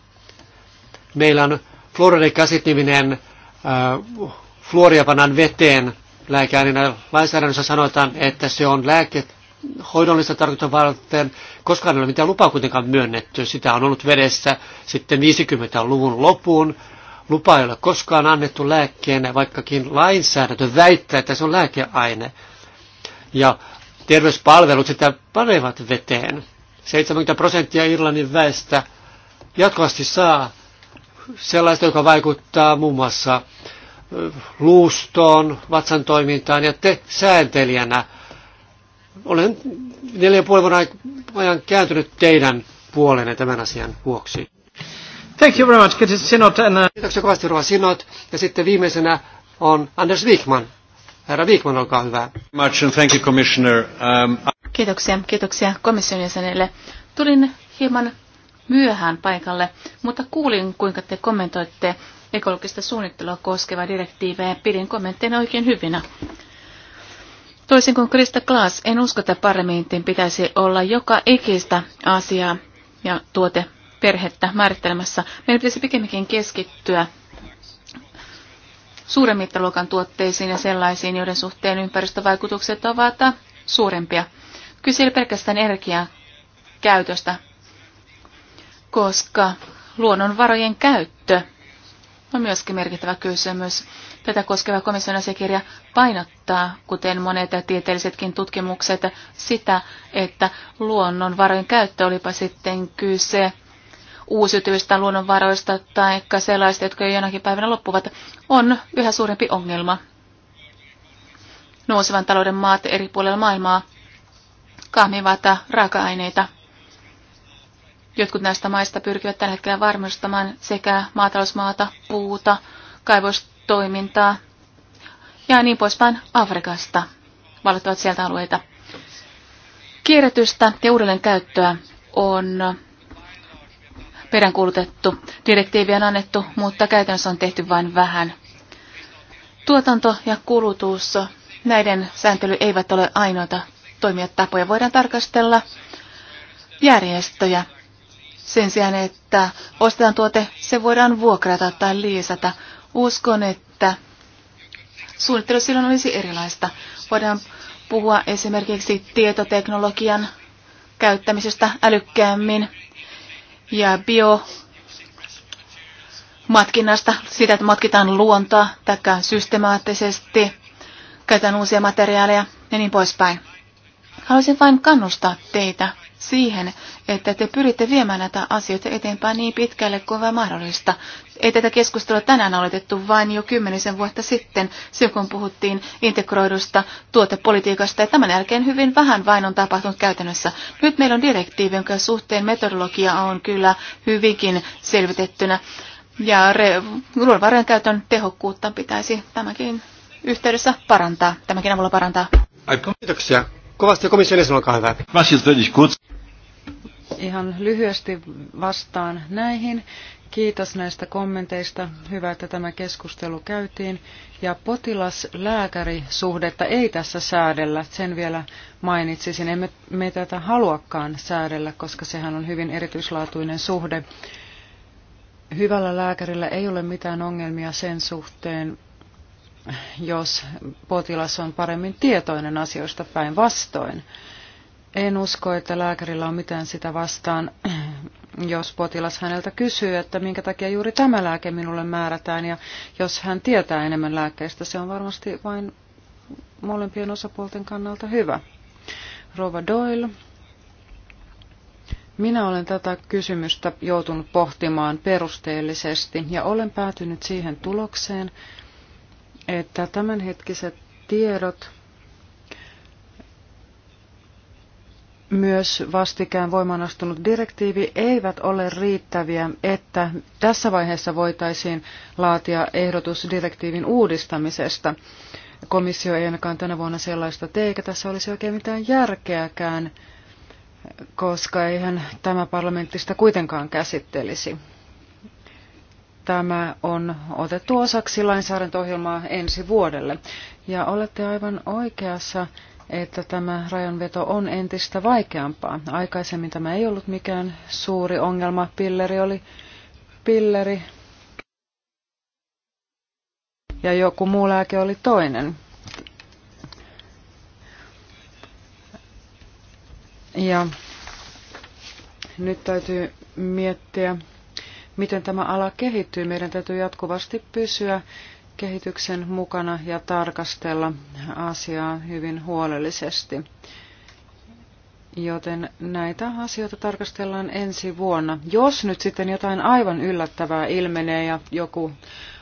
meillä on fluoridikäsitniminen äh, fluoriapanan veteen lääkeaineena. Lainsäädännössä sanotaan, että se on lääke hoidollista tarkoitusta varten. Koskaan ei ole mitään lupaa kuitenkaan myönnetty. Sitä on ollut vedessä sitten 50-luvun lopuun. Lupa ei ole koskaan annettu lääkkeenä, vaikkakin lainsäädäntö väittää, että se on lääkeaine. Ja terveyspalvelut sitä panevat veteen. 70 prosenttia Irlannin väestä jatkuvasti saa sellaista, joka vaikuttaa muun muassa luustoon, vatsan toimintaan ja te sääntelijänä olen neljä puolen vuoden ajan kääntynyt teidän puolenne tämän asian vuoksi. Thank you very much, Sinot. And, uh... Kiitoksia kovasti, Rova Sinot. Ja sitten viimeisenä on Anders Wikman. Herra Wikman, olkaa hyvä. Much and thank you, Commissioner. Um, kiitoksia, kiitoksia komission jäsenille. Tulin hieman myöhään paikalle, mutta kuulin, kuinka te kommentoitte ekologista suunnittelua koskevaa direktiivejä ja pidin kommentteina oikein hyvinä. Toisin kuin Krista Klaas, en usko, että parlamentin pitäisi olla joka ikistä asiaa ja tuote perhettä määrittelemässä. Meidän pitäisi pikemminkin keskittyä suuren mittaluokan tuotteisiin ja sellaisiin, joiden suhteen ympäristövaikutukset ovat suurempia. Kyse ei pelkästään käytöstä, koska luonnonvarojen käyttö on myöskin merkittävä kysymys. Tätä koskeva komission asiakirja painottaa, kuten monet tieteellisetkin tutkimukset, sitä, että luonnonvarojen käyttö olipa sitten kyse uusiutuvista luonnonvaroista tai sellaista, jotka jo jonakin päivänä loppuvat, on yhä suurempi ongelma. Nousevan talouden maat eri puolilla maailmaa kahmivat raaka-aineita Jotkut näistä maista pyrkivät tällä hetkellä varmistamaan sekä maatalousmaata, puuta, kaivostoimintaa ja niin poispäin Afrikasta valittavat sieltä alueita. Kierrätystä ja uudelleen käyttöä on peräänkuulutettu. Direktiiviä on annettu, mutta käytännössä on tehty vain vähän. Tuotanto ja kulutus, näiden sääntely eivät ole ainoita toimia tapoja. Voidaan tarkastella järjestöjä, sen sijaan, että ostetaan tuote, se voidaan vuokrata tai liisata. Uskon, että suunnittelu silloin olisi erilaista. Voidaan puhua esimerkiksi tietoteknologian käyttämisestä älykkäämmin ja bio matkinnasta, sitä, että matkitaan luontoa tai systemaattisesti, käytetään uusia materiaaleja ja niin poispäin. Haluaisin vain kannustaa teitä siihen, että te pyritte viemään näitä asioita eteenpäin niin pitkälle kuin vain mahdollista. Ei tätä keskustelua tänään aloitettu vain jo kymmenisen vuotta sitten, silloin kun puhuttiin integroidusta tuotepolitiikasta, ja tämän jälkeen hyvin vähän vain on tapahtunut käytännössä. Nyt meillä on direktiivi, jonka suhteen metodologia on kyllä hyvinkin selvitettynä, ja ruoanvarojen käytön tehokkuutta pitäisi tämäkin yhteydessä parantaa, tämäkin avulla parantaa. Kiitoksia Kovasti komission jäsen, olkaa hyvä. Siis siis Ihan lyhyesti vastaan näihin. Kiitos näistä kommenteista. Hyvä, että tämä keskustelu käytiin. Ja potilas-lääkäri-suhdetta ei tässä säädellä. Sen vielä mainitsisin. Emme me tätä haluakaan säädellä, koska sehän on hyvin erityislaatuinen suhde. Hyvällä lääkärillä ei ole mitään ongelmia sen suhteen, jos potilas on paremmin tietoinen asioista päinvastoin. En usko, että lääkärillä on mitään sitä vastaan, jos potilas häneltä kysyy, että minkä takia juuri tämä lääke minulle määrätään, ja jos hän tietää enemmän lääkkeistä, se on varmasti vain molempien osapuolten kannalta hyvä. Rova Doyle. Minä olen tätä kysymystä joutunut pohtimaan perusteellisesti ja olen päätynyt siihen tulokseen, että tämänhetkiset tiedot myös vastikään voimaan astunut direktiivi eivät ole riittäviä, että tässä vaiheessa voitaisiin laatia ehdotus direktiivin uudistamisesta. Komissio ei ainakaan tänä vuonna sellaista tee, eikä tässä olisi oikein mitään järkeäkään, koska eihän tämä parlamentti sitä kuitenkaan käsittelisi tämä on otettu osaksi lainsäädäntöohjelmaa ensi vuodelle. Ja olette aivan oikeassa, että tämä rajanveto on entistä vaikeampaa. Aikaisemmin tämä ei ollut mikään suuri ongelma. Pilleri oli pilleri ja joku muu lääke oli toinen. Ja nyt täytyy miettiä, miten tämä ala kehittyy. Meidän täytyy jatkuvasti pysyä kehityksen mukana ja tarkastella asiaa hyvin huolellisesti. Joten näitä asioita tarkastellaan ensi vuonna. Jos nyt sitten jotain aivan yllättävää ilmenee ja joku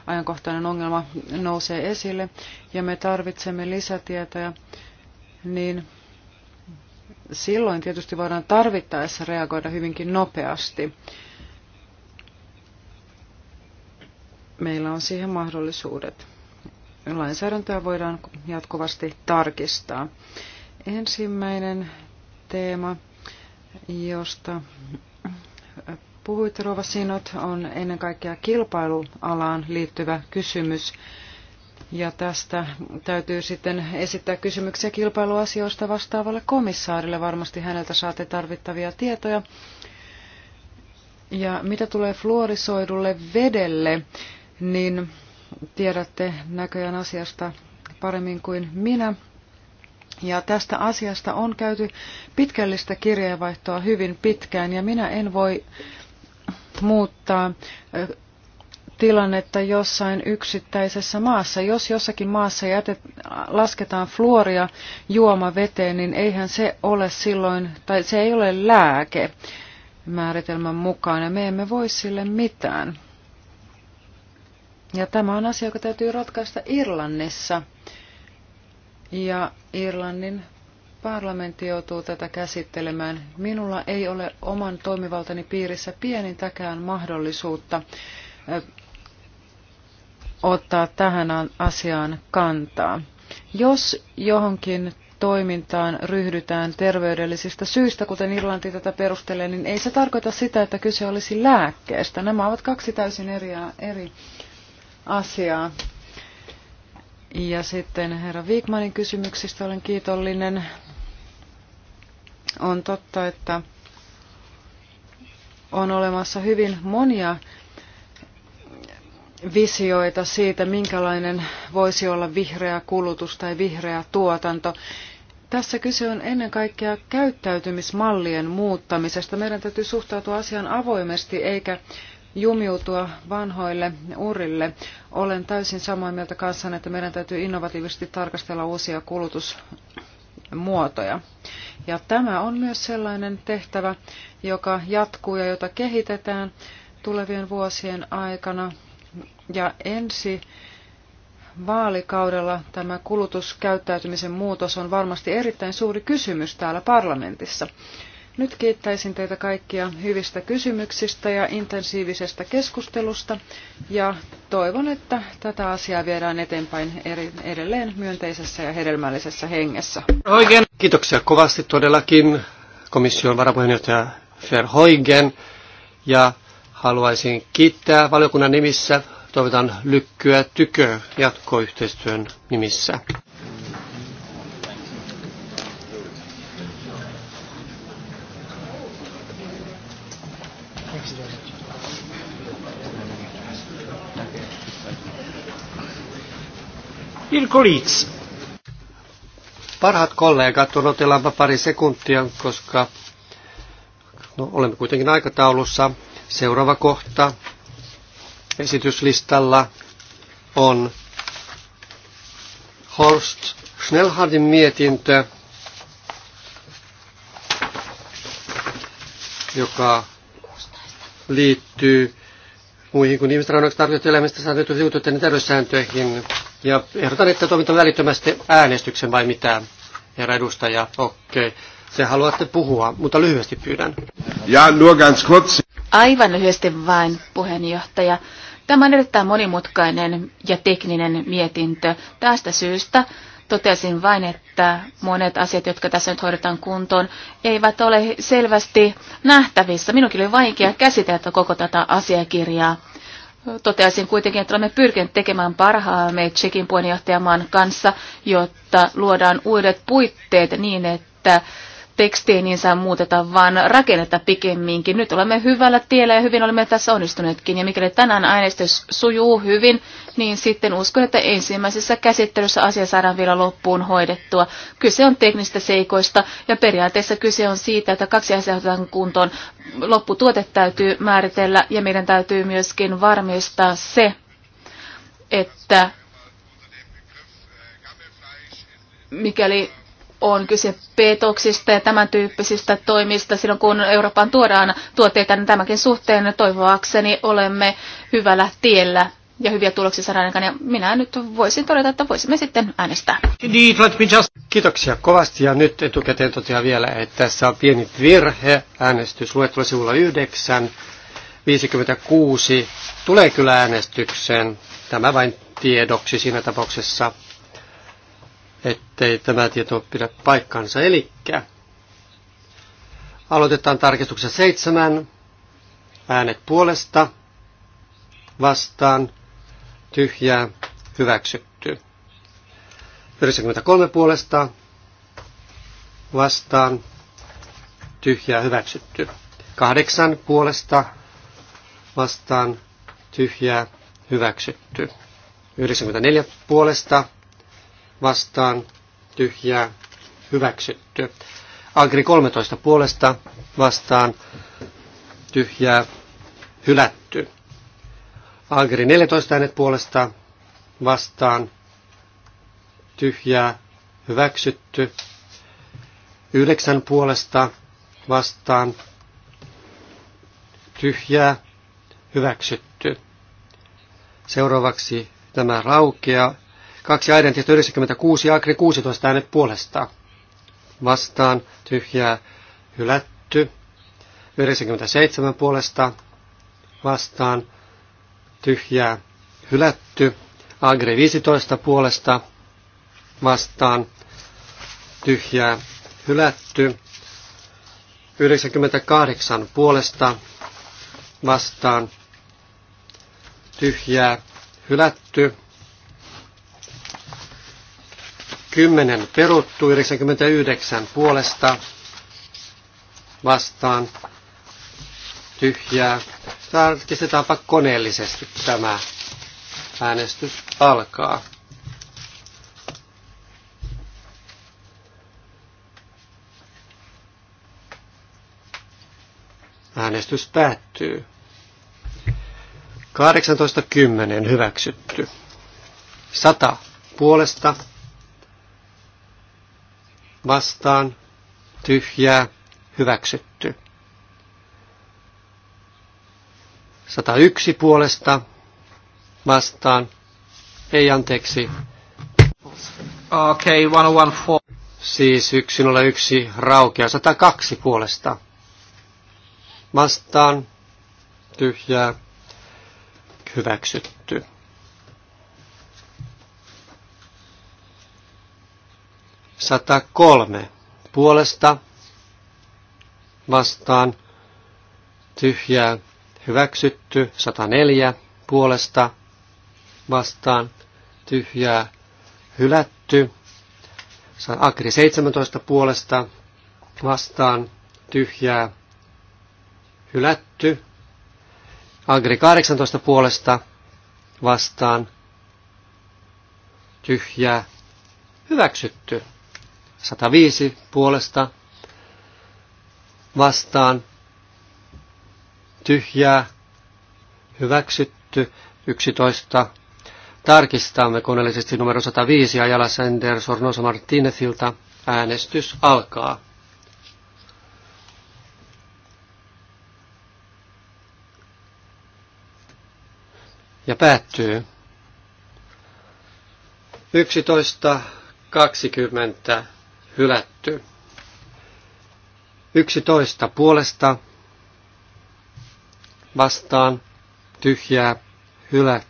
ajankohtainen ongelma nousee esille ja me tarvitsemme lisätietoja, niin silloin tietysti voidaan tarvittaessa reagoida hyvinkin nopeasti. meillä on siihen mahdollisuudet. Lainsäädäntöä voidaan jatkuvasti tarkistaa. Ensimmäinen teema, josta puhuit Rova Sinot, on ennen kaikkea kilpailualaan liittyvä kysymys. Ja tästä täytyy sitten esittää kysymyksiä kilpailuasioista vastaavalle komissaarille. Varmasti häneltä saatte tarvittavia tietoja. Ja mitä tulee fluorisoidulle vedelle, niin tiedätte näköjään asiasta paremmin kuin minä. Ja tästä asiasta on käyty pitkällistä kirjeenvaihtoa hyvin pitkään ja minä en voi muuttaa tilannetta jossain yksittäisessä maassa. Jos jossakin maassa jätet, lasketaan fluoria juomaveteen, niin eihän se ole silloin, tai se ei ole lääke määritelmän mukaan, ja me emme voi sille mitään. Ja tämä on asia, joka täytyy ratkaista Irlannissa. Ja Irlannin parlamentti joutuu tätä käsittelemään. Minulla ei ole oman toimivaltani piirissä pienintäkään mahdollisuutta ottaa tähän asiaan kantaa. Jos johonkin toimintaan ryhdytään terveydellisistä syistä, kuten Irlanti tätä perustelee, niin ei se tarkoita sitä, että kyse olisi lääkkeestä. Nämä ovat kaksi täysin eri, eri asiaa. Ja sitten herra Wigmanin kysymyksistä olen kiitollinen. On totta, että on olemassa hyvin monia visioita siitä, minkälainen voisi olla vihreä kulutus tai vihreä tuotanto. Tässä kyse on ennen kaikkea käyttäytymismallien muuttamisesta. Meidän täytyy suhtautua asiaan avoimesti eikä jumiutua vanhoille urille. Olen täysin samaa mieltä kanssanne, että meidän täytyy innovatiivisesti tarkastella uusia kulutusmuotoja. Ja tämä on myös sellainen tehtävä, joka jatkuu ja jota kehitetään tulevien vuosien aikana. Ja ensi vaalikaudella tämä kulutuskäyttäytymisen muutos on varmasti erittäin suuri kysymys täällä parlamentissa. Nyt kiittäisin teitä kaikkia hyvistä kysymyksistä ja intensiivisestä keskustelusta ja toivon, että tätä asiaa viedään eteenpäin eri, edelleen myönteisessä ja hedelmällisessä hengessä. Oikein. Kiitoksia kovasti todellakin komission varapuheenjohtaja Verhoigen ja haluaisin kiittää valiokunnan nimissä. Toivotan lykkyä tykö jatkoyhteistyön nimissä. Dear Parhaat kollegat, odotellaanpa pari sekuntia, koska no, olemme kuitenkin aikataulussa. Seuraava kohta esityslistalla on Horst Schnellhardin mietintö, joka liittyy muihin kuin rannoiksi tarkoitettu elämistä saatettu sivutuotteiden terveyssääntöihin. Ja ehdotan, että toimitaan välittömästi äänestyksen vai mitä, herra edustaja. Okei. Okay. se haluatte puhua, mutta lyhyesti pyydän. Ja, nur ganz kurz. Aivan lyhyesti vain, puheenjohtaja. Tämä on erittäin monimutkainen ja tekninen mietintö. Tästä syystä totesin vain, että monet asiat, jotka tässä nyt hoidetaan kuntoon, eivät ole selvästi nähtävissä. Minunkin oli vaikea käsitellä koko tätä asiakirjaa. Toteaisin kuitenkin, että olemme pyrkineet tekemään parhaamme Tsekin puheenjohtajamaan kanssa, jotta luodaan uudet puitteet niin, että tekstiä niin saa muuteta, vaan rakennetta pikemminkin. Nyt olemme hyvällä tiellä ja hyvin olemme tässä onnistuneetkin. Ja mikäli tänään äänestys sujuu hyvin, niin sitten uskon, että ensimmäisessä käsittelyssä asia saadaan vielä loppuun hoidettua. Kyse on teknistä seikoista ja periaatteessa kyse on siitä, että kaksi asiaa otetaan kuntoon. Lopputuote täytyy määritellä ja meidän täytyy myöskin varmistaa se, että mikäli on kyse petoksista ja tämän tyyppisistä toimista silloin, kun Euroopan tuodaan tuotteita, niin tämäkin suhteen toivoakseni olemme hyvällä tiellä ja hyviä tuloksia saadaan Ja minä nyt voisin todeta, että voisimme sitten äänestää. Kiitoksia kovasti. Ja nyt etukäteen totean vielä, että tässä on pieni virhe. Äänestys luettelo sivulla 9, 56. Tulee kyllä äänestykseen. Tämä vain tiedoksi siinä tapauksessa ettei tämä tieto pidä paikkansa. Eli aloitetaan tarkistuksen seitsemän. Äänet puolesta, vastaan, tyhjää, hyväksytty. 93 puolesta, vastaan, tyhjää, hyväksytty. Kahdeksan puolesta, vastaan, tyhjää, hyväksytty. 94 puolesta, vastaan tyhjää hyväksytty. Agri 13 puolesta vastaan tyhjää hylätty. Agri 14 äänet puolesta vastaan tyhjää hyväksytty. 9 puolesta vastaan tyhjää hyväksytty. Seuraavaksi tämä raukea Kaksi identistä 96 ja Agri 16 äänet puolesta. Vastaan tyhjää hylätty. 97 puolesta vastaan tyhjää hylätty. Agri 15 puolesta vastaan tyhjää hylätty. 98 puolesta vastaan tyhjää hylätty. 10 peruttu, 99 puolesta vastaan tyhjää. Tarkistetaanpa koneellisesti tämä äänestys alkaa. Äänestys päättyy. 18.10 hyväksytty. 100 puolesta vastaan, tyhjää, hyväksytty. 101 puolesta vastaan, ei anteeksi. Okei, okay, 114. Siis 101 raukea, 102 puolesta. Vastaan, tyhjää, hyväksytty. 103 puolesta vastaan tyhjää hyväksytty 104 puolesta vastaan tyhjää hylätty. Akri 17 puolesta vastaan tyhjää hylätty. Agri 18 puolesta vastaan tyhjää hyväksytty. 105 puolesta vastaan tyhjää hyväksytty 11. Tarkistamme koneellisesti numero 105 Ajala Sender Sornosa Martinezilta. Äänestys alkaa. Ja päättyy. 11.20 hylätty. 11 puolesta vastaan tyhjää hylä,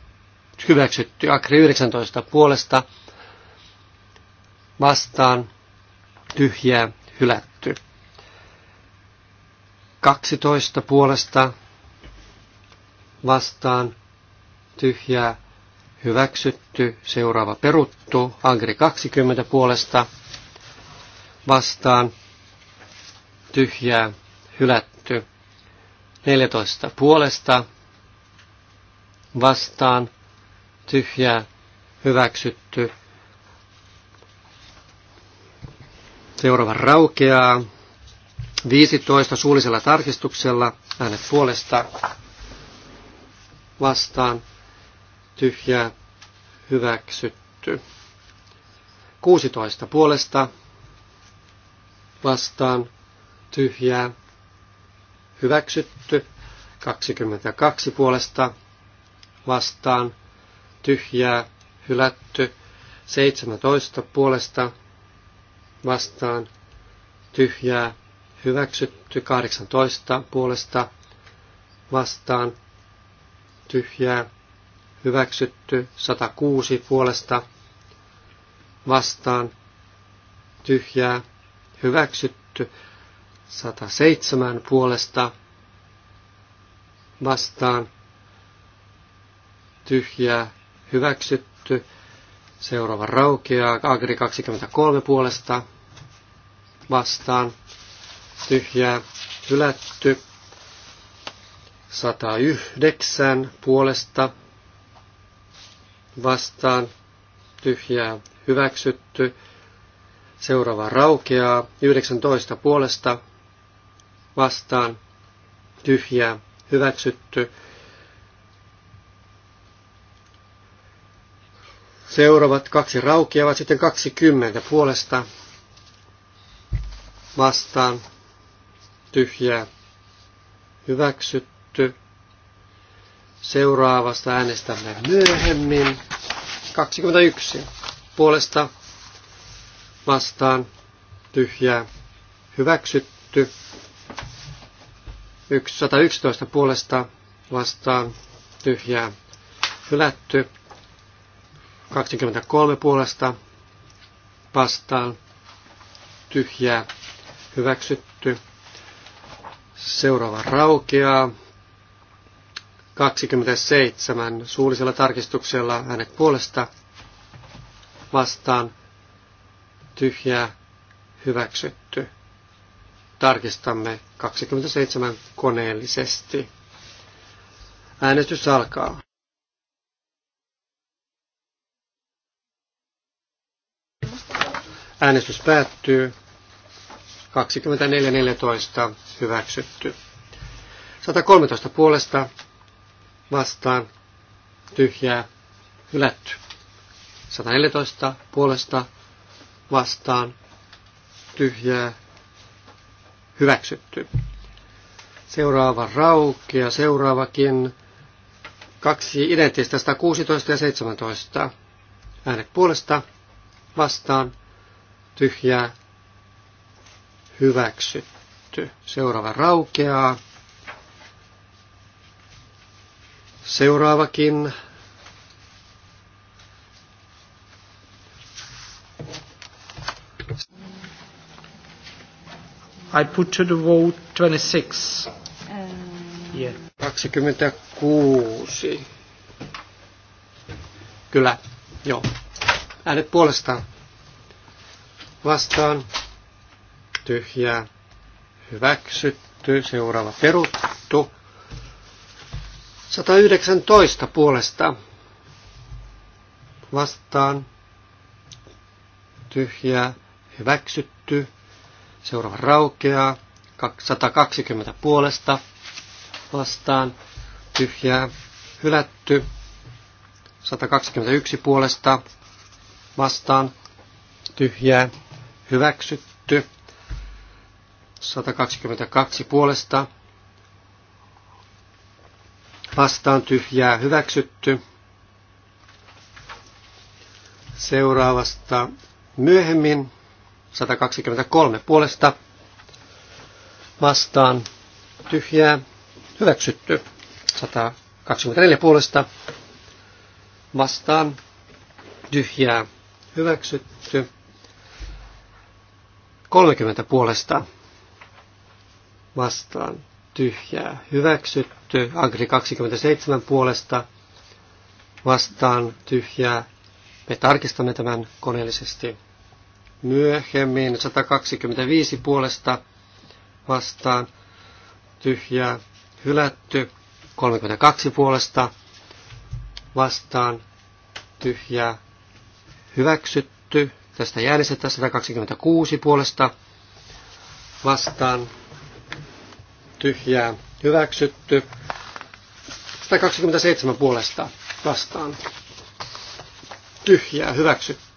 hyväksytty. Akri 19 puolesta vastaan tyhjää hylätty. 12 puolesta vastaan tyhjää hyväksytty. Seuraava peruttu. Agri 20 puolesta vastaan tyhjää hylätty. 14 puolesta vastaan tyhjää hyväksytty. Seuraava raukeaa. 15 suullisella tarkistuksella äänet puolesta vastaan tyhjää hyväksytty. 16 puolesta vastaan tyhjää hyväksytty. 22 puolesta vastaan tyhjää hylätty. 17 puolesta vastaan tyhjää hyväksytty. 18 puolesta vastaan tyhjää hyväksytty. 106 puolesta vastaan tyhjää hyväksytty 107 puolesta vastaan tyhjää hyväksytty. Seuraava raukeaa Agri 23 puolesta vastaan tyhjää hylätty. 109 puolesta vastaan tyhjää hyväksytty. Seuraava raukeaa 19 puolesta vastaan tyhjää hyväksytty. Seuraavat kaksi raukeavat sitten 20 puolesta vastaan tyhjää hyväksytty. Seuraavasta äänestämme myöhemmin. 21 puolesta vastaan tyhjää hyväksytty. 111 puolesta vastaan tyhjää hylätty. 23 puolesta vastaan tyhjää hyväksytty. Seuraava raukeaa. 27 suullisella tarkistuksella hänet puolesta vastaan tyhjää hyväksytty. Tarkistamme 27 koneellisesti. Äänestys alkaa. Äänestys päättyy. 24.14 hyväksytty. 113 puolesta vastaan tyhjää hylätty. 114 puolesta vastaan tyhjää hyväksytty. Seuraava ja seuraavakin kaksi identtistä 116 ja 17. Äänet puolesta vastaan tyhjää hyväksytty. Seuraava raukeaa. Seuraavakin I put to the vote 26. Yeah. 26. Kyllä, joo. Äänet puolestaan. Vastaan. Tyhjää. Hyväksytty. Seuraava peruttu. 119 puolesta. Vastaan. Tyhjää. Hyväksytty. Seuraava raukeaa. 120 puolesta vastaan. Tyhjää. Hylätty. 121 puolesta vastaan. Tyhjää. Hyväksytty. 122 puolesta vastaan tyhjää hyväksytty. Seuraavasta myöhemmin 123 puolesta vastaan tyhjää hyväksytty. 124 puolesta vastaan tyhjää hyväksytty. 30 puolesta vastaan tyhjää hyväksytty. Agri 27 puolesta vastaan tyhjää. Me tarkistamme tämän koneellisesti. Myöhemmin 125 puolesta vastaan tyhjää hylätty. 32 puolesta vastaan tyhjää hyväksytty. Tästä järjestetään 126 puolesta vastaan tyhjää hyväksytty. 127 puolesta vastaan tyhjää hyväksytty.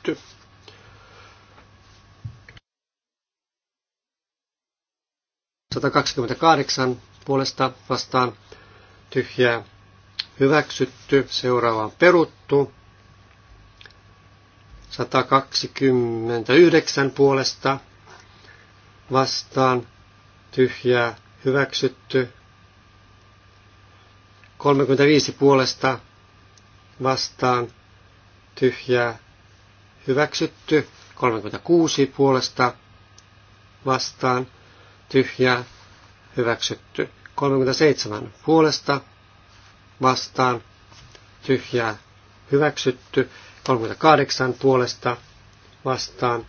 128 puolesta vastaan tyhjää hyväksytty. Seuraava on peruttu. 129 puolesta vastaan tyhjää hyväksytty. 35 puolesta vastaan tyhjää hyväksytty. 36 puolesta vastaan tyhjää, hyväksytty. 37 puolesta, vastaan, tyhjää, hyväksytty. 38 puolesta, vastaan,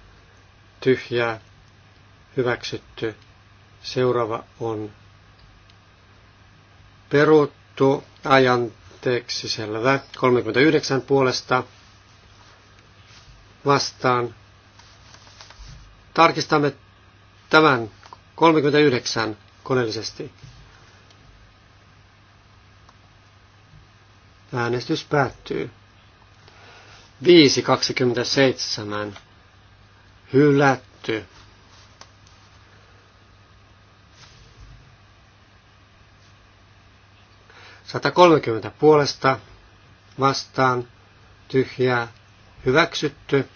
tyhjää, hyväksytty. Seuraava on peruttu ajanteeksi selvä. 39 puolesta vastaan. Tarkistamme tämän 39 koneellisesti. Äänestys päättyy. 5.27. Hylätty. Sata kolmekymmentä puolesta vastaan tyhjää hyväksytty.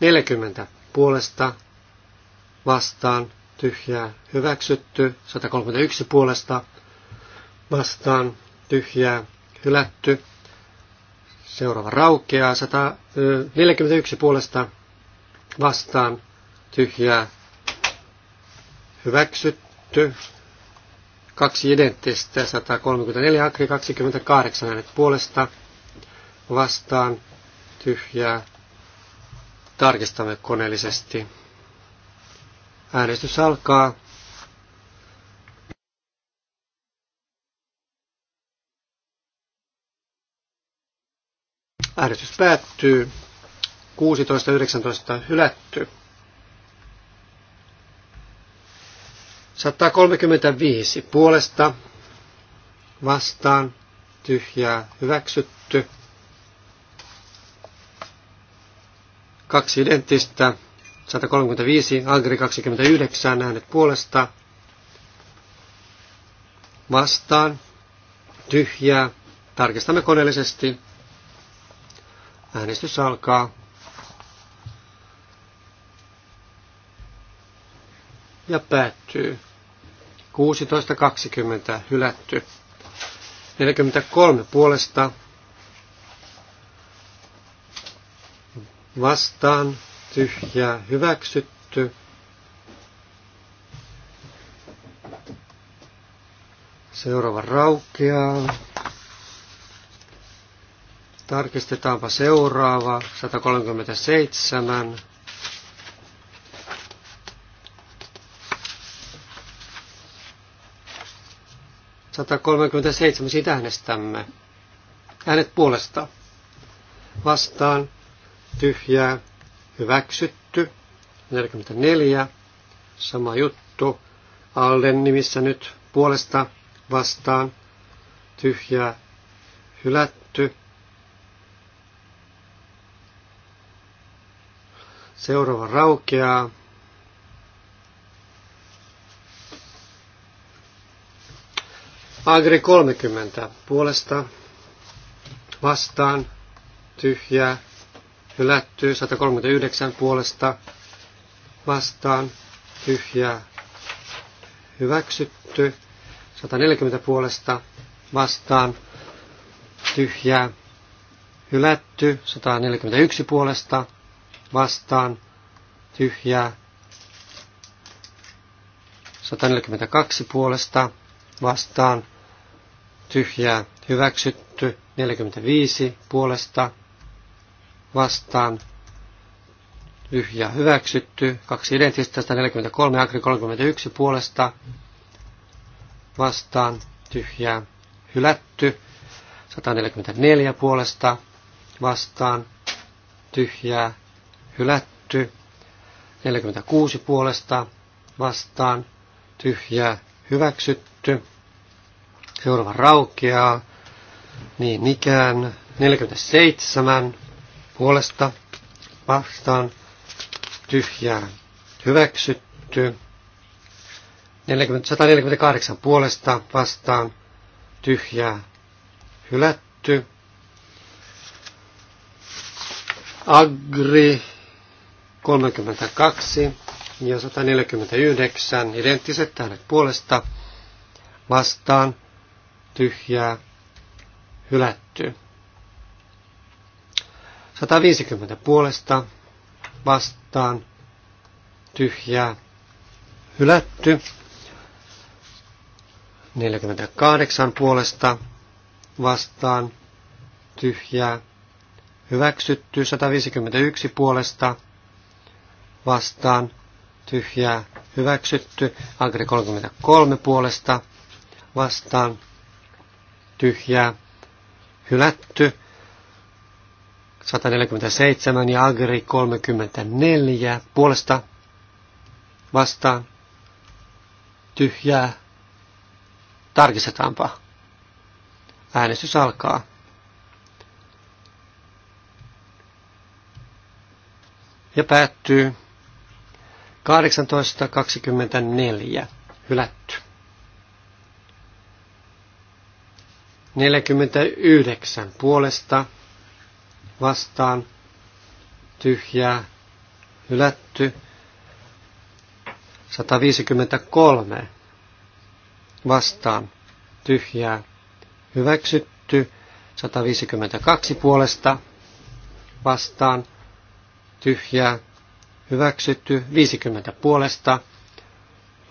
40 puolesta vastaan tyhjää hyväksytty, 131 puolesta vastaan tyhjää hylätty. Seuraava raukeaa, 141 puolesta vastaan tyhjää hyväksytty. Kaksi identtistä, 134 akri, 28 äänet puolesta vastaan tyhjää. Tarkistamme koneellisesti. Äänestys alkaa. Äänestys päättyy. 16.19 hylätty. 135 puolesta vastaan tyhjää hyväksytty. Kaksi identtistä 135, Agri 29, äänet puolesta, vastaan, tyhjää, tarkistamme koneellisesti. Äänestys alkaa. Ja päättyy. 16.20 hylätty. 43 puolesta vastaan tyhjää hyväksytty. Seuraava raukeaa. Tarkistetaanpa seuraava, 137. Sata kolmekymmentäseitsemän, siitä äänestämme. Äänet puolesta. Vastaan, tyhjää, hyväksytty. 44, sama juttu. Alden nimissä nyt puolesta vastaan tyhjää hylätty. Seuraava raukeaa. Agri 30 puolesta vastaan tyhjää hylättyy 139 puolesta vastaan, tyhjää, hyväksytty, 140 puolesta vastaan, tyhjää, hylätty, 141 puolesta vastaan, tyhjää, 142 puolesta vastaan, tyhjää, hyväksytty, 45 puolesta vastaan tyhjä hyväksytty. Kaksi identtistä 143 agri 31 puolesta vastaan tyhjää hylätty. 144 puolesta vastaan tyhjää hylätty. 46 puolesta vastaan tyhjää hyväksytty. Seuraava raukeaa. Niin ikään 47 puolesta vastaan tyhjää hyväksytty. 148 puolesta vastaan tyhjää hylätty. Agri 32 ja 149 identtiset tähdet puolesta vastaan tyhjää hylätty. 150 puolesta vastaan tyhjää hylätty. 48 puolesta vastaan tyhjää hyväksytty. 151 puolesta vastaan tyhjää hyväksytty. Agri 33 puolesta vastaan tyhjää hylätty. 147 ja Agri 34 puolesta vastaan tyhjää. Tarkistetaanpa. Äänestys alkaa. Ja päättyy 18.24. Hylätty. 49 puolesta vastaan tyhjää hylätty. 153 vastaan tyhjää hyväksytty. 152 puolesta vastaan tyhjää hyväksytty. 50 puolesta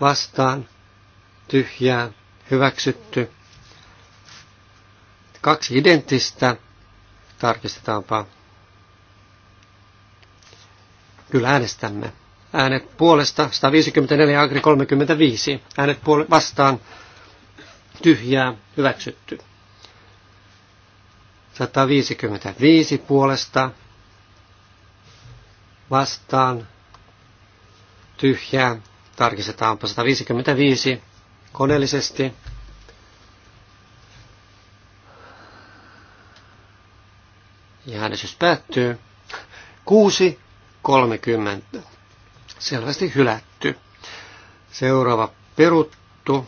vastaan tyhjää hyväksytty. Kaksi identtistä Tarkistetaanpa. Kyllä äänestämme. Äänet puolesta 154 agri 35. Äänet puol- vastaan tyhjää hyväksytty. 155 puolesta vastaan tyhjää. Tarkistetaanpa 155 koneellisesti. Äänestys päättyy. 6.30. Selvästi hylätty. Seuraava peruttu.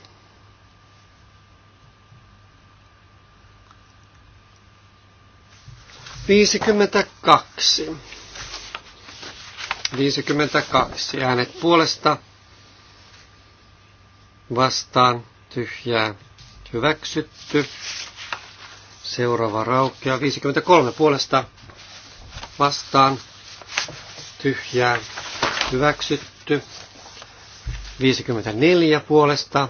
Viisikymmentäkaksi. kaksi. Äänet puolesta vastaan tyhjää hyväksytty. Seuraava raukea kolme puolesta vastaan tyhjää hyväksytty. 54 puolesta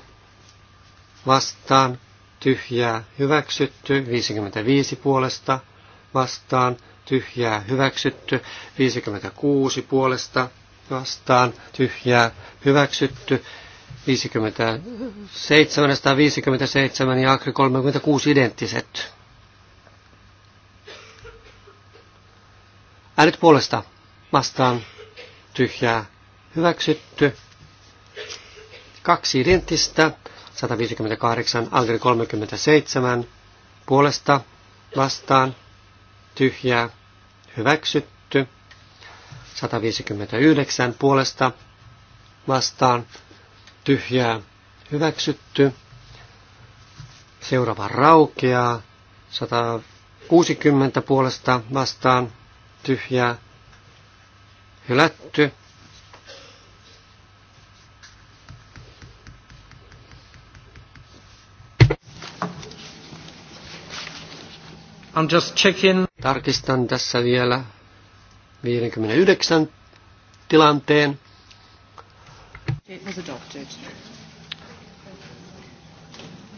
vastaan tyhjää hyväksytty. 55 puolesta vastaan tyhjää hyväksytty. 56 puolesta vastaan tyhjää hyväksytty. 57, 157 ja 36 identtiset Äänet puolesta vastaan tyhjää hyväksytty. Kaksi identtistä, 158, Algeri 37, puolesta vastaan tyhjää hyväksytty. 159 puolesta vastaan tyhjää hyväksytty. Seuraava raukeaa 160 puolesta vastaan tyhjää, hylätty. I'm just checking. Tarkistan tässä vielä 59 tilanteen. It was adopted.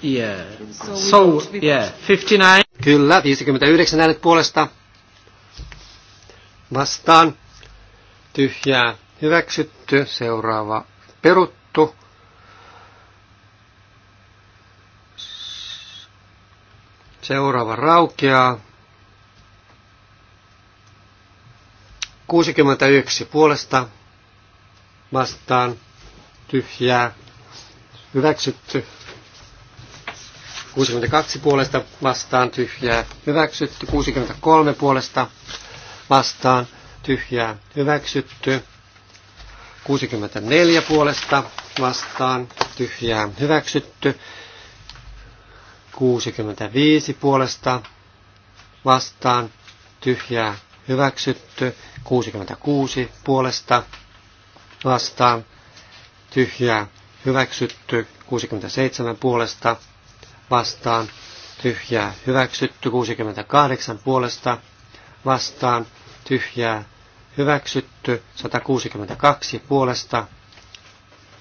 Yeah. So, so yeah, 59. Kyllä, 59 äänet puolesta vastaan tyhjää hyväksytty, seuraava peruttu. Seuraava raukeaa. 61 puolesta vastaan tyhjää hyväksytty. 62 puolesta vastaan tyhjää hyväksytty. 63 puolesta vastaan tyhjää hyväksytty. 64 puolesta vastaan tyhjää hyväksytty. 65 puolesta vastaan tyhjää hyväksytty. 66 puolesta vastaan tyhjää hyväksytty. 67 puolesta vastaan tyhjää hyväksytty. 68 puolesta vastaan tyhjää hyväksytty 162 puolesta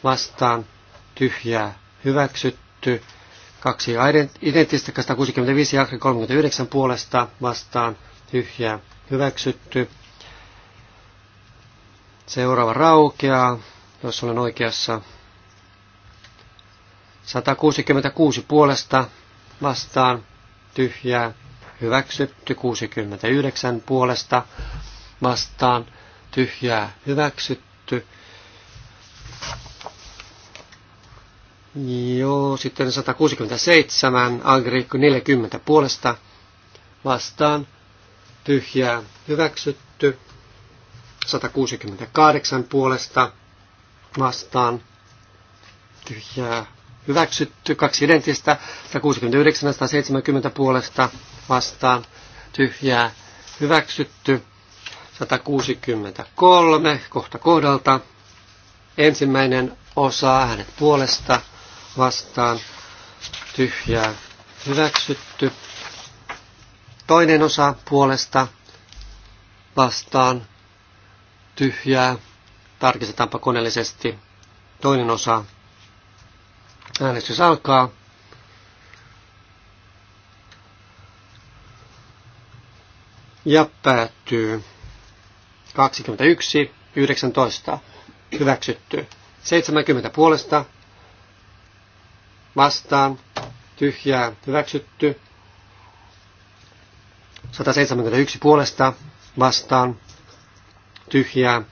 vastaan tyhjää hyväksytty. Kaksi identtistä 165 ja 39 puolesta vastaan tyhjää hyväksytty. Seuraava raukeaa, jos olen oikeassa. 166 puolesta vastaan tyhjää hyväksytty 69 puolesta vastaan tyhjää hyväksytty. Joo, sitten 167, agriikko 40 puolesta vastaan tyhjää hyväksytty. 168 puolesta vastaan tyhjää hyväksytty. Kaksi identistä, 169 170 puolesta vastaan tyhjää hyväksytty. 163 kohta kohdalta. Ensimmäinen osa hänen puolesta vastaan tyhjää hyväksytty. Toinen osa puolesta vastaan tyhjää. Tarkistetaanpa koneellisesti. Toinen osa. Äänestys alkaa. ja päättyy. 21, 19 hyväksytty. 70 puolesta vastaan tyhjää hyväksytty. 171 puolesta vastaan tyhjää.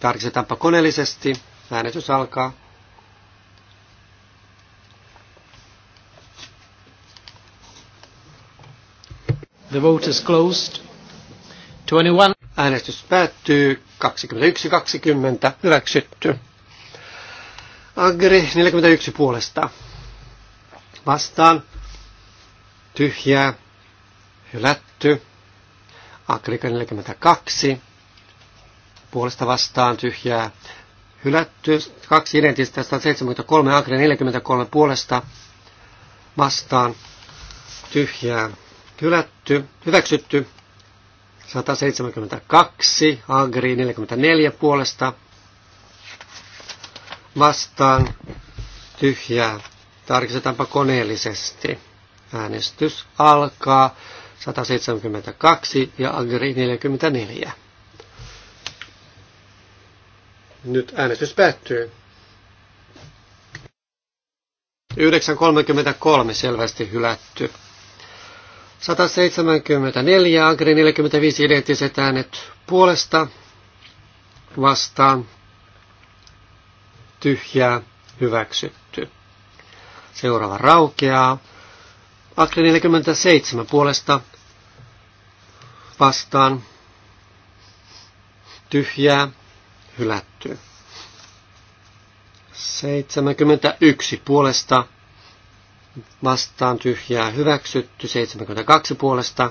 Tarkistetaanpa koneellisesti. Äänestys alkaa. The vote is closed. 21. Äänestys päättyy 21.20. Hyväksytty. Agri 41 puolesta. Vastaan. Tyhjää. Hylätty. Agri 42. Puolesta vastaan. Tyhjää. Hylätty. Kaksi identistä. 173. Agri 43 puolesta. Vastaan. Tyhjää. Hylätty. Hyväksytty. 172, Agri 44 puolesta vastaan tyhjää. Tarkistetaanpa koneellisesti. Äänestys alkaa 172 ja Agri 44. Nyt äänestys päättyy. 9.33 selvästi hylätty. 174, Agri 45 identtiset äänet puolesta vastaan tyhjää hyväksytty. Seuraava raukeaa. Agri 47 puolesta vastaan tyhjää hylätty. 71 puolesta vastaan tyhjää hyväksytty, 72 puolesta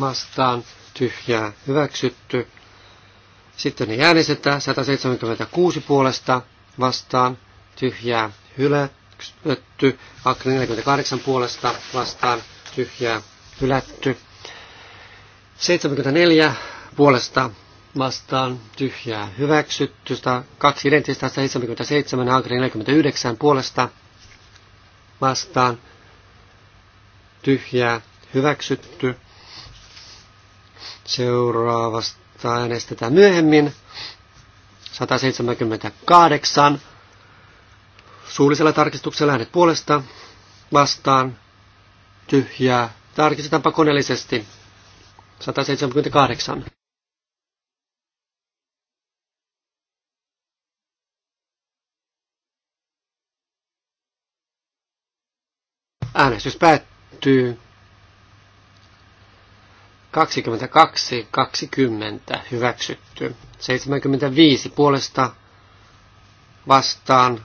vastaan tyhjää hyväksytty. Sitten ne äänestetään 176 puolesta vastaan tyhjää hylätty, 48 puolesta vastaan tyhjää hylätty. 74 puolesta vastaan tyhjää hyväksytty, kaksi identistä 177, Agri 49 puolesta vastaan tyhjää hyväksytty. Seuraavasta äänestetään myöhemmin. 178. Suullisella tarkistuksella äänet puolesta vastaan tyhjää. Tarkistetaanpa koneellisesti. 178. Äänestys päättyy 22, 20 hyväksytty. 75 puolesta vastaan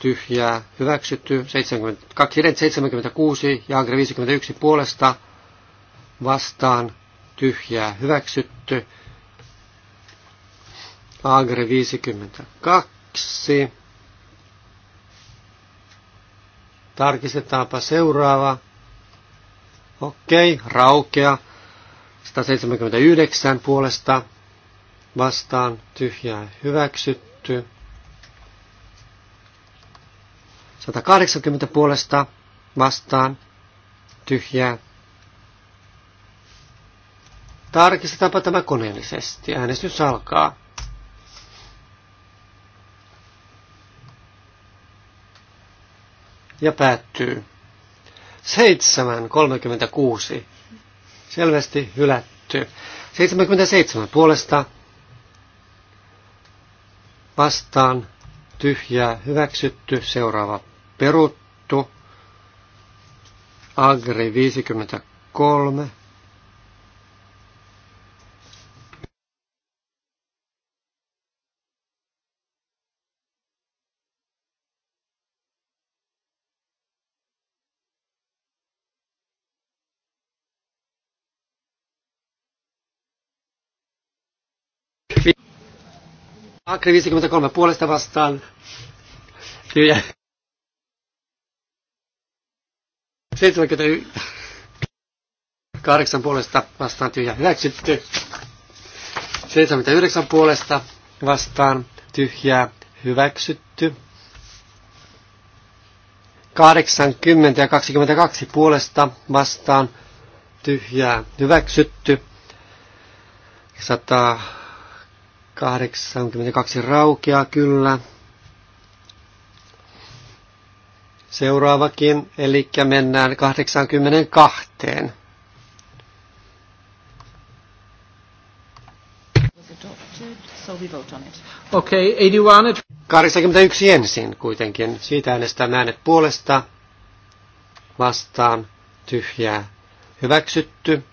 tyhjää hyväksytty. 72, 76 ja 51 puolesta vastaan tyhjää hyväksytty. Agri 52 Tarkistetaanpa seuraava. Okei, raukea. 179 puolesta vastaan tyhjää hyväksytty. 180 puolesta vastaan tyhjää. Tarkistetaanpa tämä koneellisesti. Äänestys alkaa. ja päättyy. 7.36. Selvästi hylätty. 77 puolesta vastaan tyhjää hyväksytty. Seuraava peruttu. Agri 53 Agri 53 puolesta vastaan. Tyhjä. 78 puolesta vastaan tyhjä hyväksytty. 79 puolesta vastaan tyhjää hyväksytty. 80 ja 22 puolesta vastaan tyhjää hyväksytty. 100 82 raukia kyllä. Seuraavakin, eli mennään 82. So okei Okay, 81. 81 ensin kuitenkin. Siitä äänestää äänet puolesta, vastaan, tyhjää, hyväksytty.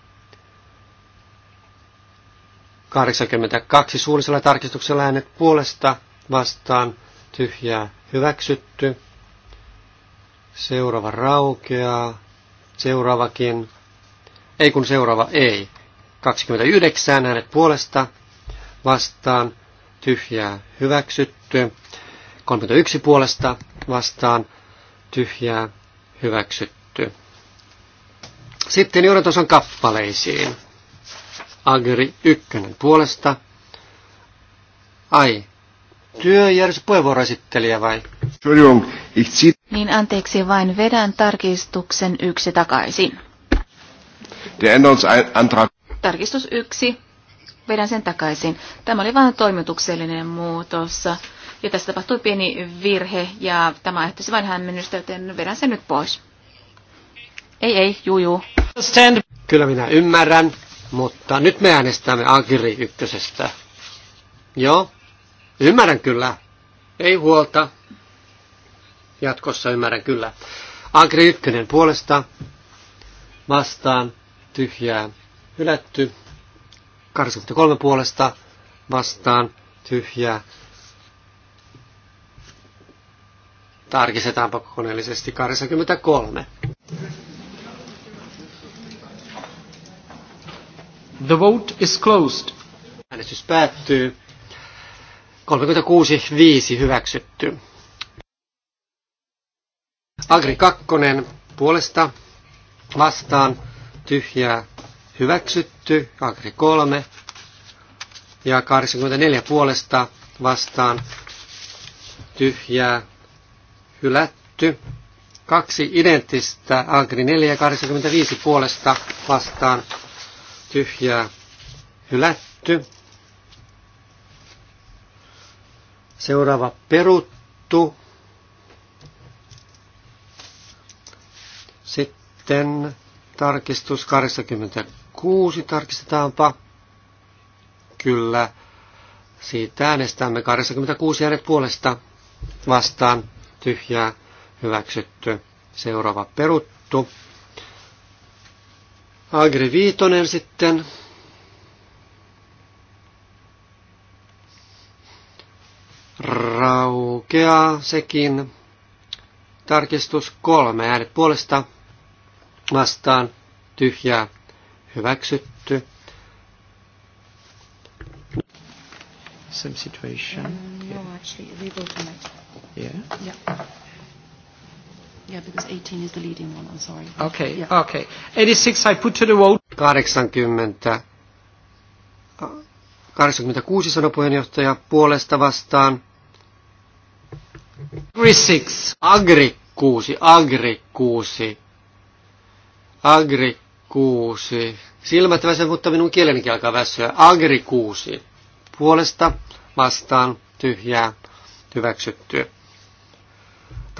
82 suullisella tarkistuksella äänet puolesta vastaan tyhjää hyväksytty. Seuraava raukeaa. Seuraavakin. Ei kun seuraava ei. 29 äänet puolesta vastaan tyhjää hyväksytty. 31 puolesta vastaan tyhjää hyväksytty. Sitten johdantason kappaleisiin. Agri ykkönen puolesta. Ai, työjärjestyspuheenvuoroesittelijä vai? Niin anteeksi, vain vedän tarkistuksen yksi takaisin. Tarkistus yksi, vedän sen takaisin. Tämä oli vain toimituksellinen muutos. Ja tässä tapahtui pieni virhe ja tämä aiheuttaisi vain hämmennystä, joten vedän sen nyt pois. Ei, ei, juju. Kyllä minä ymmärrän. Mutta nyt me äänestämme Agri ykkösestä. Joo, ymmärrän kyllä. Ei huolta. Jatkossa ymmärrän kyllä. Agri ykkönen puolesta vastaan tyhjää hylätty. 83 puolesta vastaan tyhjää. Tarkistetaanpa koneellisesti 83. The vote is closed. Äänestys päättyy. 36.5 hyväksytty. Agri Kakkonen puolesta vastaan tyhjää hyväksytty. Agri 3 ja 84 puolesta vastaan tyhjää hylätty. Kaksi identtistä Agri 4 ja 85 puolesta vastaan tyhjää hylätty. Seuraava peruttu. Sitten tarkistus 86 tarkistetaanpa. Kyllä. Siitä äänestämme 86 äänet puolesta vastaan tyhjää hyväksytty. Seuraava peruttu. Agri Viitonen sitten. raukea sekin. Tarkistus kolme äänet puolesta vastaan tyhjää hyväksytty. Same situation. Um, no, actually, we Yeah. yeah. Yeah, because 18 is the leading one, I'm sorry. Okay, yeah. okay. 86 I put to the vote. 80. 86 sanoi puheenjohtaja puolesta vastaan. Agri 6. Agri 6. Agri 6. Agri 6. Silmät väsyvät, mutta minun kielenikin alkaa väsyä. Agri 6. Puolesta vastaan tyhjää hyväksyttyä.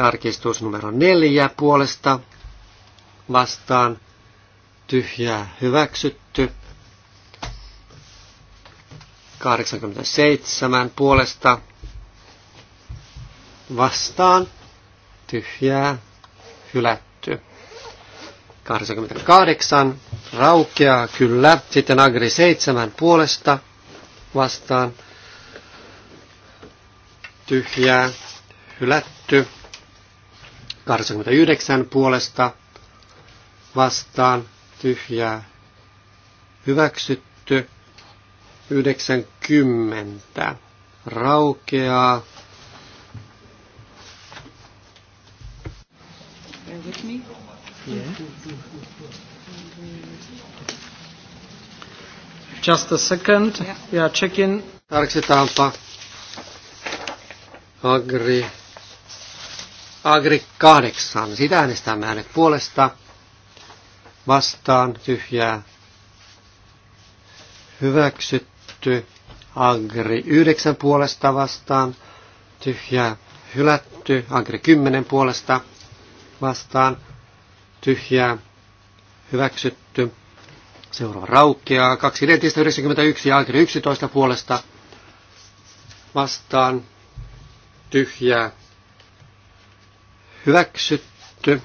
Tarkistus numero neljä puolesta vastaan tyhjää hyväksytty. 87 puolesta vastaan tyhjää hylätty. 88 raukeaa kyllä. Sitten Agri 7 puolesta vastaan tyhjää hylätty. 89 puolesta vastaan tyhjää hyväksytty. 90 raukeaa. Yeah. Just a second. Yeah, yeah check in. Tarkistetaanpa. Agri Agri 8. Sitä äänestämme hänet puolesta. Vastaan tyhjää. Hyväksytty. Agri 9 puolesta vastaan. Tyhjää. Hylätty. Agri 10 puolesta vastaan. Tyhjää. Hyväksytty. Seuraava raukeaa. Kaksi identistä 91 ja Agri 11 puolesta vastaan. Tyhjää Hyväksytty.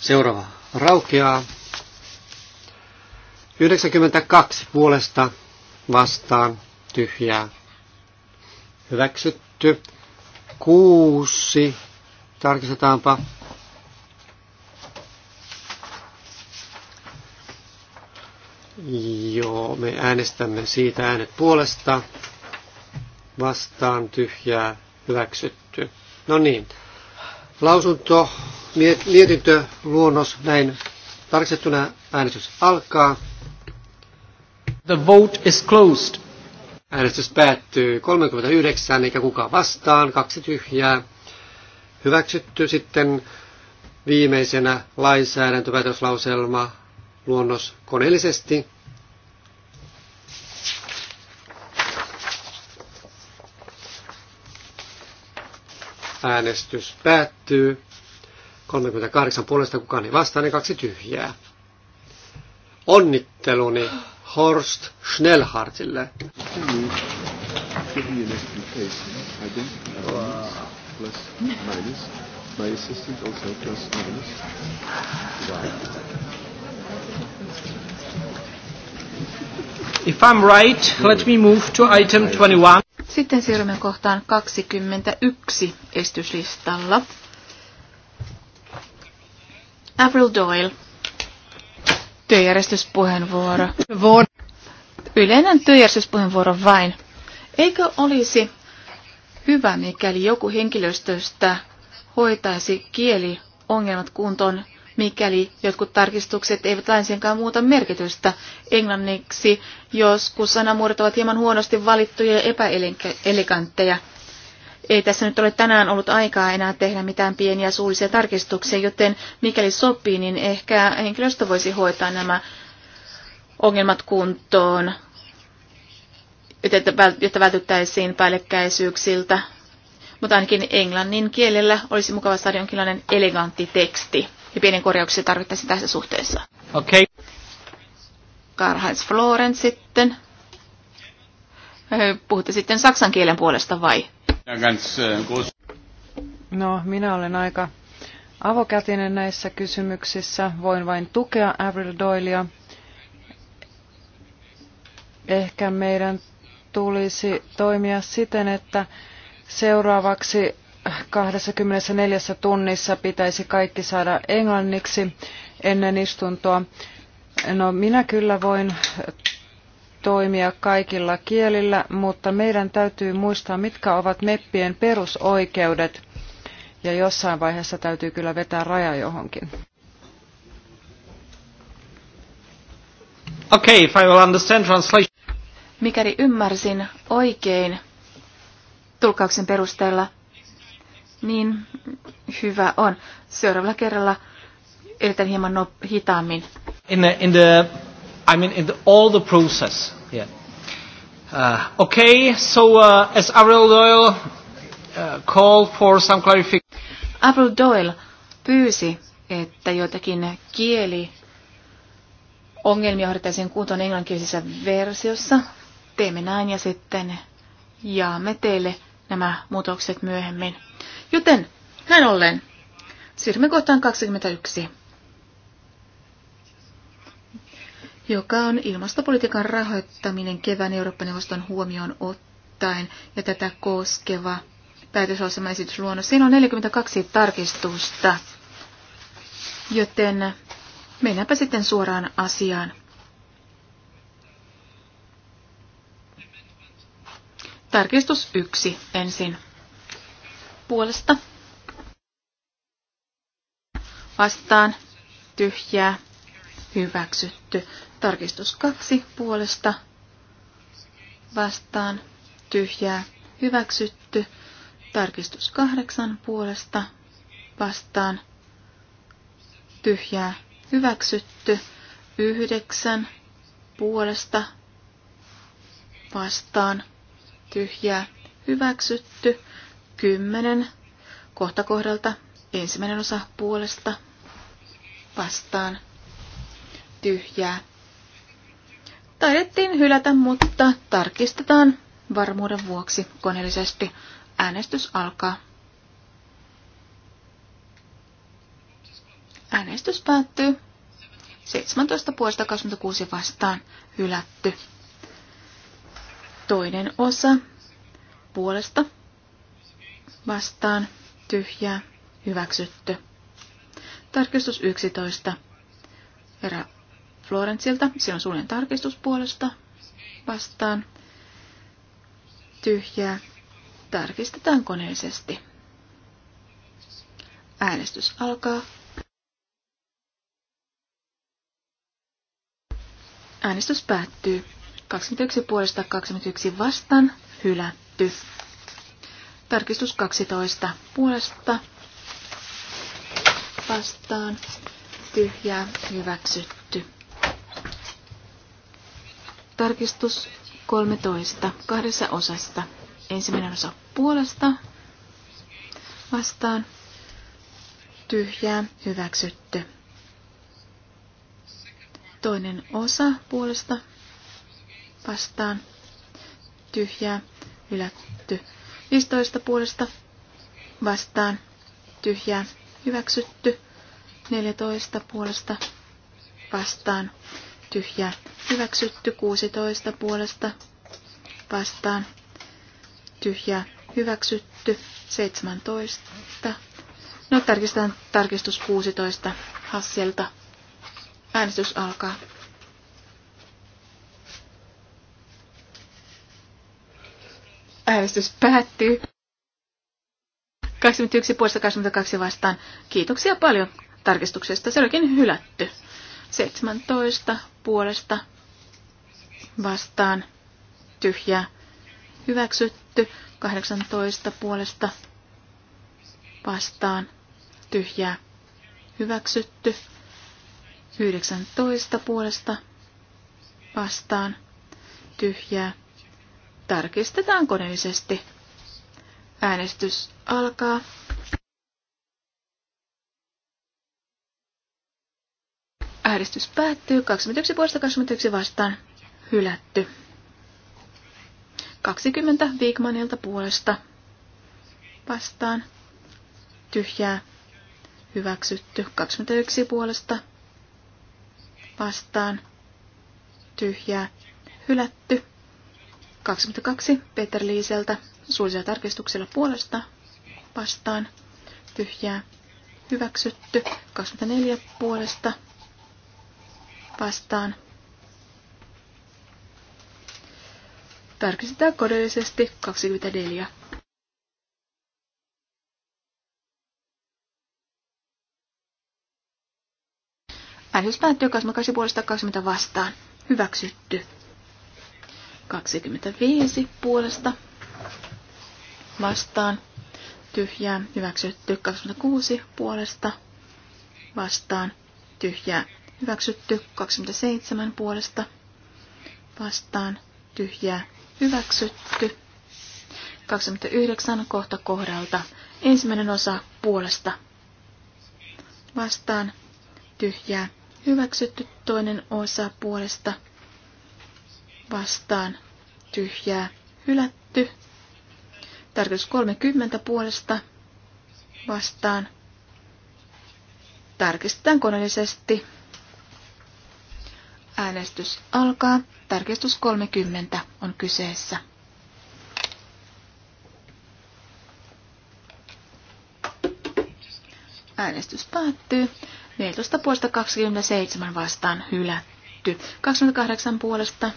Seuraava raukeaa. 92 puolesta vastaan tyhjää. Hyväksytty. Kuusi. Tarkistetaanpa Me äänestämme siitä äänet puolesta, vastaan tyhjää, hyväksytty. No niin, lausunto, mietintö, luonnos, näin tarkistettuna äänestys alkaa. The vote is closed. Äänestys päättyy 39, eikä kukaan vastaan, kaksi tyhjää. Hyväksytty sitten viimeisenä lainsäädäntöpäätöslauselma luonnos koneellisesti. Äänestys päättyy. 38 puolesta kukaan ei vastaa, ne niin kaksi tyhjää. Onnitteluni Horst Schnellhartille. If I'm right, let me move to item 21. Sitten siirrymme kohtaan 21 estyslistalla. Avril Doyle, työjärjestyspuheenvuoro. Yleinen työjärjestyspuheenvuoro vain. Eikö olisi hyvä, mikäli joku henkilöstöstä hoitaisi kieliongelmat kuntoon mikäli jotkut tarkistukset eivät länsinkaan muuta merkitystä. Englanniksi joskus sanamuodot ovat hieman huonosti valittuja ja epäelegantteja. Ei tässä nyt ole tänään ollut aikaa enää tehdä mitään pieniä suullisia tarkistuksia, joten mikäli sopii, niin ehkä henkilöstö voisi hoitaa nämä ongelmat kuntoon, jotta vältyttäisiin päällekkäisyyksiltä. Mutta ainakin englannin kielellä olisi mukava saada jonkinlainen elegantti teksti ja pienen korjauksia tarvittaisiin tässä suhteessa. Okei. Okay. Karl-Heinz sitten. Puhutte sitten saksan kielen puolesta vai? No, minä olen aika avokätinen näissä kysymyksissä. Voin vain tukea Avril Doylea. Ehkä meidän tulisi toimia siten, että seuraavaksi 24 tunnissa pitäisi kaikki saada englanniksi ennen istuntoa. No minä kyllä voin toimia kaikilla kielillä, mutta meidän täytyy muistaa, mitkä ovat meppien perusoikeudet. Ja jossain vaiheessa täytyy kyllä vetää raja johonkin. Okay, if I will understand translation. Mikäli ymmärsin oikein tulkauksen perusteella, niin hyvä on. Seuraavalla kerralla edetään hieman no, hitaammin. In the, in the, I mean in the, all the process. Yeah. Uh, okay, so uh, as Avril Doyle uh, called for some clarification. Avril Doyle pyysi, että jotakin kieli ongelmia hoidettaisiin kuntoon englanninkielisessä versiossa. Teemme näin ja sitten jaamme teille nämä muutokset myöhemmin. Joten näin ollen siirrymme kohtaan 21, joka on ilmastopolitiikan rahoittaminen kevään Euroopan neuvoston huomioon ottaen ja tätä koskeva päätösosamaesitysluonnos. Siinä on 42 tarkistusta, joten mennäänpä sitten suoraan asiaan. Tarkistus yksi ensin. Puolesta. Vastaan. Tyhjää. Hyväksytty. Tarkistus kaksi puolesta. Vastaan. Tyhjää. Hyväksytty. Tarkistus kahdeksan puolesta. Vastaan. Tyhjää. Hyväksytty. Yhdeksän puolesta. Vastaan tyhjää hyväksytty. kymmenen, kohta kohdalta ensimmäinen osa puolesta vastaan tyhjää. Taidettiin hylätä, mutta tarkistetaan varmuuden vuoksi koneellisesti. Äänestys alkaa. Äänestys päättyy. 17 puolesta 26 vastaan hylätty. Toinen osa puolesta vastaan tyhjää hyväksytty. Tarkistus 11. Herra Florentsilta. Siinä on suullinen tarkistus puolesta vastaan tyhjää. Tarkistetaan koneellisesti. Äänestys alkaa. Äänestys päättyy. 21 puolesta 21 vastaan hylätty. Tarkistus 12 puolesta vastaan tyhjää hyväksytty. Tarkistus 13 kahdessa osassa. Ensimmäinen osa puolesta vastaan tyhjää hyväksytty. Toinen osa puolesta vastaan tyhjää hylätty. 15 puolesta vastaan tyhjää hyväksytty. 14 puolesta vastaan tyhjää hyväksytty. 16 puolesta vastaan tyhjää hyväksytty. 17. No tarkistetaan tarkistus 16 Hasselta. Äänestys alkaa. Äänestys päättyy. 21 puolesta 22 vastaan. Kiitoksia paljon tarkistuksesta. Se olikin hylätty. 17 puolesta vastaan. tyhjä Hyväksytty. 18 puolesta vastaan. tyhjä Hyväksytty. 19 puolesta vastaan. Tyhjää Tarkistetaan koneellisesti. Äänestys alkaa. Äänestys päättyy 21 puolesta 21 vastaan. Hylätty. 20 Wigmanilta puolesta vastaan. Tyhjää. Hyväksytty. 21 puolesta vastaan. Tyhjää. Hylätty. 22 Peter Liiseltä suullisella tarkistuksella puolesta vastaan tyhjää hyväksytty. 24 puolesta vastaan. Tarkistetaan kodellisesti 24. Äänestys päättyy 28 puolesta 20 vastaan. Hyväksytty. 25 puolesta vastaan tyhjää hyväksytty. 26 puolesta vastaan tyhjää hyväksytty. 27 puolesta vastaan tyhjää hyväksytty. 29 kohta kohdalta. Ensimmäinen osa puolesta vastaan tyhjää hyväksytty. Toinen osa puolesta vastaan tyhjää hylätty. Tarkoitus 30 puolesta vastaan. Tarkistetaan koneellisesti. Äänestys alkaa. Tarkistus 30 on kyseessä. Äänestys päättyy. 14 puolesta 27 vastaan hylätty. 28 puolesta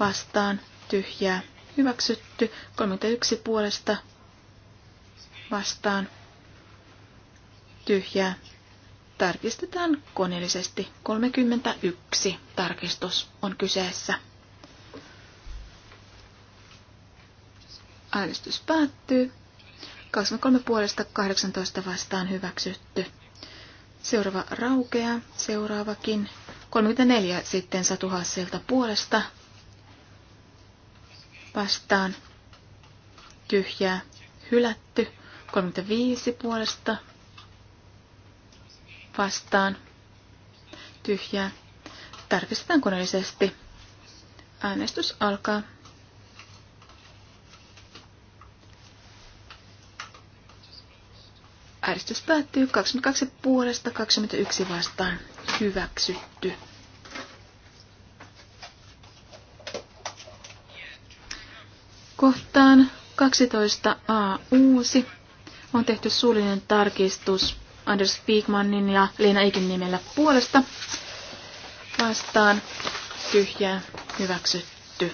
vastaan tyhjää hyväksytty. 31 puolesta vastaan tyhjää. Tarkistetaan koneellisesti. 31 tarkistus on kyseessä. Äänestys päättyy. 23 puolesta 18 vastaan hyväksytty. Seuraava raukeaa, seuraavakin. 34 sitten Satu Hassilta puolesta vastaan tyhjää hylätty. 35 puolesta vastaan tyhjää. Tarkistetaan koneellisesti. Äänestys alkaa. Äänestys päättyy 22 puolesta 21 vastaan hyväksytty. Kohtaan 12a uusi on tehty suullinen tarkistus Anders Wigmanin ja Leena Eikin nimellä puolesta. Vastaan tyhjää hyväksytty.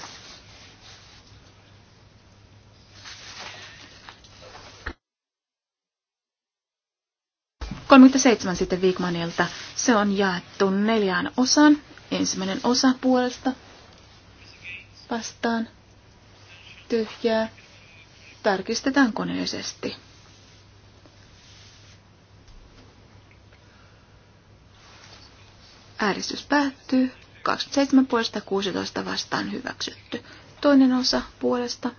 seitsemän sitten Wigmanilta. Se on jaettu neljään osaan. Ensimmäinen osa puolesta vastaan tyhjää. Tarkistetaan koneellisesti. Äänestys päättyy. 27 puolesta 16 vastaan hyväksytty. Toinen osa puolesta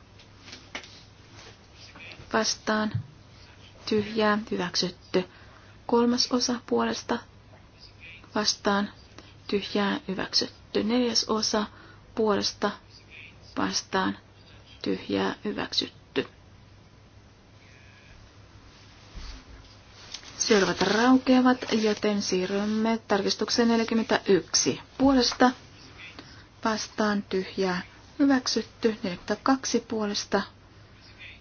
vastaan tyhjää hyväksytty. Kolmas osa puolesta vastaan tyhjää hyväksytty. Neljäs osa puolesta vastaan tyhjää hyväksytty. Seuraavat raukeavat, joten siirrymme tarkistukseen 41. Puolesta vastaan tyhjää hyväksytty. 42 puolesta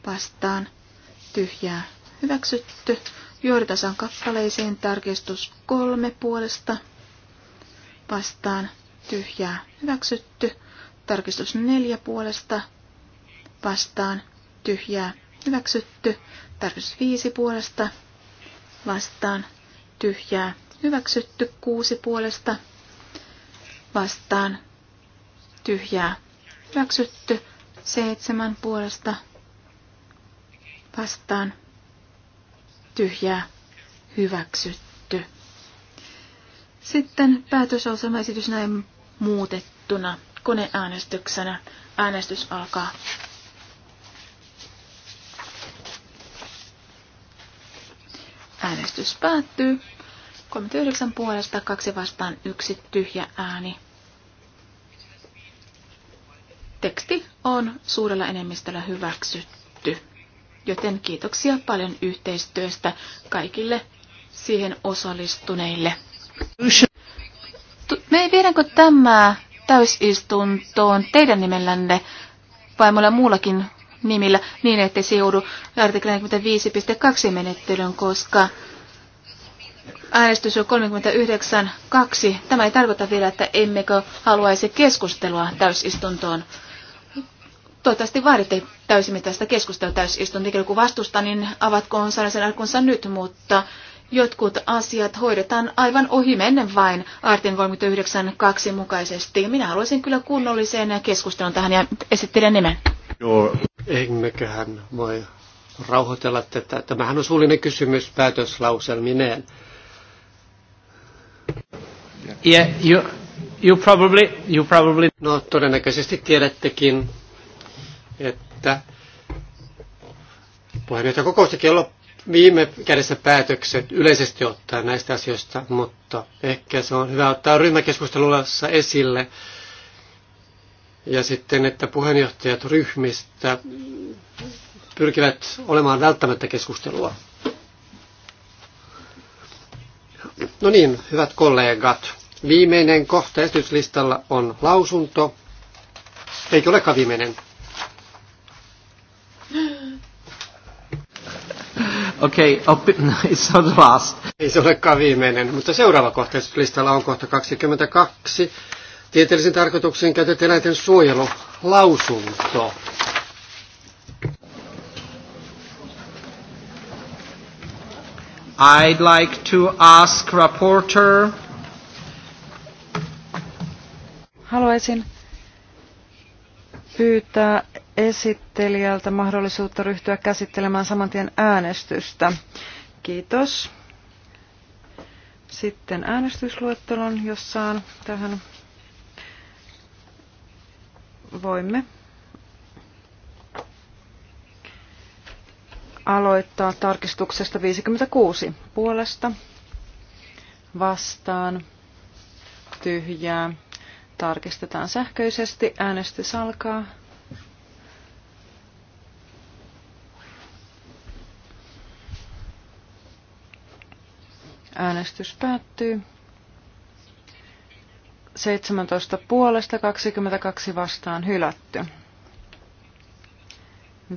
vastaan tyhjää hyväksytty. Juoritasan kappaleisiin tarkistus 3 puolesta vastaan tyhjää hyväksytty. Tarkistus 4 puolesta vastaan tyhjää hyväksytty. Tarkoitus viisi puolesta vastaan tyhjää hyväksytty. kuusi puolesta vastaan tyhjää hyväksytty. seitsemän puolesta vastaan tyhjää hyväksytty. Sitten esitys näin muutettuna koneäänestyksenä. Äänestys alkaa. Äänestys päättyy. 39 puolesta, kaksi vastaan, yksi tyhjä ääni. Teksti on suurella enemmistöllä hyväksytty, joten kiitoksia paljon yhteistyöstä kaikille siihen osallistuneille. Me viedäänkö tämä täysistuntoon teidän nimellänne vai mulla muullakin nimillä niin, ettei se joudu artikla 45.2 menettelyyn, koska äänestys on 39.2. Tämä ei tarkoita vielä, että emmekö haluaisi keskustelua täysistuntoon. Toivottavasti vaaditte täysimittaista keskustelua täysistuntoon. Kun vastusta, niin avatkoon sen alkunsa nyt, mutta jotkut asiat hoidetaan aivan ohi mennen vain Artin 39.2 mukaisesti. Minä haluaisin kyllä kunnolliseen keskustelun tähän ja esittelen nimen. Joo, emmeköhän voi rauhoitella tätä. Tämähän on suullinen kysymys päätöslauselmineen. Yeah, you, you probably, you probably... No todennäköisesti tiedättekin, että puheenjohtajakokoustakin on viime kädessä päätökset yleisesti ottaa näistä asioista, mutta ehkä se on hyvä ottaa ryhmäkeskustelussa esille. Ja sitten, että puheenjohtajat ryhmistä pyrkivät olemaan välttämättä keskustelua. No niin, hyvät kollegat. Viimeinen kohta esityslistalla on lausunto. Eikö olekaan viimeinen? Okei, okay, it's not last. Ei se olekaan viimeinen, mutta seuraava kohta esityslistalla on kohta 22. Tieteellisen tarkoituksen käytetään eläinten suojelu. Lausunto. I'd like to ask reporter. Haluaisin pyytää esittelijältä mahdollisuutta ryhtyä käsittelemään samantien äänestystä. Kiitos. Sitten äänestysluettelon, jos saan tähän. Voimme aloittaa tarkistuksesta 56 puolesta vastaan tyhjää Tarkistetaan sähköisesti. Äänestys alkaa. Äänestys päättyy. 17 puolesta 22 vastaan hylätty.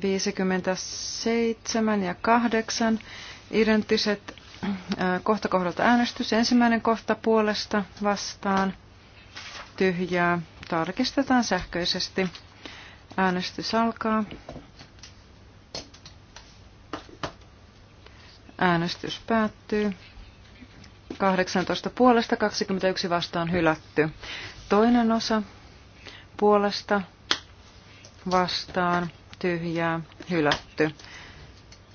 57 ja 8 identtiset kohtakohdalta äänestys. Ensimmäinen kohta puolesta vastaan tyhjää. Tarkistetaan sähköisesti. Äänestys alkaa. Äänestys päättyy. 18 puolesta 21 vastaan hylätty. Toinen osa puolesta vastaan tyhjää hylätty.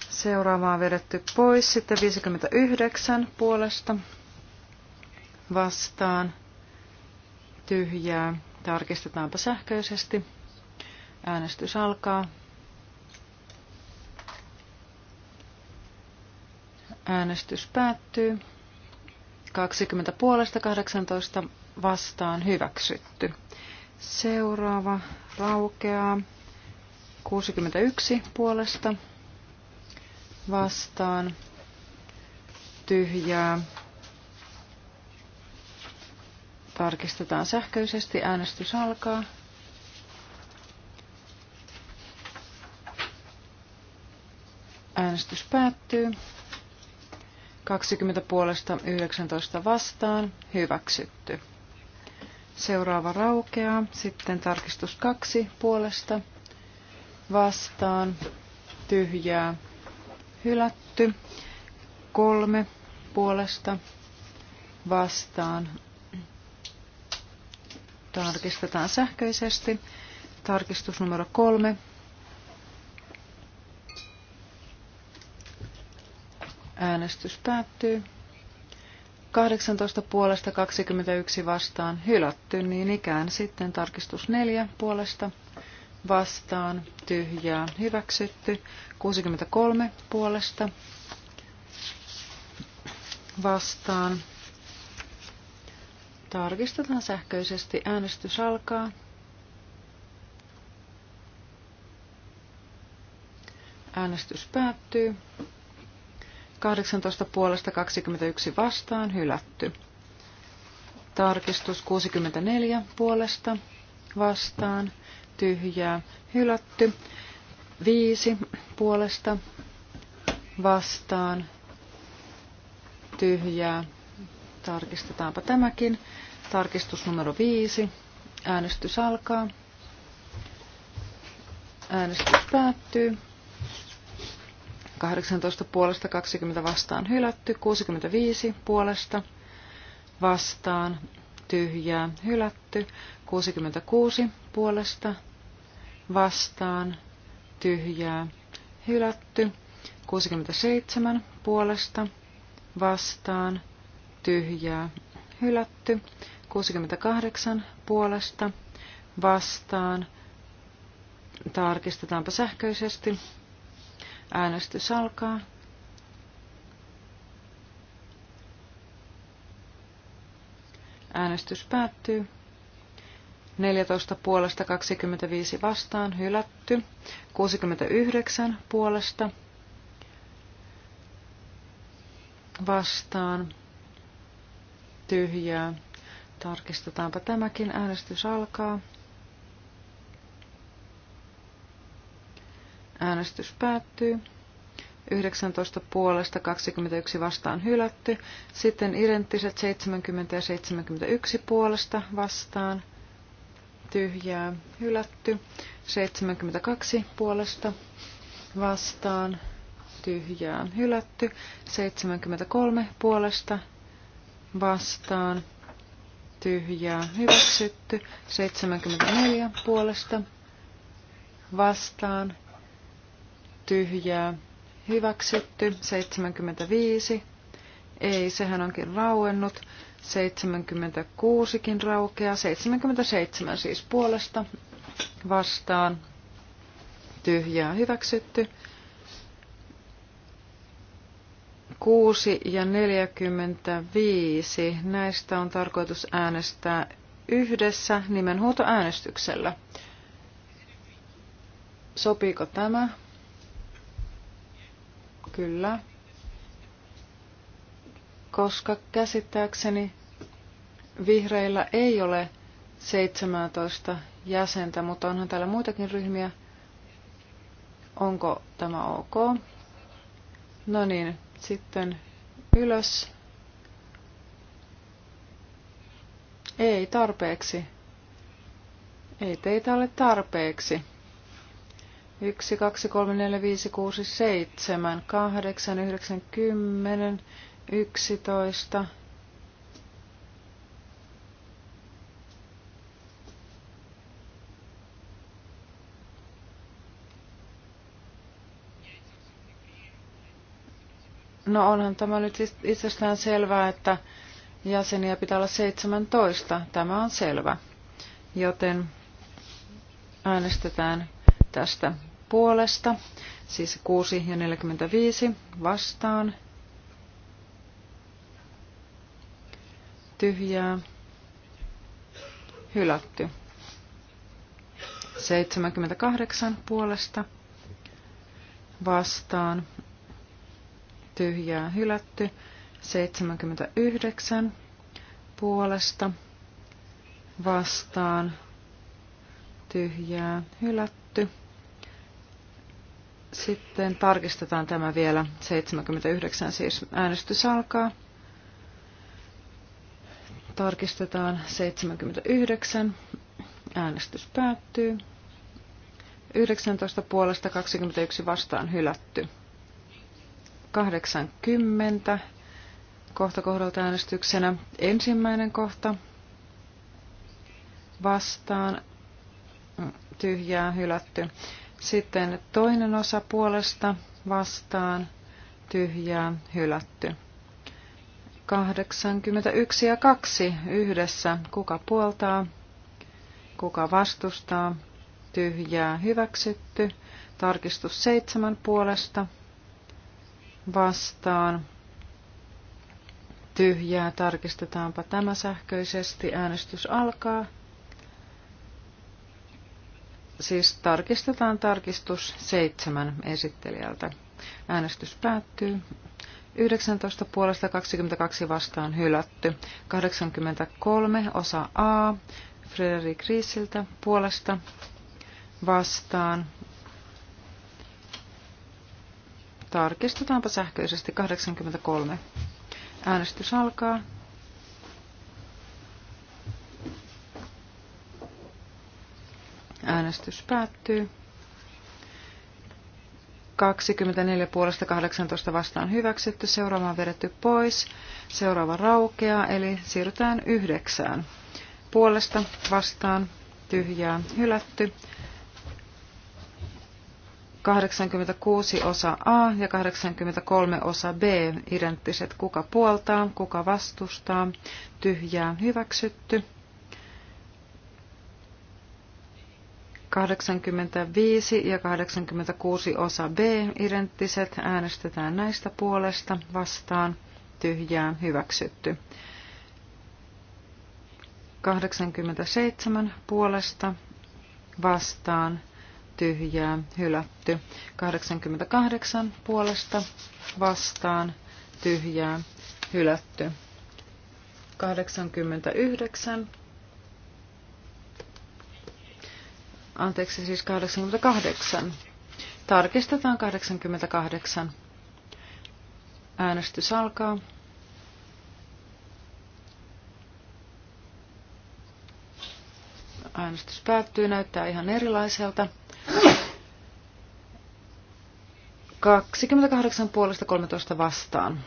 Seuraavaa vedetty pois. Sitten 59 puolesta vastaan tyhjää. Tarkistetaanpa sähköisesti. Äänestys alkaa. Äänestys päättyy. 20 puolesta 18 vastaan hyväksytty. Seuraava raukeaa. 61 puolesta vastaan tyhjää Tarkistetaan sähköisesti. Äänestys alkaa. Äänestys päättyy. 20 puolesta 19 vastaan. Hyväksytty. Seuraava raukeaa. Sitten tarkistus 2 puolesta vastaan. Tyhjää. Hylätty. 3 puolesta vastaan. Tarkistetaan sähköisesti. Tarkistus numero kolme. Äänestys päättyy. 18 puolesta 21 vastaan hylätty, niin ikään sitten tarkistus 4 puolesta vastaan tyhjää hyväksytty, 63 puolesta vastaan Tarkistetaan sähköisesti. Äänestys alkaa. Äänestys päättyy. 18 puolesta 21 vastaan hylätty. Tarkistus 64 puolesta vastaan tyhjää hylätty. 5 puolesta vastaan tyhjää Tarkistetaanpa tämäkin. Tarkistus numero 5. Äänestys alkaa. Äänestys päättyy. 18 puolesta 20 vastaan hylätty, 65 puolesta vastaan tyhjää hylätty, 66 puolesta vastaan tyhjää hylätty, 67 puolesta vastaan tyhjää hylätty. 68 puolesta vastaan. Tarkistetaanpa sähköisesti. Äänestys alkaa. Äänestys päättyy. 14 puolesta 25 vastaan hylätty. 69 puolesta vastaan tyhjää. Tarkistetaanpa tämäkin. Äänestys alkaa. Äänestys päättyy. 19 puolesta 21 vastaan hylätty. Sitten identtiset 70 ja 71 puolesta vastaan tyhjää hylätty. 72 puolesta vastaan tyhjää hylätty. 73 puolesta vastaan tyhjää hyväksytty. 74 puolesta vastaan tyhjää hyväksytty. 75 ei, sehän onkin rauennut. 76kin raukeaa. 77 siis puolesta vastaan tyhjää hyväksytty. 6 ja 45. Näistä on tarkoitus äänestää yhdessä nimenhuutoäänestyksellä. Sopiiko tämä? Kyllä. Koska käsittääkseni vihreillä ei ole 17 jäsentä, mutta onhan täällä muitakin ryhmiä. Onko tämä ok? No niin, sitten ylös. Ei tarpeeksi. Ei teitä ole tarpeeksi. 1, 2, 3, 4, 5, 6, 7, 8, 9, 10, 11, No onhan tämä nyt itsestään selvää, että jäseniä pitää olla 17. Tämä on selvä. Joten äänestetään tästä puolesta, siis 6 ja 45 vastaan. Tyhjää. Hylätty. 78 puolesta vastaan tyhjää hylätty. 79 puolesta vastaan tyhjää hylätty. Sitten tarkistetaan tämä vielä. 79 siis äänestys alkaa. Tarkistetaan 79. Äänestys päättyy. 19 puolesta 21 vastaan hylätty. 80 kohta kohdalta äänestyksenä. Ensimmäinen kohta vastaan tyhjää hylätty. Sitten toinen osa puolesta vastaan tyhjää hylätty. 81 ja 2 yhdessä. Kuka puoltaa? Kuka vastustaa? Tyhjää hyväksytty. Tarkistus seitsemän puolesta vastaan. Tyhjää tarkistetaanpa tämä sähköisesti. Äänestys alkaa. Siis tarkistetaan tarkistus seitsemän esittelijältä. Äänestys päättyy. 19 puolesta 22 vastaan hylätty. 83 osa A. Frederik Riisiltä puolesta vastaan Tarkistetaanpa sähköisesti 83. Äänestys alkaa. Äänestys päättyy. 24 puolesta 18 vastaan hyväksytty. Seuraava on vedetty pois. Seuraava raukeaa, eli siirrytään yhdeksään. Puolesta vastaan tyhjää hylätty. 86 osa A ja 83 osa B identtiset kuka puoltaa, kuka vastustaa, tyhjää hyväksytty. 85 ja 86 osa B identtiset äänestetään näistä puolesta vastaan, tyhjää hyväksytty. 87 puolesta vastaan, tyhjää, hylätty. 88 puolesta vastaan, tyhjää, hylätty. 89, anteeksi siis 88. Tarkistetaan 88. Äänestys alkaa. Äänestys päättyy, näyttää ihan erilaiselta. 28 puolesta 13 vastaan.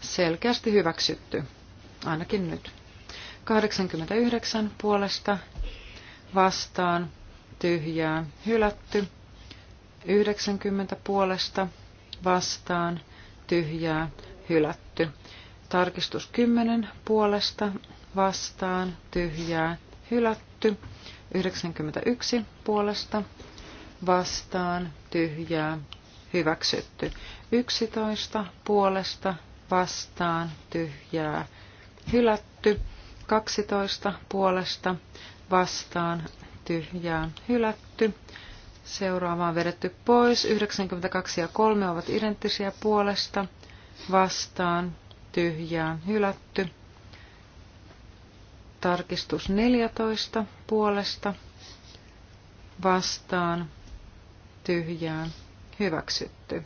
Selkeästi hyväksytty, ainakin nyt. 89 puolesta vastaan, tyhjää, hylätty. 90 puolesta vastaan, tyhjää, hylätty. Tarkistus 10 puolesta vastaan, tyhjää, hylätty. 91 puolesta vastaan tyhjää hyväksytty. 11 puolesta vastaan tyhjää hylätty. 12 puolesta vastaan tyhjää hylätty. Seuraava on vedetty pois. 92 ja 3 ovat identtisiä puolesta vastaan tyhjää hylätty. Tarkistus 14 puolesta vastaan tyhjään, hyväksytty.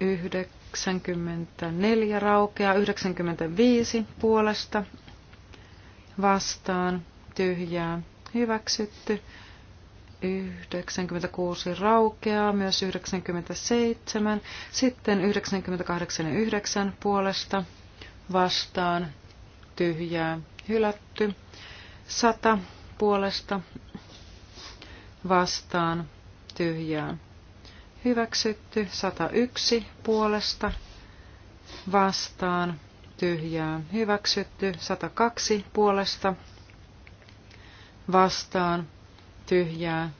94 raukeaa 95 puolesta vastaan tyhjää hyväksytty. 96 raukeaa, myös 97, sitten 98 ja 9 puolesta vastaan tyhjää hylätty, 100 puolesta vastaan tyhjää. Hyväksytty 101 puolesta vastaan tyhjää. Hyväksytty 102 puolesta vastaan tyhjää.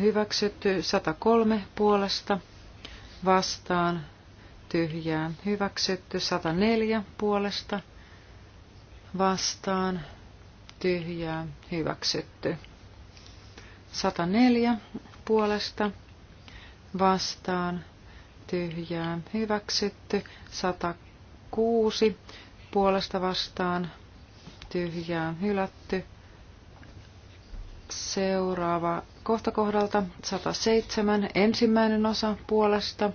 Hyväksytty 103 puolesta vastaan tyhjää. Hyväksytty 104 puolesta vastaan tyhjää. Hyväksytty. 104 puolesta vastaan tyhjää hyväksytty. 106 puolesta vastaan tyhjää hylätty. Seuraava kohta kohdalta 107 ensimmäinen osa puolesta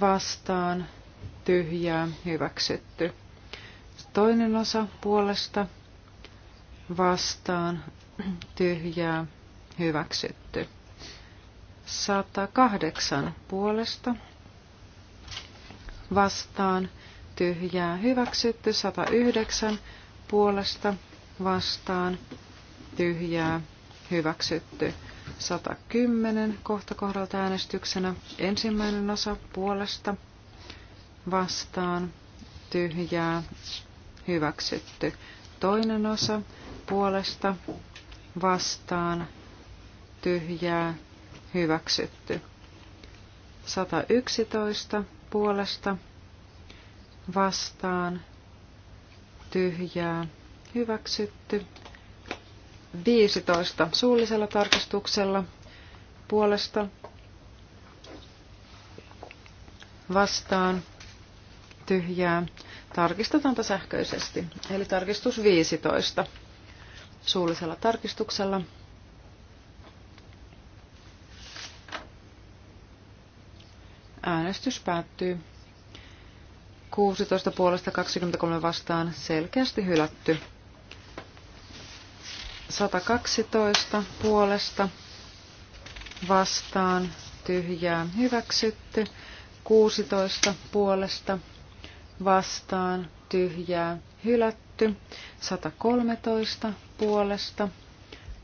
vastaan tyhjää hyväksytty. Toinen osa puolesta vastaan tyhjää hyväksytty. 108 puolesta vastaan tyhjää hyväksytty. 109 puolesta vastaan tyhjää hyväksytty. 110 kohta kohdalta äänestyksenä ensimmäinen osa puolesta vastaan tyhjää hyväksytty. Toinen osa puolesta vastaan tyhjää hyväksytty. 111 puolesta vastaan tyhjää hyväksytty. 15 suullisella tarkastuksella puolesta vastaan tyhjää. Tarkistetaan sähköisesti, eli tarkistus 15 suullisella tarkistuksella. Äänestys päättyy. 16 puolesta 23 vastaan selkeästi hylätty. 112 puolesta vastaan tyhjää hyväksytty. 16 puolesta vastaan tyhjää hylätty. 113 puolesta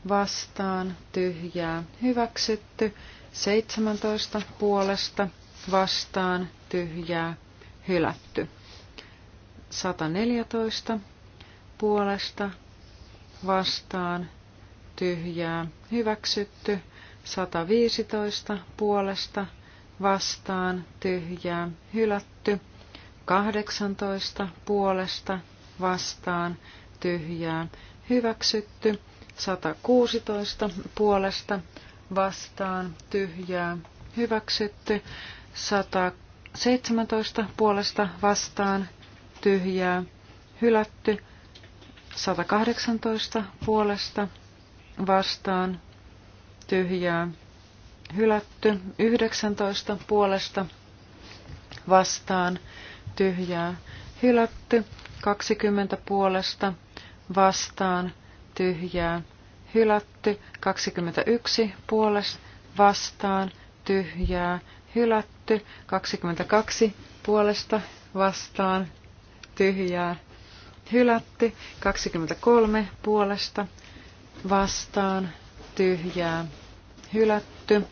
vastaan tyhjää hyväksytty. 17 puolesta vastaan tyhjää hylätty. 114 puolesta vastaan tyhjää hyväksytty. 115 puolesta vastaan tyhjää hylätty. 18 puolesta vastaan tyhjää hyväksytty. 116 puolesta vastaan tyhjää hyväksytty. 117 puolesta vastaan tyhjää hylätty. 118 puolesta vastaan tyhjää hylätty. 19 puolesta vastaan tyhjää hylätty. 20 puolesta vastaan, vastaan tyhjää hylätty. 21 puolesta vastaan tyhjää hylätty. 22 puolesta vastaan tyhjää hylätty. 23 puolesta vastaan tyhjää hylätty.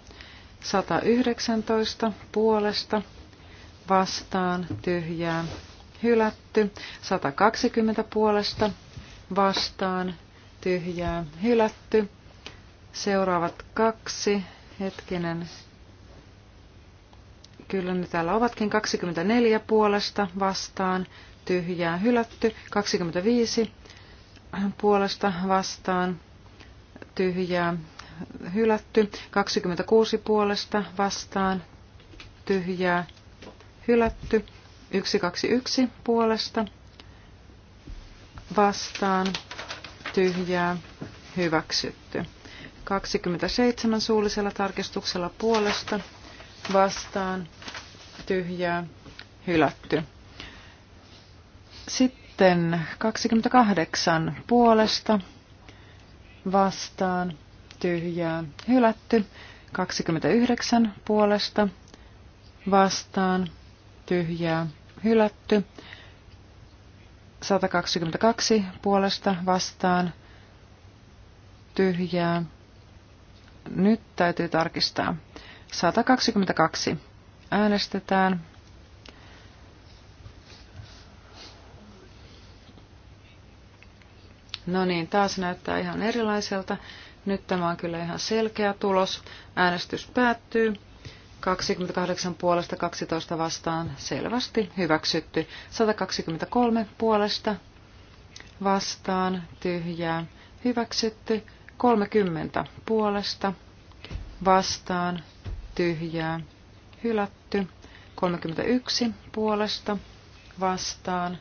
119 puolesta vastaan tyhjää hylätty. 120 puolesta vastaan tyhjää hylätty. Seuraavat kaksi, hetkinen, kyllä ne täällä ovatkin, 24 puolesta vastaan tyhjää hylätty, 25 puolesta vastaan tyhjää hylätty, 26 puolesta vastaan tyhjää hylätty, 121 puolesta vastaan tyhjää hyväksytty. 27 suullisella tarkistuksella puolesta vastaan tyhjää hylätty. Sitten 28 puolesta vastaan tyhjää hylätty. 29 puolesta vastaan tyhjää hylätty. 122 puolesta vastaan tyhjää. Nyt täytyy tarkistaa. 122. Äänestetään. No niin, taas näyttää ihan erilaiselta. Nyt tämä on kyllä ihan selkeä tulos. Äänestys päättyy. 28 puolesta 12 vastaan selvästi hyväksytty. 123 puolesta vastaan tyhjää hyväksytty. 30 puolesta vastaan tyhjää hylätty. 31 puolesta vastaan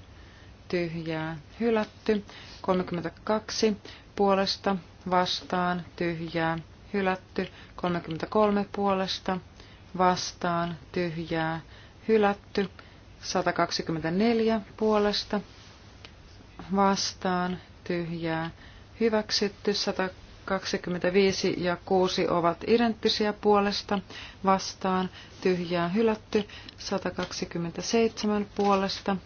tyhjää hylätty. 32 puolesta vastaan tyhjää hylätty. 33 puolesta vastaan tyhjää hylätty. 124 puolesta vastaan tyhjää hyväksytty. 125 ja 6 ovat identtisiä puolesta vastaan tyhjää hylätty. 127 puolesta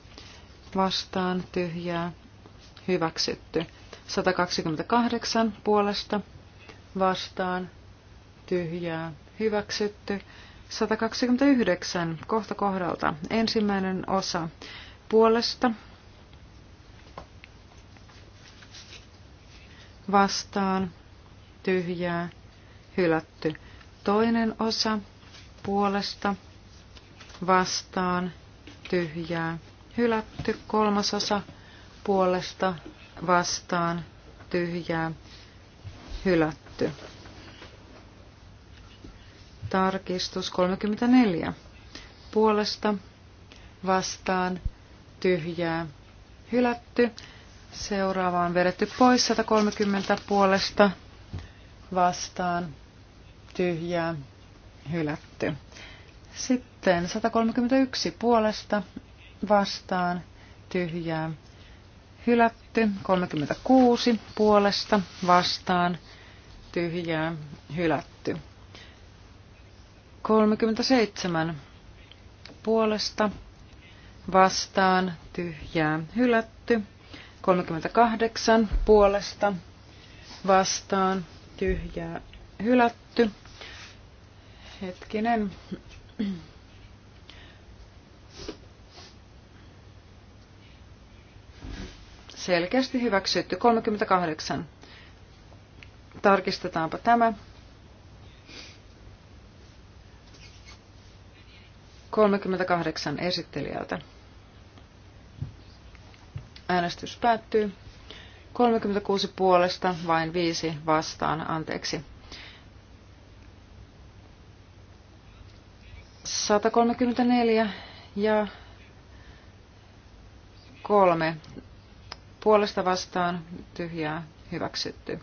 vastaan tyhjää hyväksytty. 128 puolesta vastaan tyhjää hyväksytty. 129 kohta kohdalta. Ensimmäinen osa puolesta vastaan tyhjää hylätty. Toinen osa puolesta vastaan tyhjää hylätty. Kolmas osa puolesta vastaan tyhjää hylätty. Tarkistus 34. Puolesta vastaan tyhjää hylätty. Seuraava on vedetty pois 130 puolesta vastaan tyhjää hylätty. Sitten 131 puolesta vastaan tyhjää hylätty. 36 puolesta vastaan tyhjää hylätty. 37 puolesta vastaan tyhjää hylätty. 38 puolesta vastaan tyhjää hylätty. Hetkinen. Selkeästi hyväksytty. 38. Tarkistetaanpa tämä. 38 esittelijältä. Äänestys päättyy. 36 puolesta, vain 5 vastaan, anteeksi. 134 ja 3 puolesta vastaan, tyhjää, hyväksytty.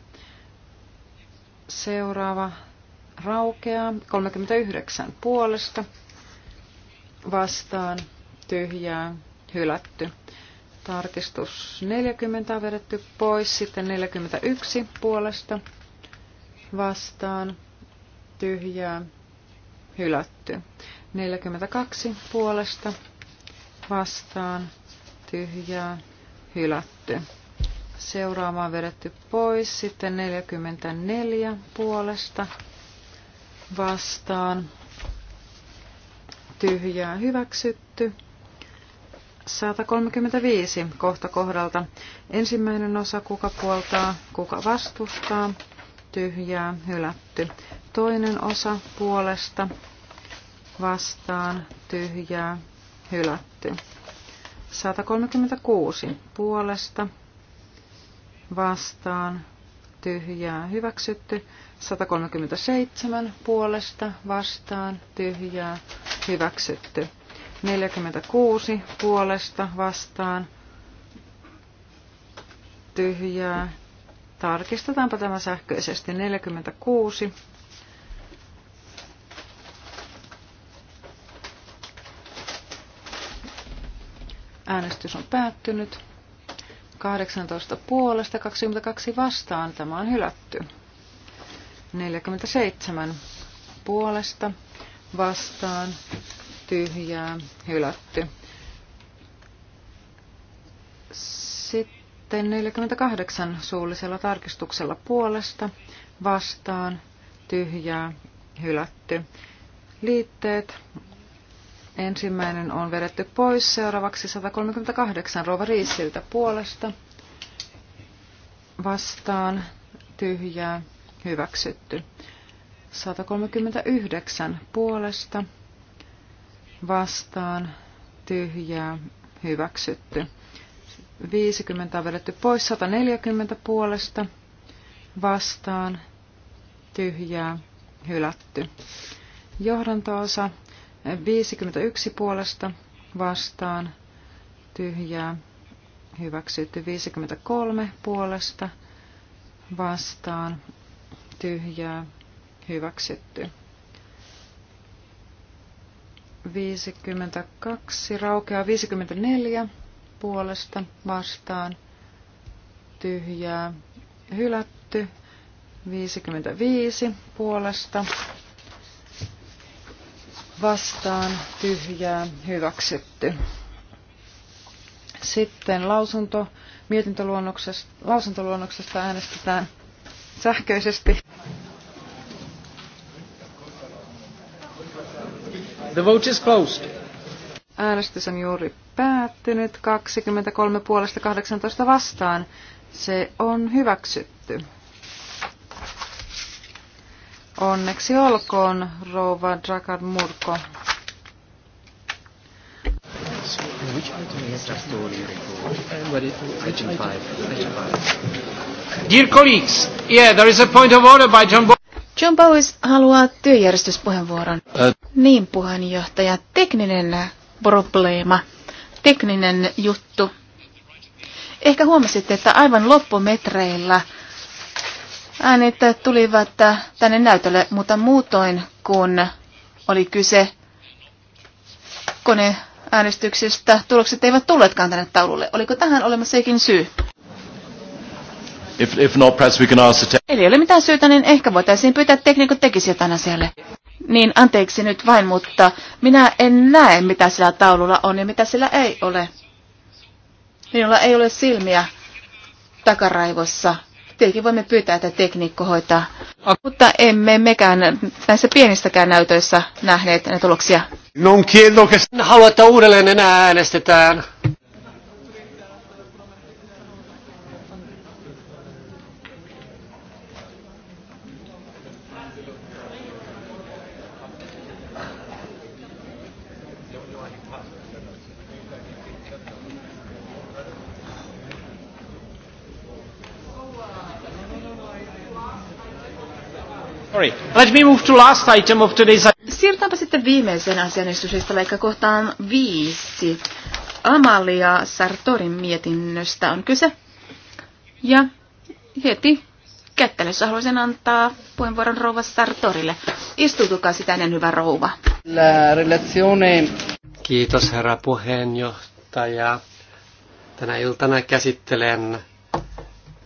Seuraava raukeaa, 39 puolesta, vastaan tyhjää hylätty. Tarkistus 40 on vedetty pois, sitten 41 puolesta vastaan tyhjää hylätty. 42 puolesta vastaan tyhjää hylätty. Seuraava on vedetty pois, sitten 44 puolesta vastaan tyhjää hyväksytty. 135 kohta kohdalta. Ensimmäinen osa, kuka puoltaa, kuka vastustaa, tyhjää, hylätty. Toinen osa puolesta, vastaan, tyhjää, hylätty. 136 puolesta, vastaan, tyhjää, hyväksytty. 137 puolesta, vastaan, tyhjää, hyväksytty. 46 puolesta vastaan tyhjää. Tarkistetaanpa tämä sähköisesti. 46. Äänestys on päättynyt. 18 puolesta 22 vastaan. Tämä on hylätty. 47 puolesta vastaan tyhjää hylätty. Sitten 48 suullisella tarkistuksella puolesta vastaan tyhjää hylätty. Liitteet Ensimmäinen on vedetty pois, seuraavaksi 138 Rova Riisiltä puolesta. Vastaan tyhjää, hyväksytty. 139 puolesta vastaan tyhjää hyväksytty. 50 on vedetty pois 140 puolesta vastaan tyhjää hylätty. Johdantoosa 51 puolesta vastaan tyhjää hyväksytty 53 puolesta vastaan tyhjää hyväksytty. 52 raukeaa 54 puolesta vastaan tyhjää hylätty 55 puolesta vastaan tyhjää hyväksytty. Sitten lausunto, mietintöluonnoksesta, lausuntoluonnoksesta äänestetään sähköisesti. The vote is closed. Äänestys on juuri päättynyt 23 puolesta 18 vastaan. Se on hyväksytty. Onneksi olkoon, rouva Dragan Murko. Dear colleagues, yeah, there is a point of order by John John Powis haluaa työjärjestyspuheenvuoron. Ä- niin, puheenjohtaja. Tekninen probleema. Tekninen juttu. Ehkä huomasitte, että aivan loppumetreillä äänet tulivat tänne näytölle, mutta muutoin kun oli kyse koneäänestyksestä, tulokset eivät tulleetkaan tänne taululle. Oliko tähän olemassa jokin syy? If, if not, perhaps we can ask the Eli ei ole mitään syytä, niin ehkä voitaisiin pyytää teknikot tekisi jotain asialle. Niin, anteeksi nyt vain, mutta minä en näe, mitä sillä taululla on ja mitä sillä ei ole. Minulla ei ole silmiä takaraivossa. Tietenkin voimme pyytää, että tekniikko hoitaa. Mutta emme mekään näissä pienistäkään näytöissä nähneet näitä tuloksia. Non chiedo che... Haluan, että uudelleen enää äänestetään. Sorry. Let me move to last item of today's... Siirrytäänpä sitten viimeiseen asianistuslistalla, eli kohtaan viisi. Amalia Sartorin mietinnöstä on kyse. Ja heti kättelyssä haluaisin antaa puheenvuoron rouva Sartorille. Istutukaa sitä ennen hyvä rouva. La Kiitos herra puheenjohtaja. Tänä iltana käsittelen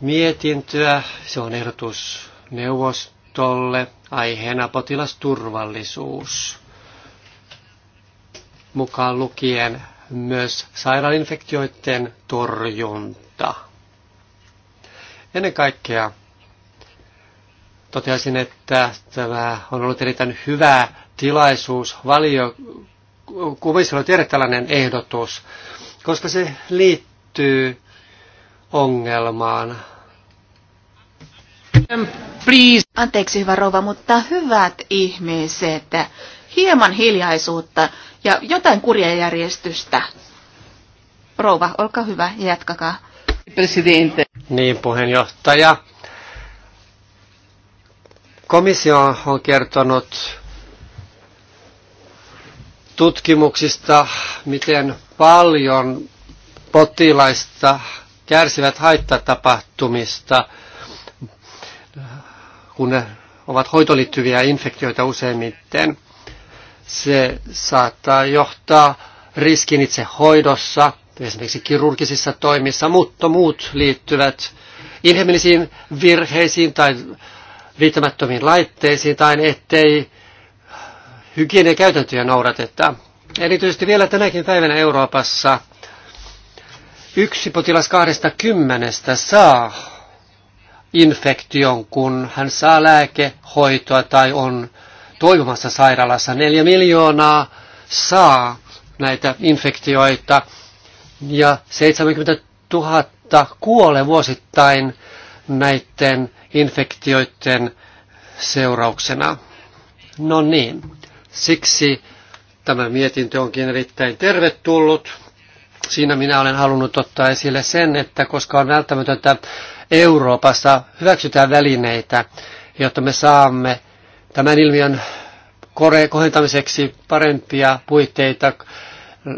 mietintöä. Se on ehdotus neuvostoon tolle aiheena potilasturvallisuus, mukaan lukien myös sairaalinfektioiden torjunta. Ennen kaikkea toteaisin, että tämä on ollut erittäin hyvä tilaisuus valio, kuvisella tehdä tällainen ehdotus, koska se liittyy ongelmaan, Um, please. Anteeksi hyvä rouva, mutta hyvät ihmiset, hieman hiljaisuutta ja jotain kurja Rouva, olkaa hyvä ja jatkakaa. Presidente. Niin, puheenjohtaja. Komissio on kertonut tutkimuksista, miten paljon potilaista kärsivät haittatapahtumista – kun ne ovat hoitoliittyviä infektioita useimmiten. Se saattaa johtaa riskin itse hoidossa, esimerkiksi kirurgisissa toimissa, mutta muut liittyvät inhimillisiin virheisiin tai riittämättömiin laitteisiin tai ettei hygieniakäytäntöjä noudateta. Erityisesti vielä tänäkin päivänä Euroopassa yksi potilas kahdesta kymmenestä saa infektion, kun hän saa lääkehoitoa tai on toivomassa sairaalassa. Neljä miljoonaa saa näitä infektioita ja 70 000 kuolee vuosittain näiden infektioiden seurauksena. No niin, siksi tämä mietintö onkin erittäin tervetullut. Siinä minä olen halunnut ottaa esille sen, että koska on välttämätöntä Euroopassa hyväksytään välineitä, jotta me saamme tämän ilmiön kohentamiseksi parempia puitteita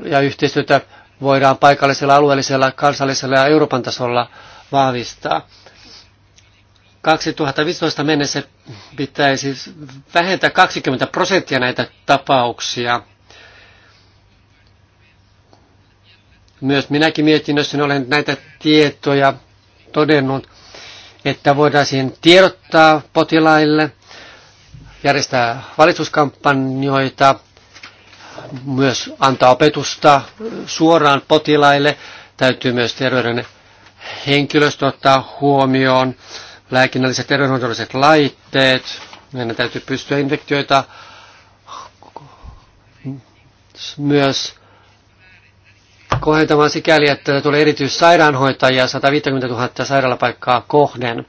ja yhteistyötä voidaan paikallisella, alueellisella, kansallisella ja Euroopan tasolla vahvistaa. 2015 mennessä pitäisi vähentää 20 prosenttia näitä tapauksia. Myös minäkin mietinnössä olen näitä tietoja todennut, että voitaisiin tiedottaa potilaille, järjestää valituskampanjoita, myös antaa opetusta suoraan potilaille. Täytyy myös terveyden henkilöstö ottaa huomioon, lääkinnälliset terveydenhoidolliset laitteet. Meidän täytyy pystyä infektioita myös kohentamaan sikäli, että tulee erityissairaanhoitajia 150 000 sairaalapaikkaa kohden.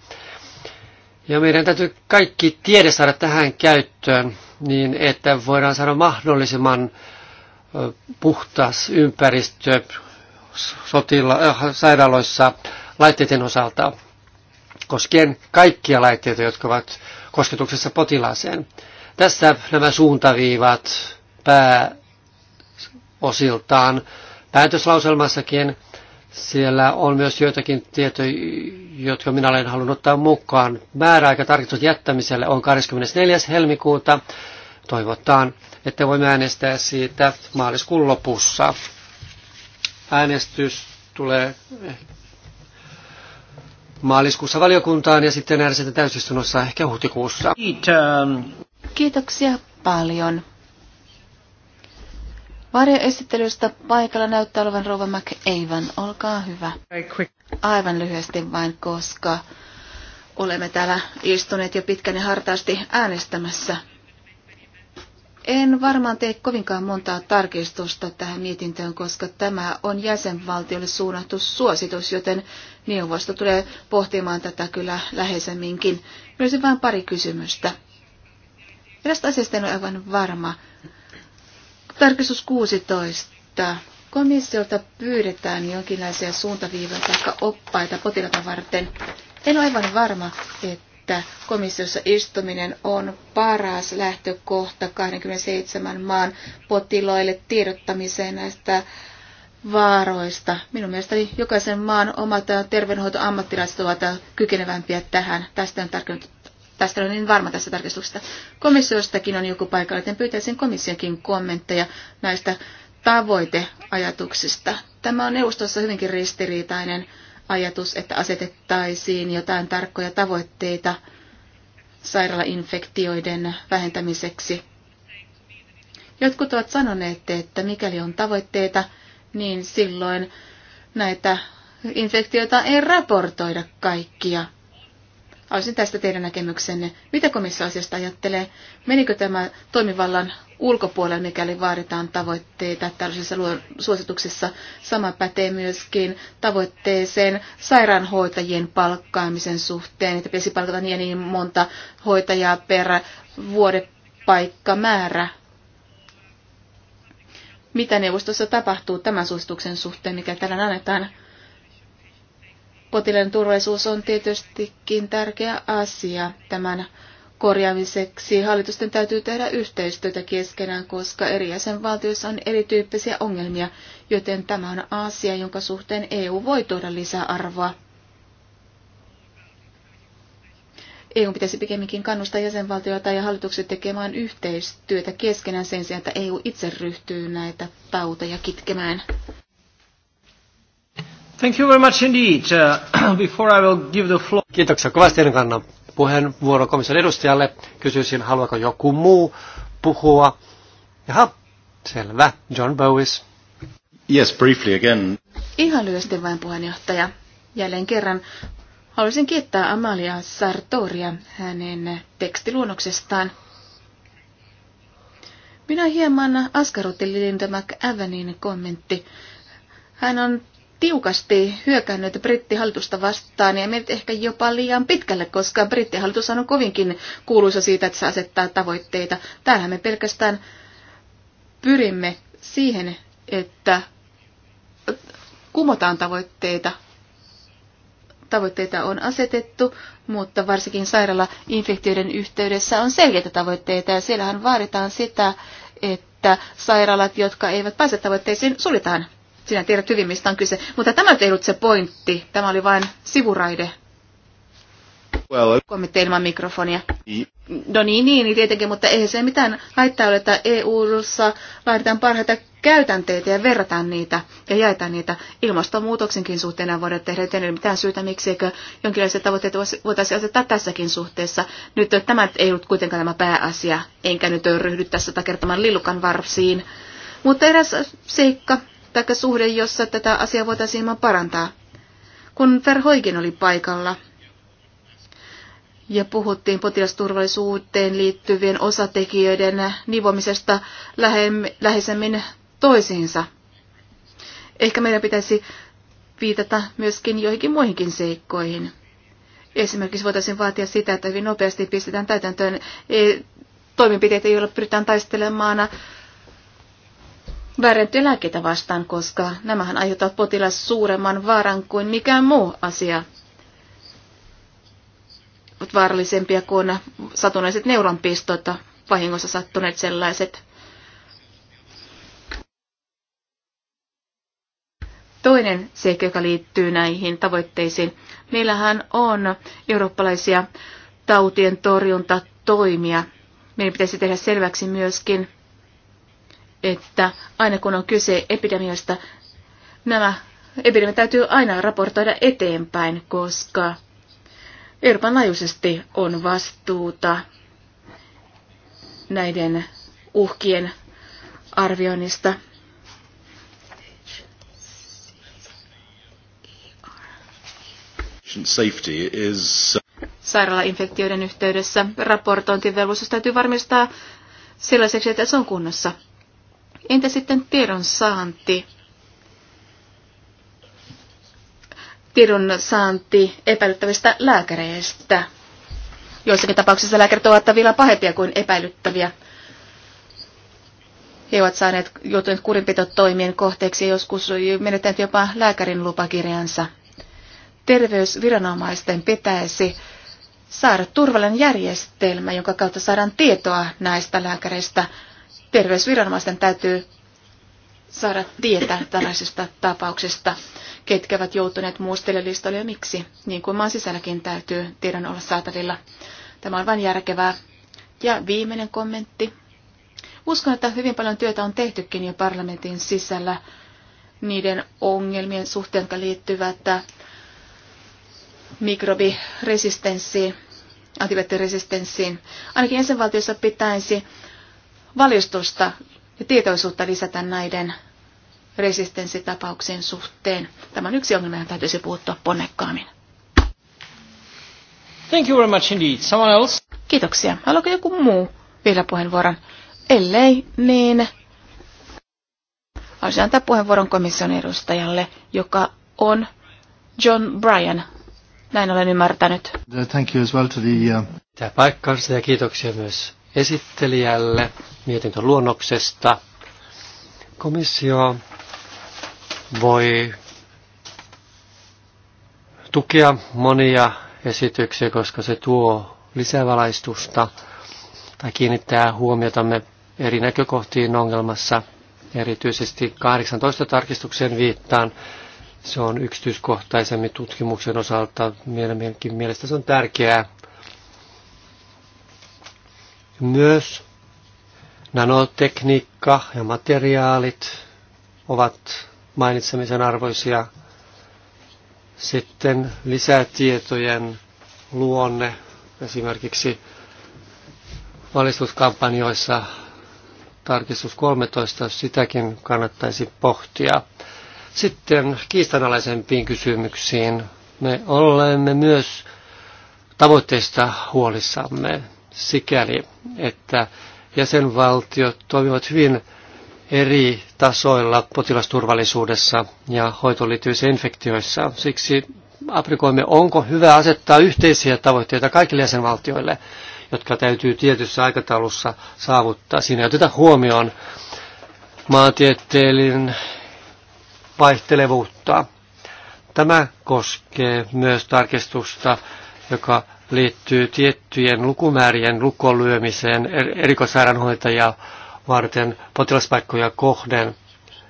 Ja meidän täytyy kaikki tiede saada tähän käyttöön niin, että voidaan saada mahdollisimman puhtas ympäristö sotila, äh, sairaaloissa laitteiden osalta, koskien kaikkia laitteita, jotka ovat kosketuksessa potilaaseen. Tässä nämä suuntaviivat pääosiltaan päätöslauselmassakin. Siellä on myös joitakin tietoja, jotka minä olen halunnut ottaa mukaan. Määräaika tarkoitus jättämiselle on 24. helmikuuta. Toivotaan, että voimme äänestää siitä maaliskuun lopussa. Äänestys tulee maaliskuussa valiokuntaan ja sitten äänestetään täysistunnossa ehkä huhtikuussa. Kiitoksia paljon esittelystä paikalla näyttää olevan Rova McEivan. Olkaa hyvä. Aivan lyhyesti vain, koska olemme täällä istuneet jo pitkän ja hartaasti äänestämässä. En varmaan tee kovinkaan montaa tarkistusta tähän mietintöön, koska tämä on jäsenvaltiolle suunnattu suositus, joten neuvosto tulee pohtimaan tätä kyllä läheisemminkin. Myös vain pari kysymystä. Tästä asiasta en ole aivan varma. Tarkistus 16. Komissiolta pyydetään jonkinlaisia suuntaviivoja tai oppaita potilata varten. En ole aivan varma, että komissiossa istuminen on paras lähtökohta 27 maan potilaille tiedottamiseen näistä vaaroista. Minun mielestäni jokaisen maan omat terveydenhoitoammattilaiset ovat kykenevämpiä tähän. Tästä on tästä olen niin varma tästä tarkistuksesta. Komissiostakin on joku paikalla, joten pyytäisin komissionkin kommentteja näistä tavoiteajatuksista. Tämä on neuvostossa hyvinkin ristiriitainen ajatus, että asetettaisiin jotain tarkkoja tavoitteita sairaalainfektioiden vähentämiseksi. Jotkut ovat sanoneet, että mikäli on tavoitteita, niin silloin näitä infektioita ei raportoida kaikkia. Olisin tästä teidän näkemyksenne. Mitä komissio asiasta ajattelee? Menikö tämä toimivallan ulkopuolelle, mikäli vaaditaan tavoitteita tällaisessa suosituksessa? Sama pätee myöskin tavoitteeseen sairaanhoitajien palkkaamisen suhteen, että pitäisi palkata niin, niin monta hoitajaa per vuodepaikkamäärä. Mitä neuvostossa tapahtuu tämän suosituksen suhteen, mikä tällä annetaan? Potilaan turvallisuus on tietystikin tärkeä asia tämän korjaamiseksi. Hallitusten täytyy tehdä yhteistyötä keskenään, koska eri jäsenvaltioissa on erityyppisiä ongelmia, joten tämä on asia, jonka suhteen EU voi tuoda lisäarvoa. EU pitäisi pikemminkin kannustaa jäsenvaltioita ja hallitukset tekemään yhteistyötä keskenään sen sijaan, että EU itse ryhtyy näitä tauteja kitkemään. Thank you very much indeed. Uh, before I will give the floor... Kiitoksia kovasti kannan puheenvuoro komission edustajalle. Kysyisin, haluaako joku muu puhua. Jaha, selvä. John Bowis. Yes, briefly again. Ihan lyhyesti vain puheenjohtaja. Jälleen kerran haluaisin kiittää Amalia Sartoria hänen tekstiluonnoksestaan. Minä hieman askarrutti Linda McAvenin kommentti. Hän on tiukasti hyökännyt brittihallitusta vastaan ja menet ehkä jopa liian pitkälle, koska brittihallitus on kovinkin kuuluisa siitä, että se asettaa tavoitteita. Täällähän me pelkästään pyrimme siihen, että kumotaan tavoitteita. Tavoitteita on asetettu, mutta varsinkin sairaala-infektioiden yhteydessä on selkeitä tavoitteita ja siellähän vaaditaan sitä, että sairaalat, jotka eivät pääse tavoitteisiin, suljetaan sinä tiedät hyvin, mistä on kyse. Mutta tämä ei ollut se pointti. Tämä oli vain sivuraide. Well, uh, Kommentti ilman mikrofonia. No niin, niin, niin tietenkin, mutta eihän se mitään haittaa ole, että EU-ssa laaditaan parhaita käytänteitä ja verrataan niitä ja jaetaan niitä. Ilmastonmuutoksenkin suhteen voidaan tehdä, joten ei ole mitään syytä, miksi eikö jonkinlaisia tavoitteita voitaisiin asettaa tässäkin suhteessa. Nyt tämä ei ollut kuitenkaan tämä pääasia, enkä nyt ryhdy tässä kertomaan lillukan varsiin. Mutta eräs seikka, tai suhde, jossa tätä asiaa voitaisiin ilman parantaa. Kun Verhoikin oli paikalla ja puhuttiin potilasturvallisuuteen liittyvien osatekijöiden nivomisesta läheisemmin toisiinsa. Ehkä meidän pitäisi viitata myöskin joihinkin muihinkin seikkoihin. Esimerkiksi voitaisiin vaatia sitä, että hyvin nopeasti pistetään täytäntöön e, toimenpiteitä, joilla pyritään taistelemaan väärentyy lääkkeitä vastaan, koska nämähän aiheuttavat potilas suuremman vaaran kuin mikään muu asia. Ovat vaarallisempia kuin satunnaiset neuronpistot, vahingossa sattuneet sellaiset. Toinen seikka, joka liittyy näihin tavoitteisiin. Meillähän on eurooppalaisia tautien torjuntatoimia. Meidän pitäisi tehdä selväksi myöskin että aina kun on kyse epidemiasta, nämä epidemiat täytyy aina raportoida eteenpäin, koska Euroopan laajuisesti on vastuuta näiden uhkien arvioinnista. Sairaalainfektioiden yhteydessä raportointivelvollisuus täytyy varmistaa sellaiseksi, että se on kunnossa. Entä sitten tiedon saanti? Tiedon saanti epäilyttävistä lääkäreistä. Joissakin tapauksissa lääkärit ovat vielä pahempia kuin epäilyttäviä. He ovat saaneet joutuneet kurinpitotoimien kohteeksi ja joskus menettäneet jopa lääkärin lupakirjansa. Terveysviranomaisten pitäisi saada turvallinen järjestelmä, jonka kautta saadaan tietoa näistä lääkäreistä terveysviranomaisten täytyy saada tietää tällaisista tapauksista, ketkä ovat joutuneet muistelelistalle ja miksi, niin kuin maan sisälläkin täytyy tiedon olla saatavilla. Tämä on vain järkevää. Ja viimeinen kommentti. Uskon, että hyvin paljon työtä on tehtykin jo parlamentin sisällä niiden ongelmien suhteen, jotka liittyvät äh, mikrobiresistenssiin, antibioottiresistenssiin. Ainakin jäsenvaltiossa pitäisi valistusta ja tietoisuutta lisätä näiden resistenssitapauksien suhteen. Tämä on yksi ongelma, johon täytyisi puuttua ponnekkaammin. Thank you very much indeed. Someone else? Kiitoksia. Haluatko joku muu vielä puheenvuoron? Ellei, niin haluaisin antaa puheenvuoron komission edustajalle, joka on John Bryan. Näin olen ymmärtänyt. Thank you as well to the, uh... Tämä paikkansa ja kiitoksia myös esittelijälle mietintön luonnoksesta. Komissio voi tukea monia esityksiä, koska se tuo lisävalaistusta tai kiinnittää huomiotamme eri näkökohtiin ongelmassa. Erityisesti 18 tarkistuksen viittaan. Se on yksityiskohtaisemmin tutkimuksen osalta. mielestäni mielestä se on tärkeää myös nanotekniikka ja materiaalit ovat mainitsemisen arvoisia. Sitten lisätietojen luonne esimerkiksi valistuskampanjoissa tarkistus 13, sitäkin kannattaisi pohtia. Sitten kiistanalaisempiin kysymyksiin. Me olemme myös tavoitteista huolissamme sikäli, että jäsenvaltiot toimivat hyvin eri tasoilla potilasturvallisuudessa ja liittyvissä infektioissa. Siksi aprikoimme, onko hyvä asettaa yhteisiä tavoitteita kaikille jäsenvaltioille, jotka täytyy tietyssä aikataulussa saavuttaa. Siinä oteta huomioon maantieteellinen vaihtelevuutta. Tämä koskee myös tarkistusta, joka liittyy tiettyjen lukumäärien lukkoon lyömiseen er-, erikoissairaanhoitajia varten potilaspaikkoja kohden.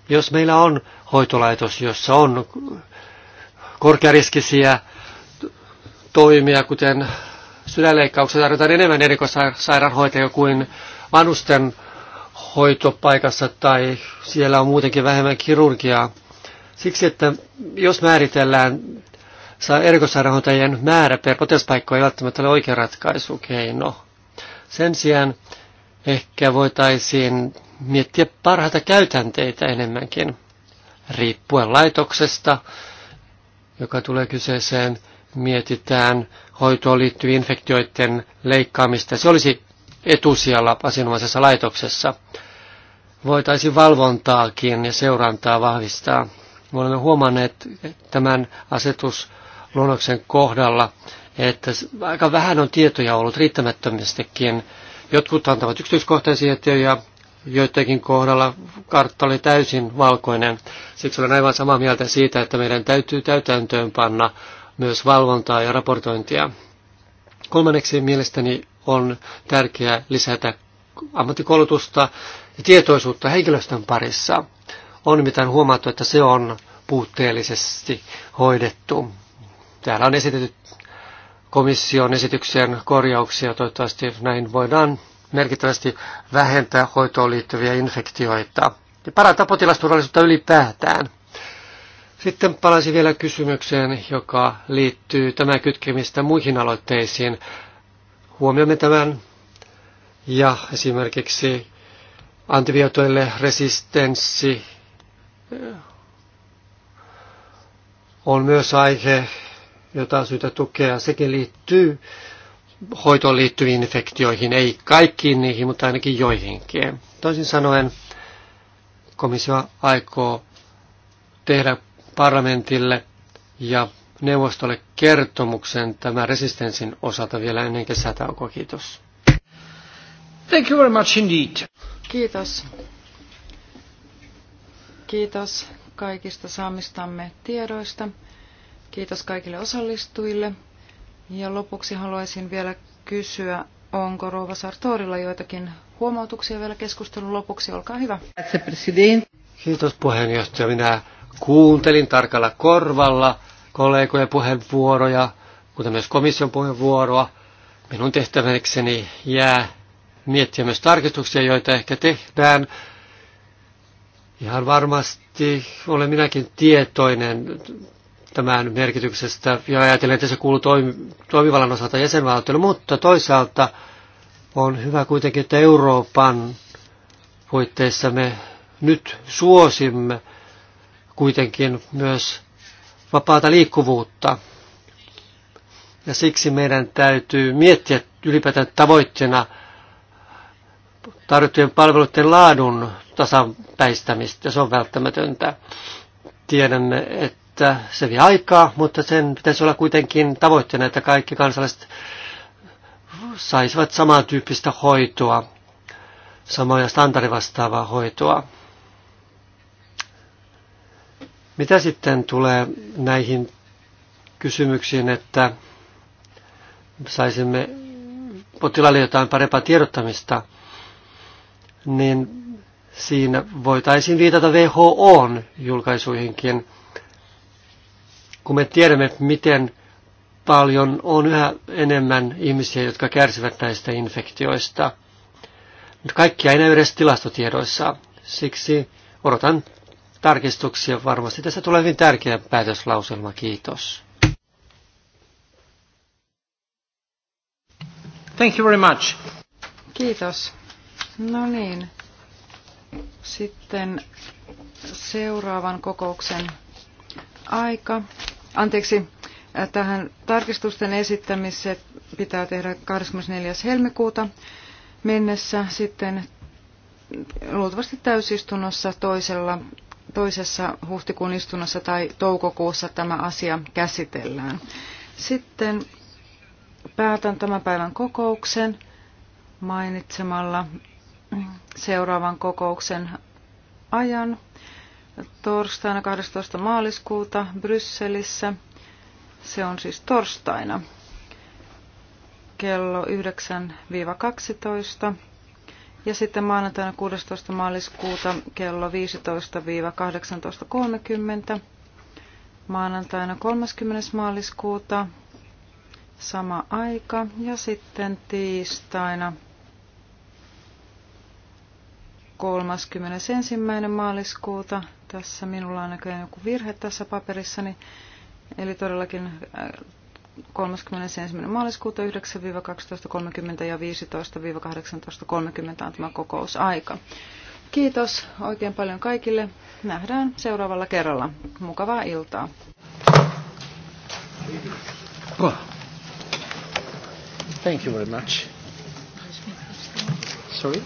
Jos meillä on hoitolaitos, jossa on korkeariskisiä toimia, kuten sydänleikkauksia, tarvitaan enemmän erikoissairaanhoitajia kuin vanhusten hoitopaikassa tai siellä on muutenkin vähemmän kirurgiaa. Siksi, että jos määritellään erikoissairaanhoitajien määrä per potilaspaikka ei välttämättä ole oikea ratkaisukeino. Sen sijaan ehkä voitaisiin miettiä parhaita käytänteitä enemmänkin, riippuen laitoksesta, joka tulee kyseeseen, mietitään hoitoon liittyvien infektioiden leikkaamista. Se olisi etusijalla asianomaisessa laitoksessa. Voitaisiin valvontaakin ja seurantaa vahvistaa. Me olemme huomanneet tämän asetus luonnoksen kohdalla, että aika vähän on tietoja ollut riittämättömästikin. Jotkut antavat yksityiskohtaisia tietoja, joidenkin kohdalla kartta oli täysin valkoinen. Siksi olen aivan samaa mieltä siitä, että meidän täytyy täytäntöön panna myös valvontaa ja raportointia. Kolmanneksi mielestäni on tärkeää lisätä ammattikoulutusta ja tietoisuutta henkilöstön parissa. On mitään huomattu, että se on puutteellisesti hoidettu. Täällä on esitetty komission esityksen korjauksia. Toivottavasti näin voidaan merkittävästi vähentää hoitoon liittyviä infektioita ja parantaa potilasturvallisuutta ylipäätään. Sitten palaisin vielä kysymykseen, joka liittyy tämän kytkemistä muihin aloitteisiin. Huomioimme tämän ja esimerkiksi antibiootoille resistenssi eh, on myös aihe, jota on syytä tukea. Sekin liittyy hoitoon liittyviin infektioihin, ei kaikkiin niihin, mutta ainakin joihinkin. Toisin sanoen komissio aikoo tehdä parlamentille ja neuvostolle kertomuksen tämän resistenssin osalta vielä ennen kesätaukoa. Kiitos. Thank you very much indeed. Kiitos. Kiitos kaikista saamistamme tiedoista. Kiitos kaikille osallistujille. Ja lopuksi haluaisin vielä kysyä, onko Rouva Sartorilla joitakin huomautuksia vielä keskustelun lopuksi? Olkaa hyvä. Kiitos puheenjohtaja. Minä kuuntelin tarkalla korvalla kollegojen puheenvuoroja, kuten myös komission puheenvuoroa. Minun tehtäväkseni jää miettiä myös tarkistuksia, joita ehkä tehdään. Ihan varmasti olen minäkin tietoinen tämän merkityksestä ja ajatellen, että se kuuluu toimivallan osalta jäsenvaltiolle, mutta toisaalta on hyvä kuitenkin, että Euroopan puitteissa me nyt suosimme kuitenkin myös vapaata liikkuvuutta. Ja siksi meidän täytyy miettiä ylipäätään tavoitteena tarjottujen palveluiden laadun tasapäistämistä. Se on välttämätöntä. Tiedämme, että että se vie aikaa, mutta sen pitäisi olla kuitenkin tavoitteena, että kaikki kansalaiset saisivat samantyyppistä hoitoa, samoja standardivastaavaa hoitoa. Mitä sitten tulee näihin kysymyksiin, että saisimme potilaille jotain parempaa tiedottamista, niin siinä voitaisiin viitata WHOn julkaisuihinkin – kun me tiedämme, miten paljon on yhä enemmän ihmisiä, jotka kärsivät näistä infektioista. Kaikkia ei näy edes tilastotiedoissa. Siksi odotan tarkistuksia varmasti. Tässä tulee hyvin tärkeä päätöslauselma. Kiitos. Thank you very much. Kiitos. No niin. Sitten seuraavan kokouksen aika anteeksi, äh, tähän tarkistusten esittämiseen pitää tehdä 24. helmikuuta mennessä sitten luultavasti täysistunnossa toisella, toisessa huhtikuun istunnossa tai toukokuussa tämä asia käsitellään. Sitten päätän tämän päivän kokouksen mainitsemalla seuraavan kokouksen ajan torstaina 12. maaliskuuta Brysselissä. Se on siis torstaina kello 9-12 ja sitten maanantaina 16. maaliskuuta kello 15-18.30. Maanantaina 30. maaliskuuta sama aika ja sitten tiistaina 31. maaliskuuta tässä minulla on näköjään joku virhe tässä paperissani. Eli todellakin 31. Äh, maaliskuuta 9-12.30 ja 15-18.30 on tämä kokousaika. Kiitos oikein paljon kaikille. Nähdään seuraavalla kerralla. Mukavaa iltaa. Thank you very much. Sorry?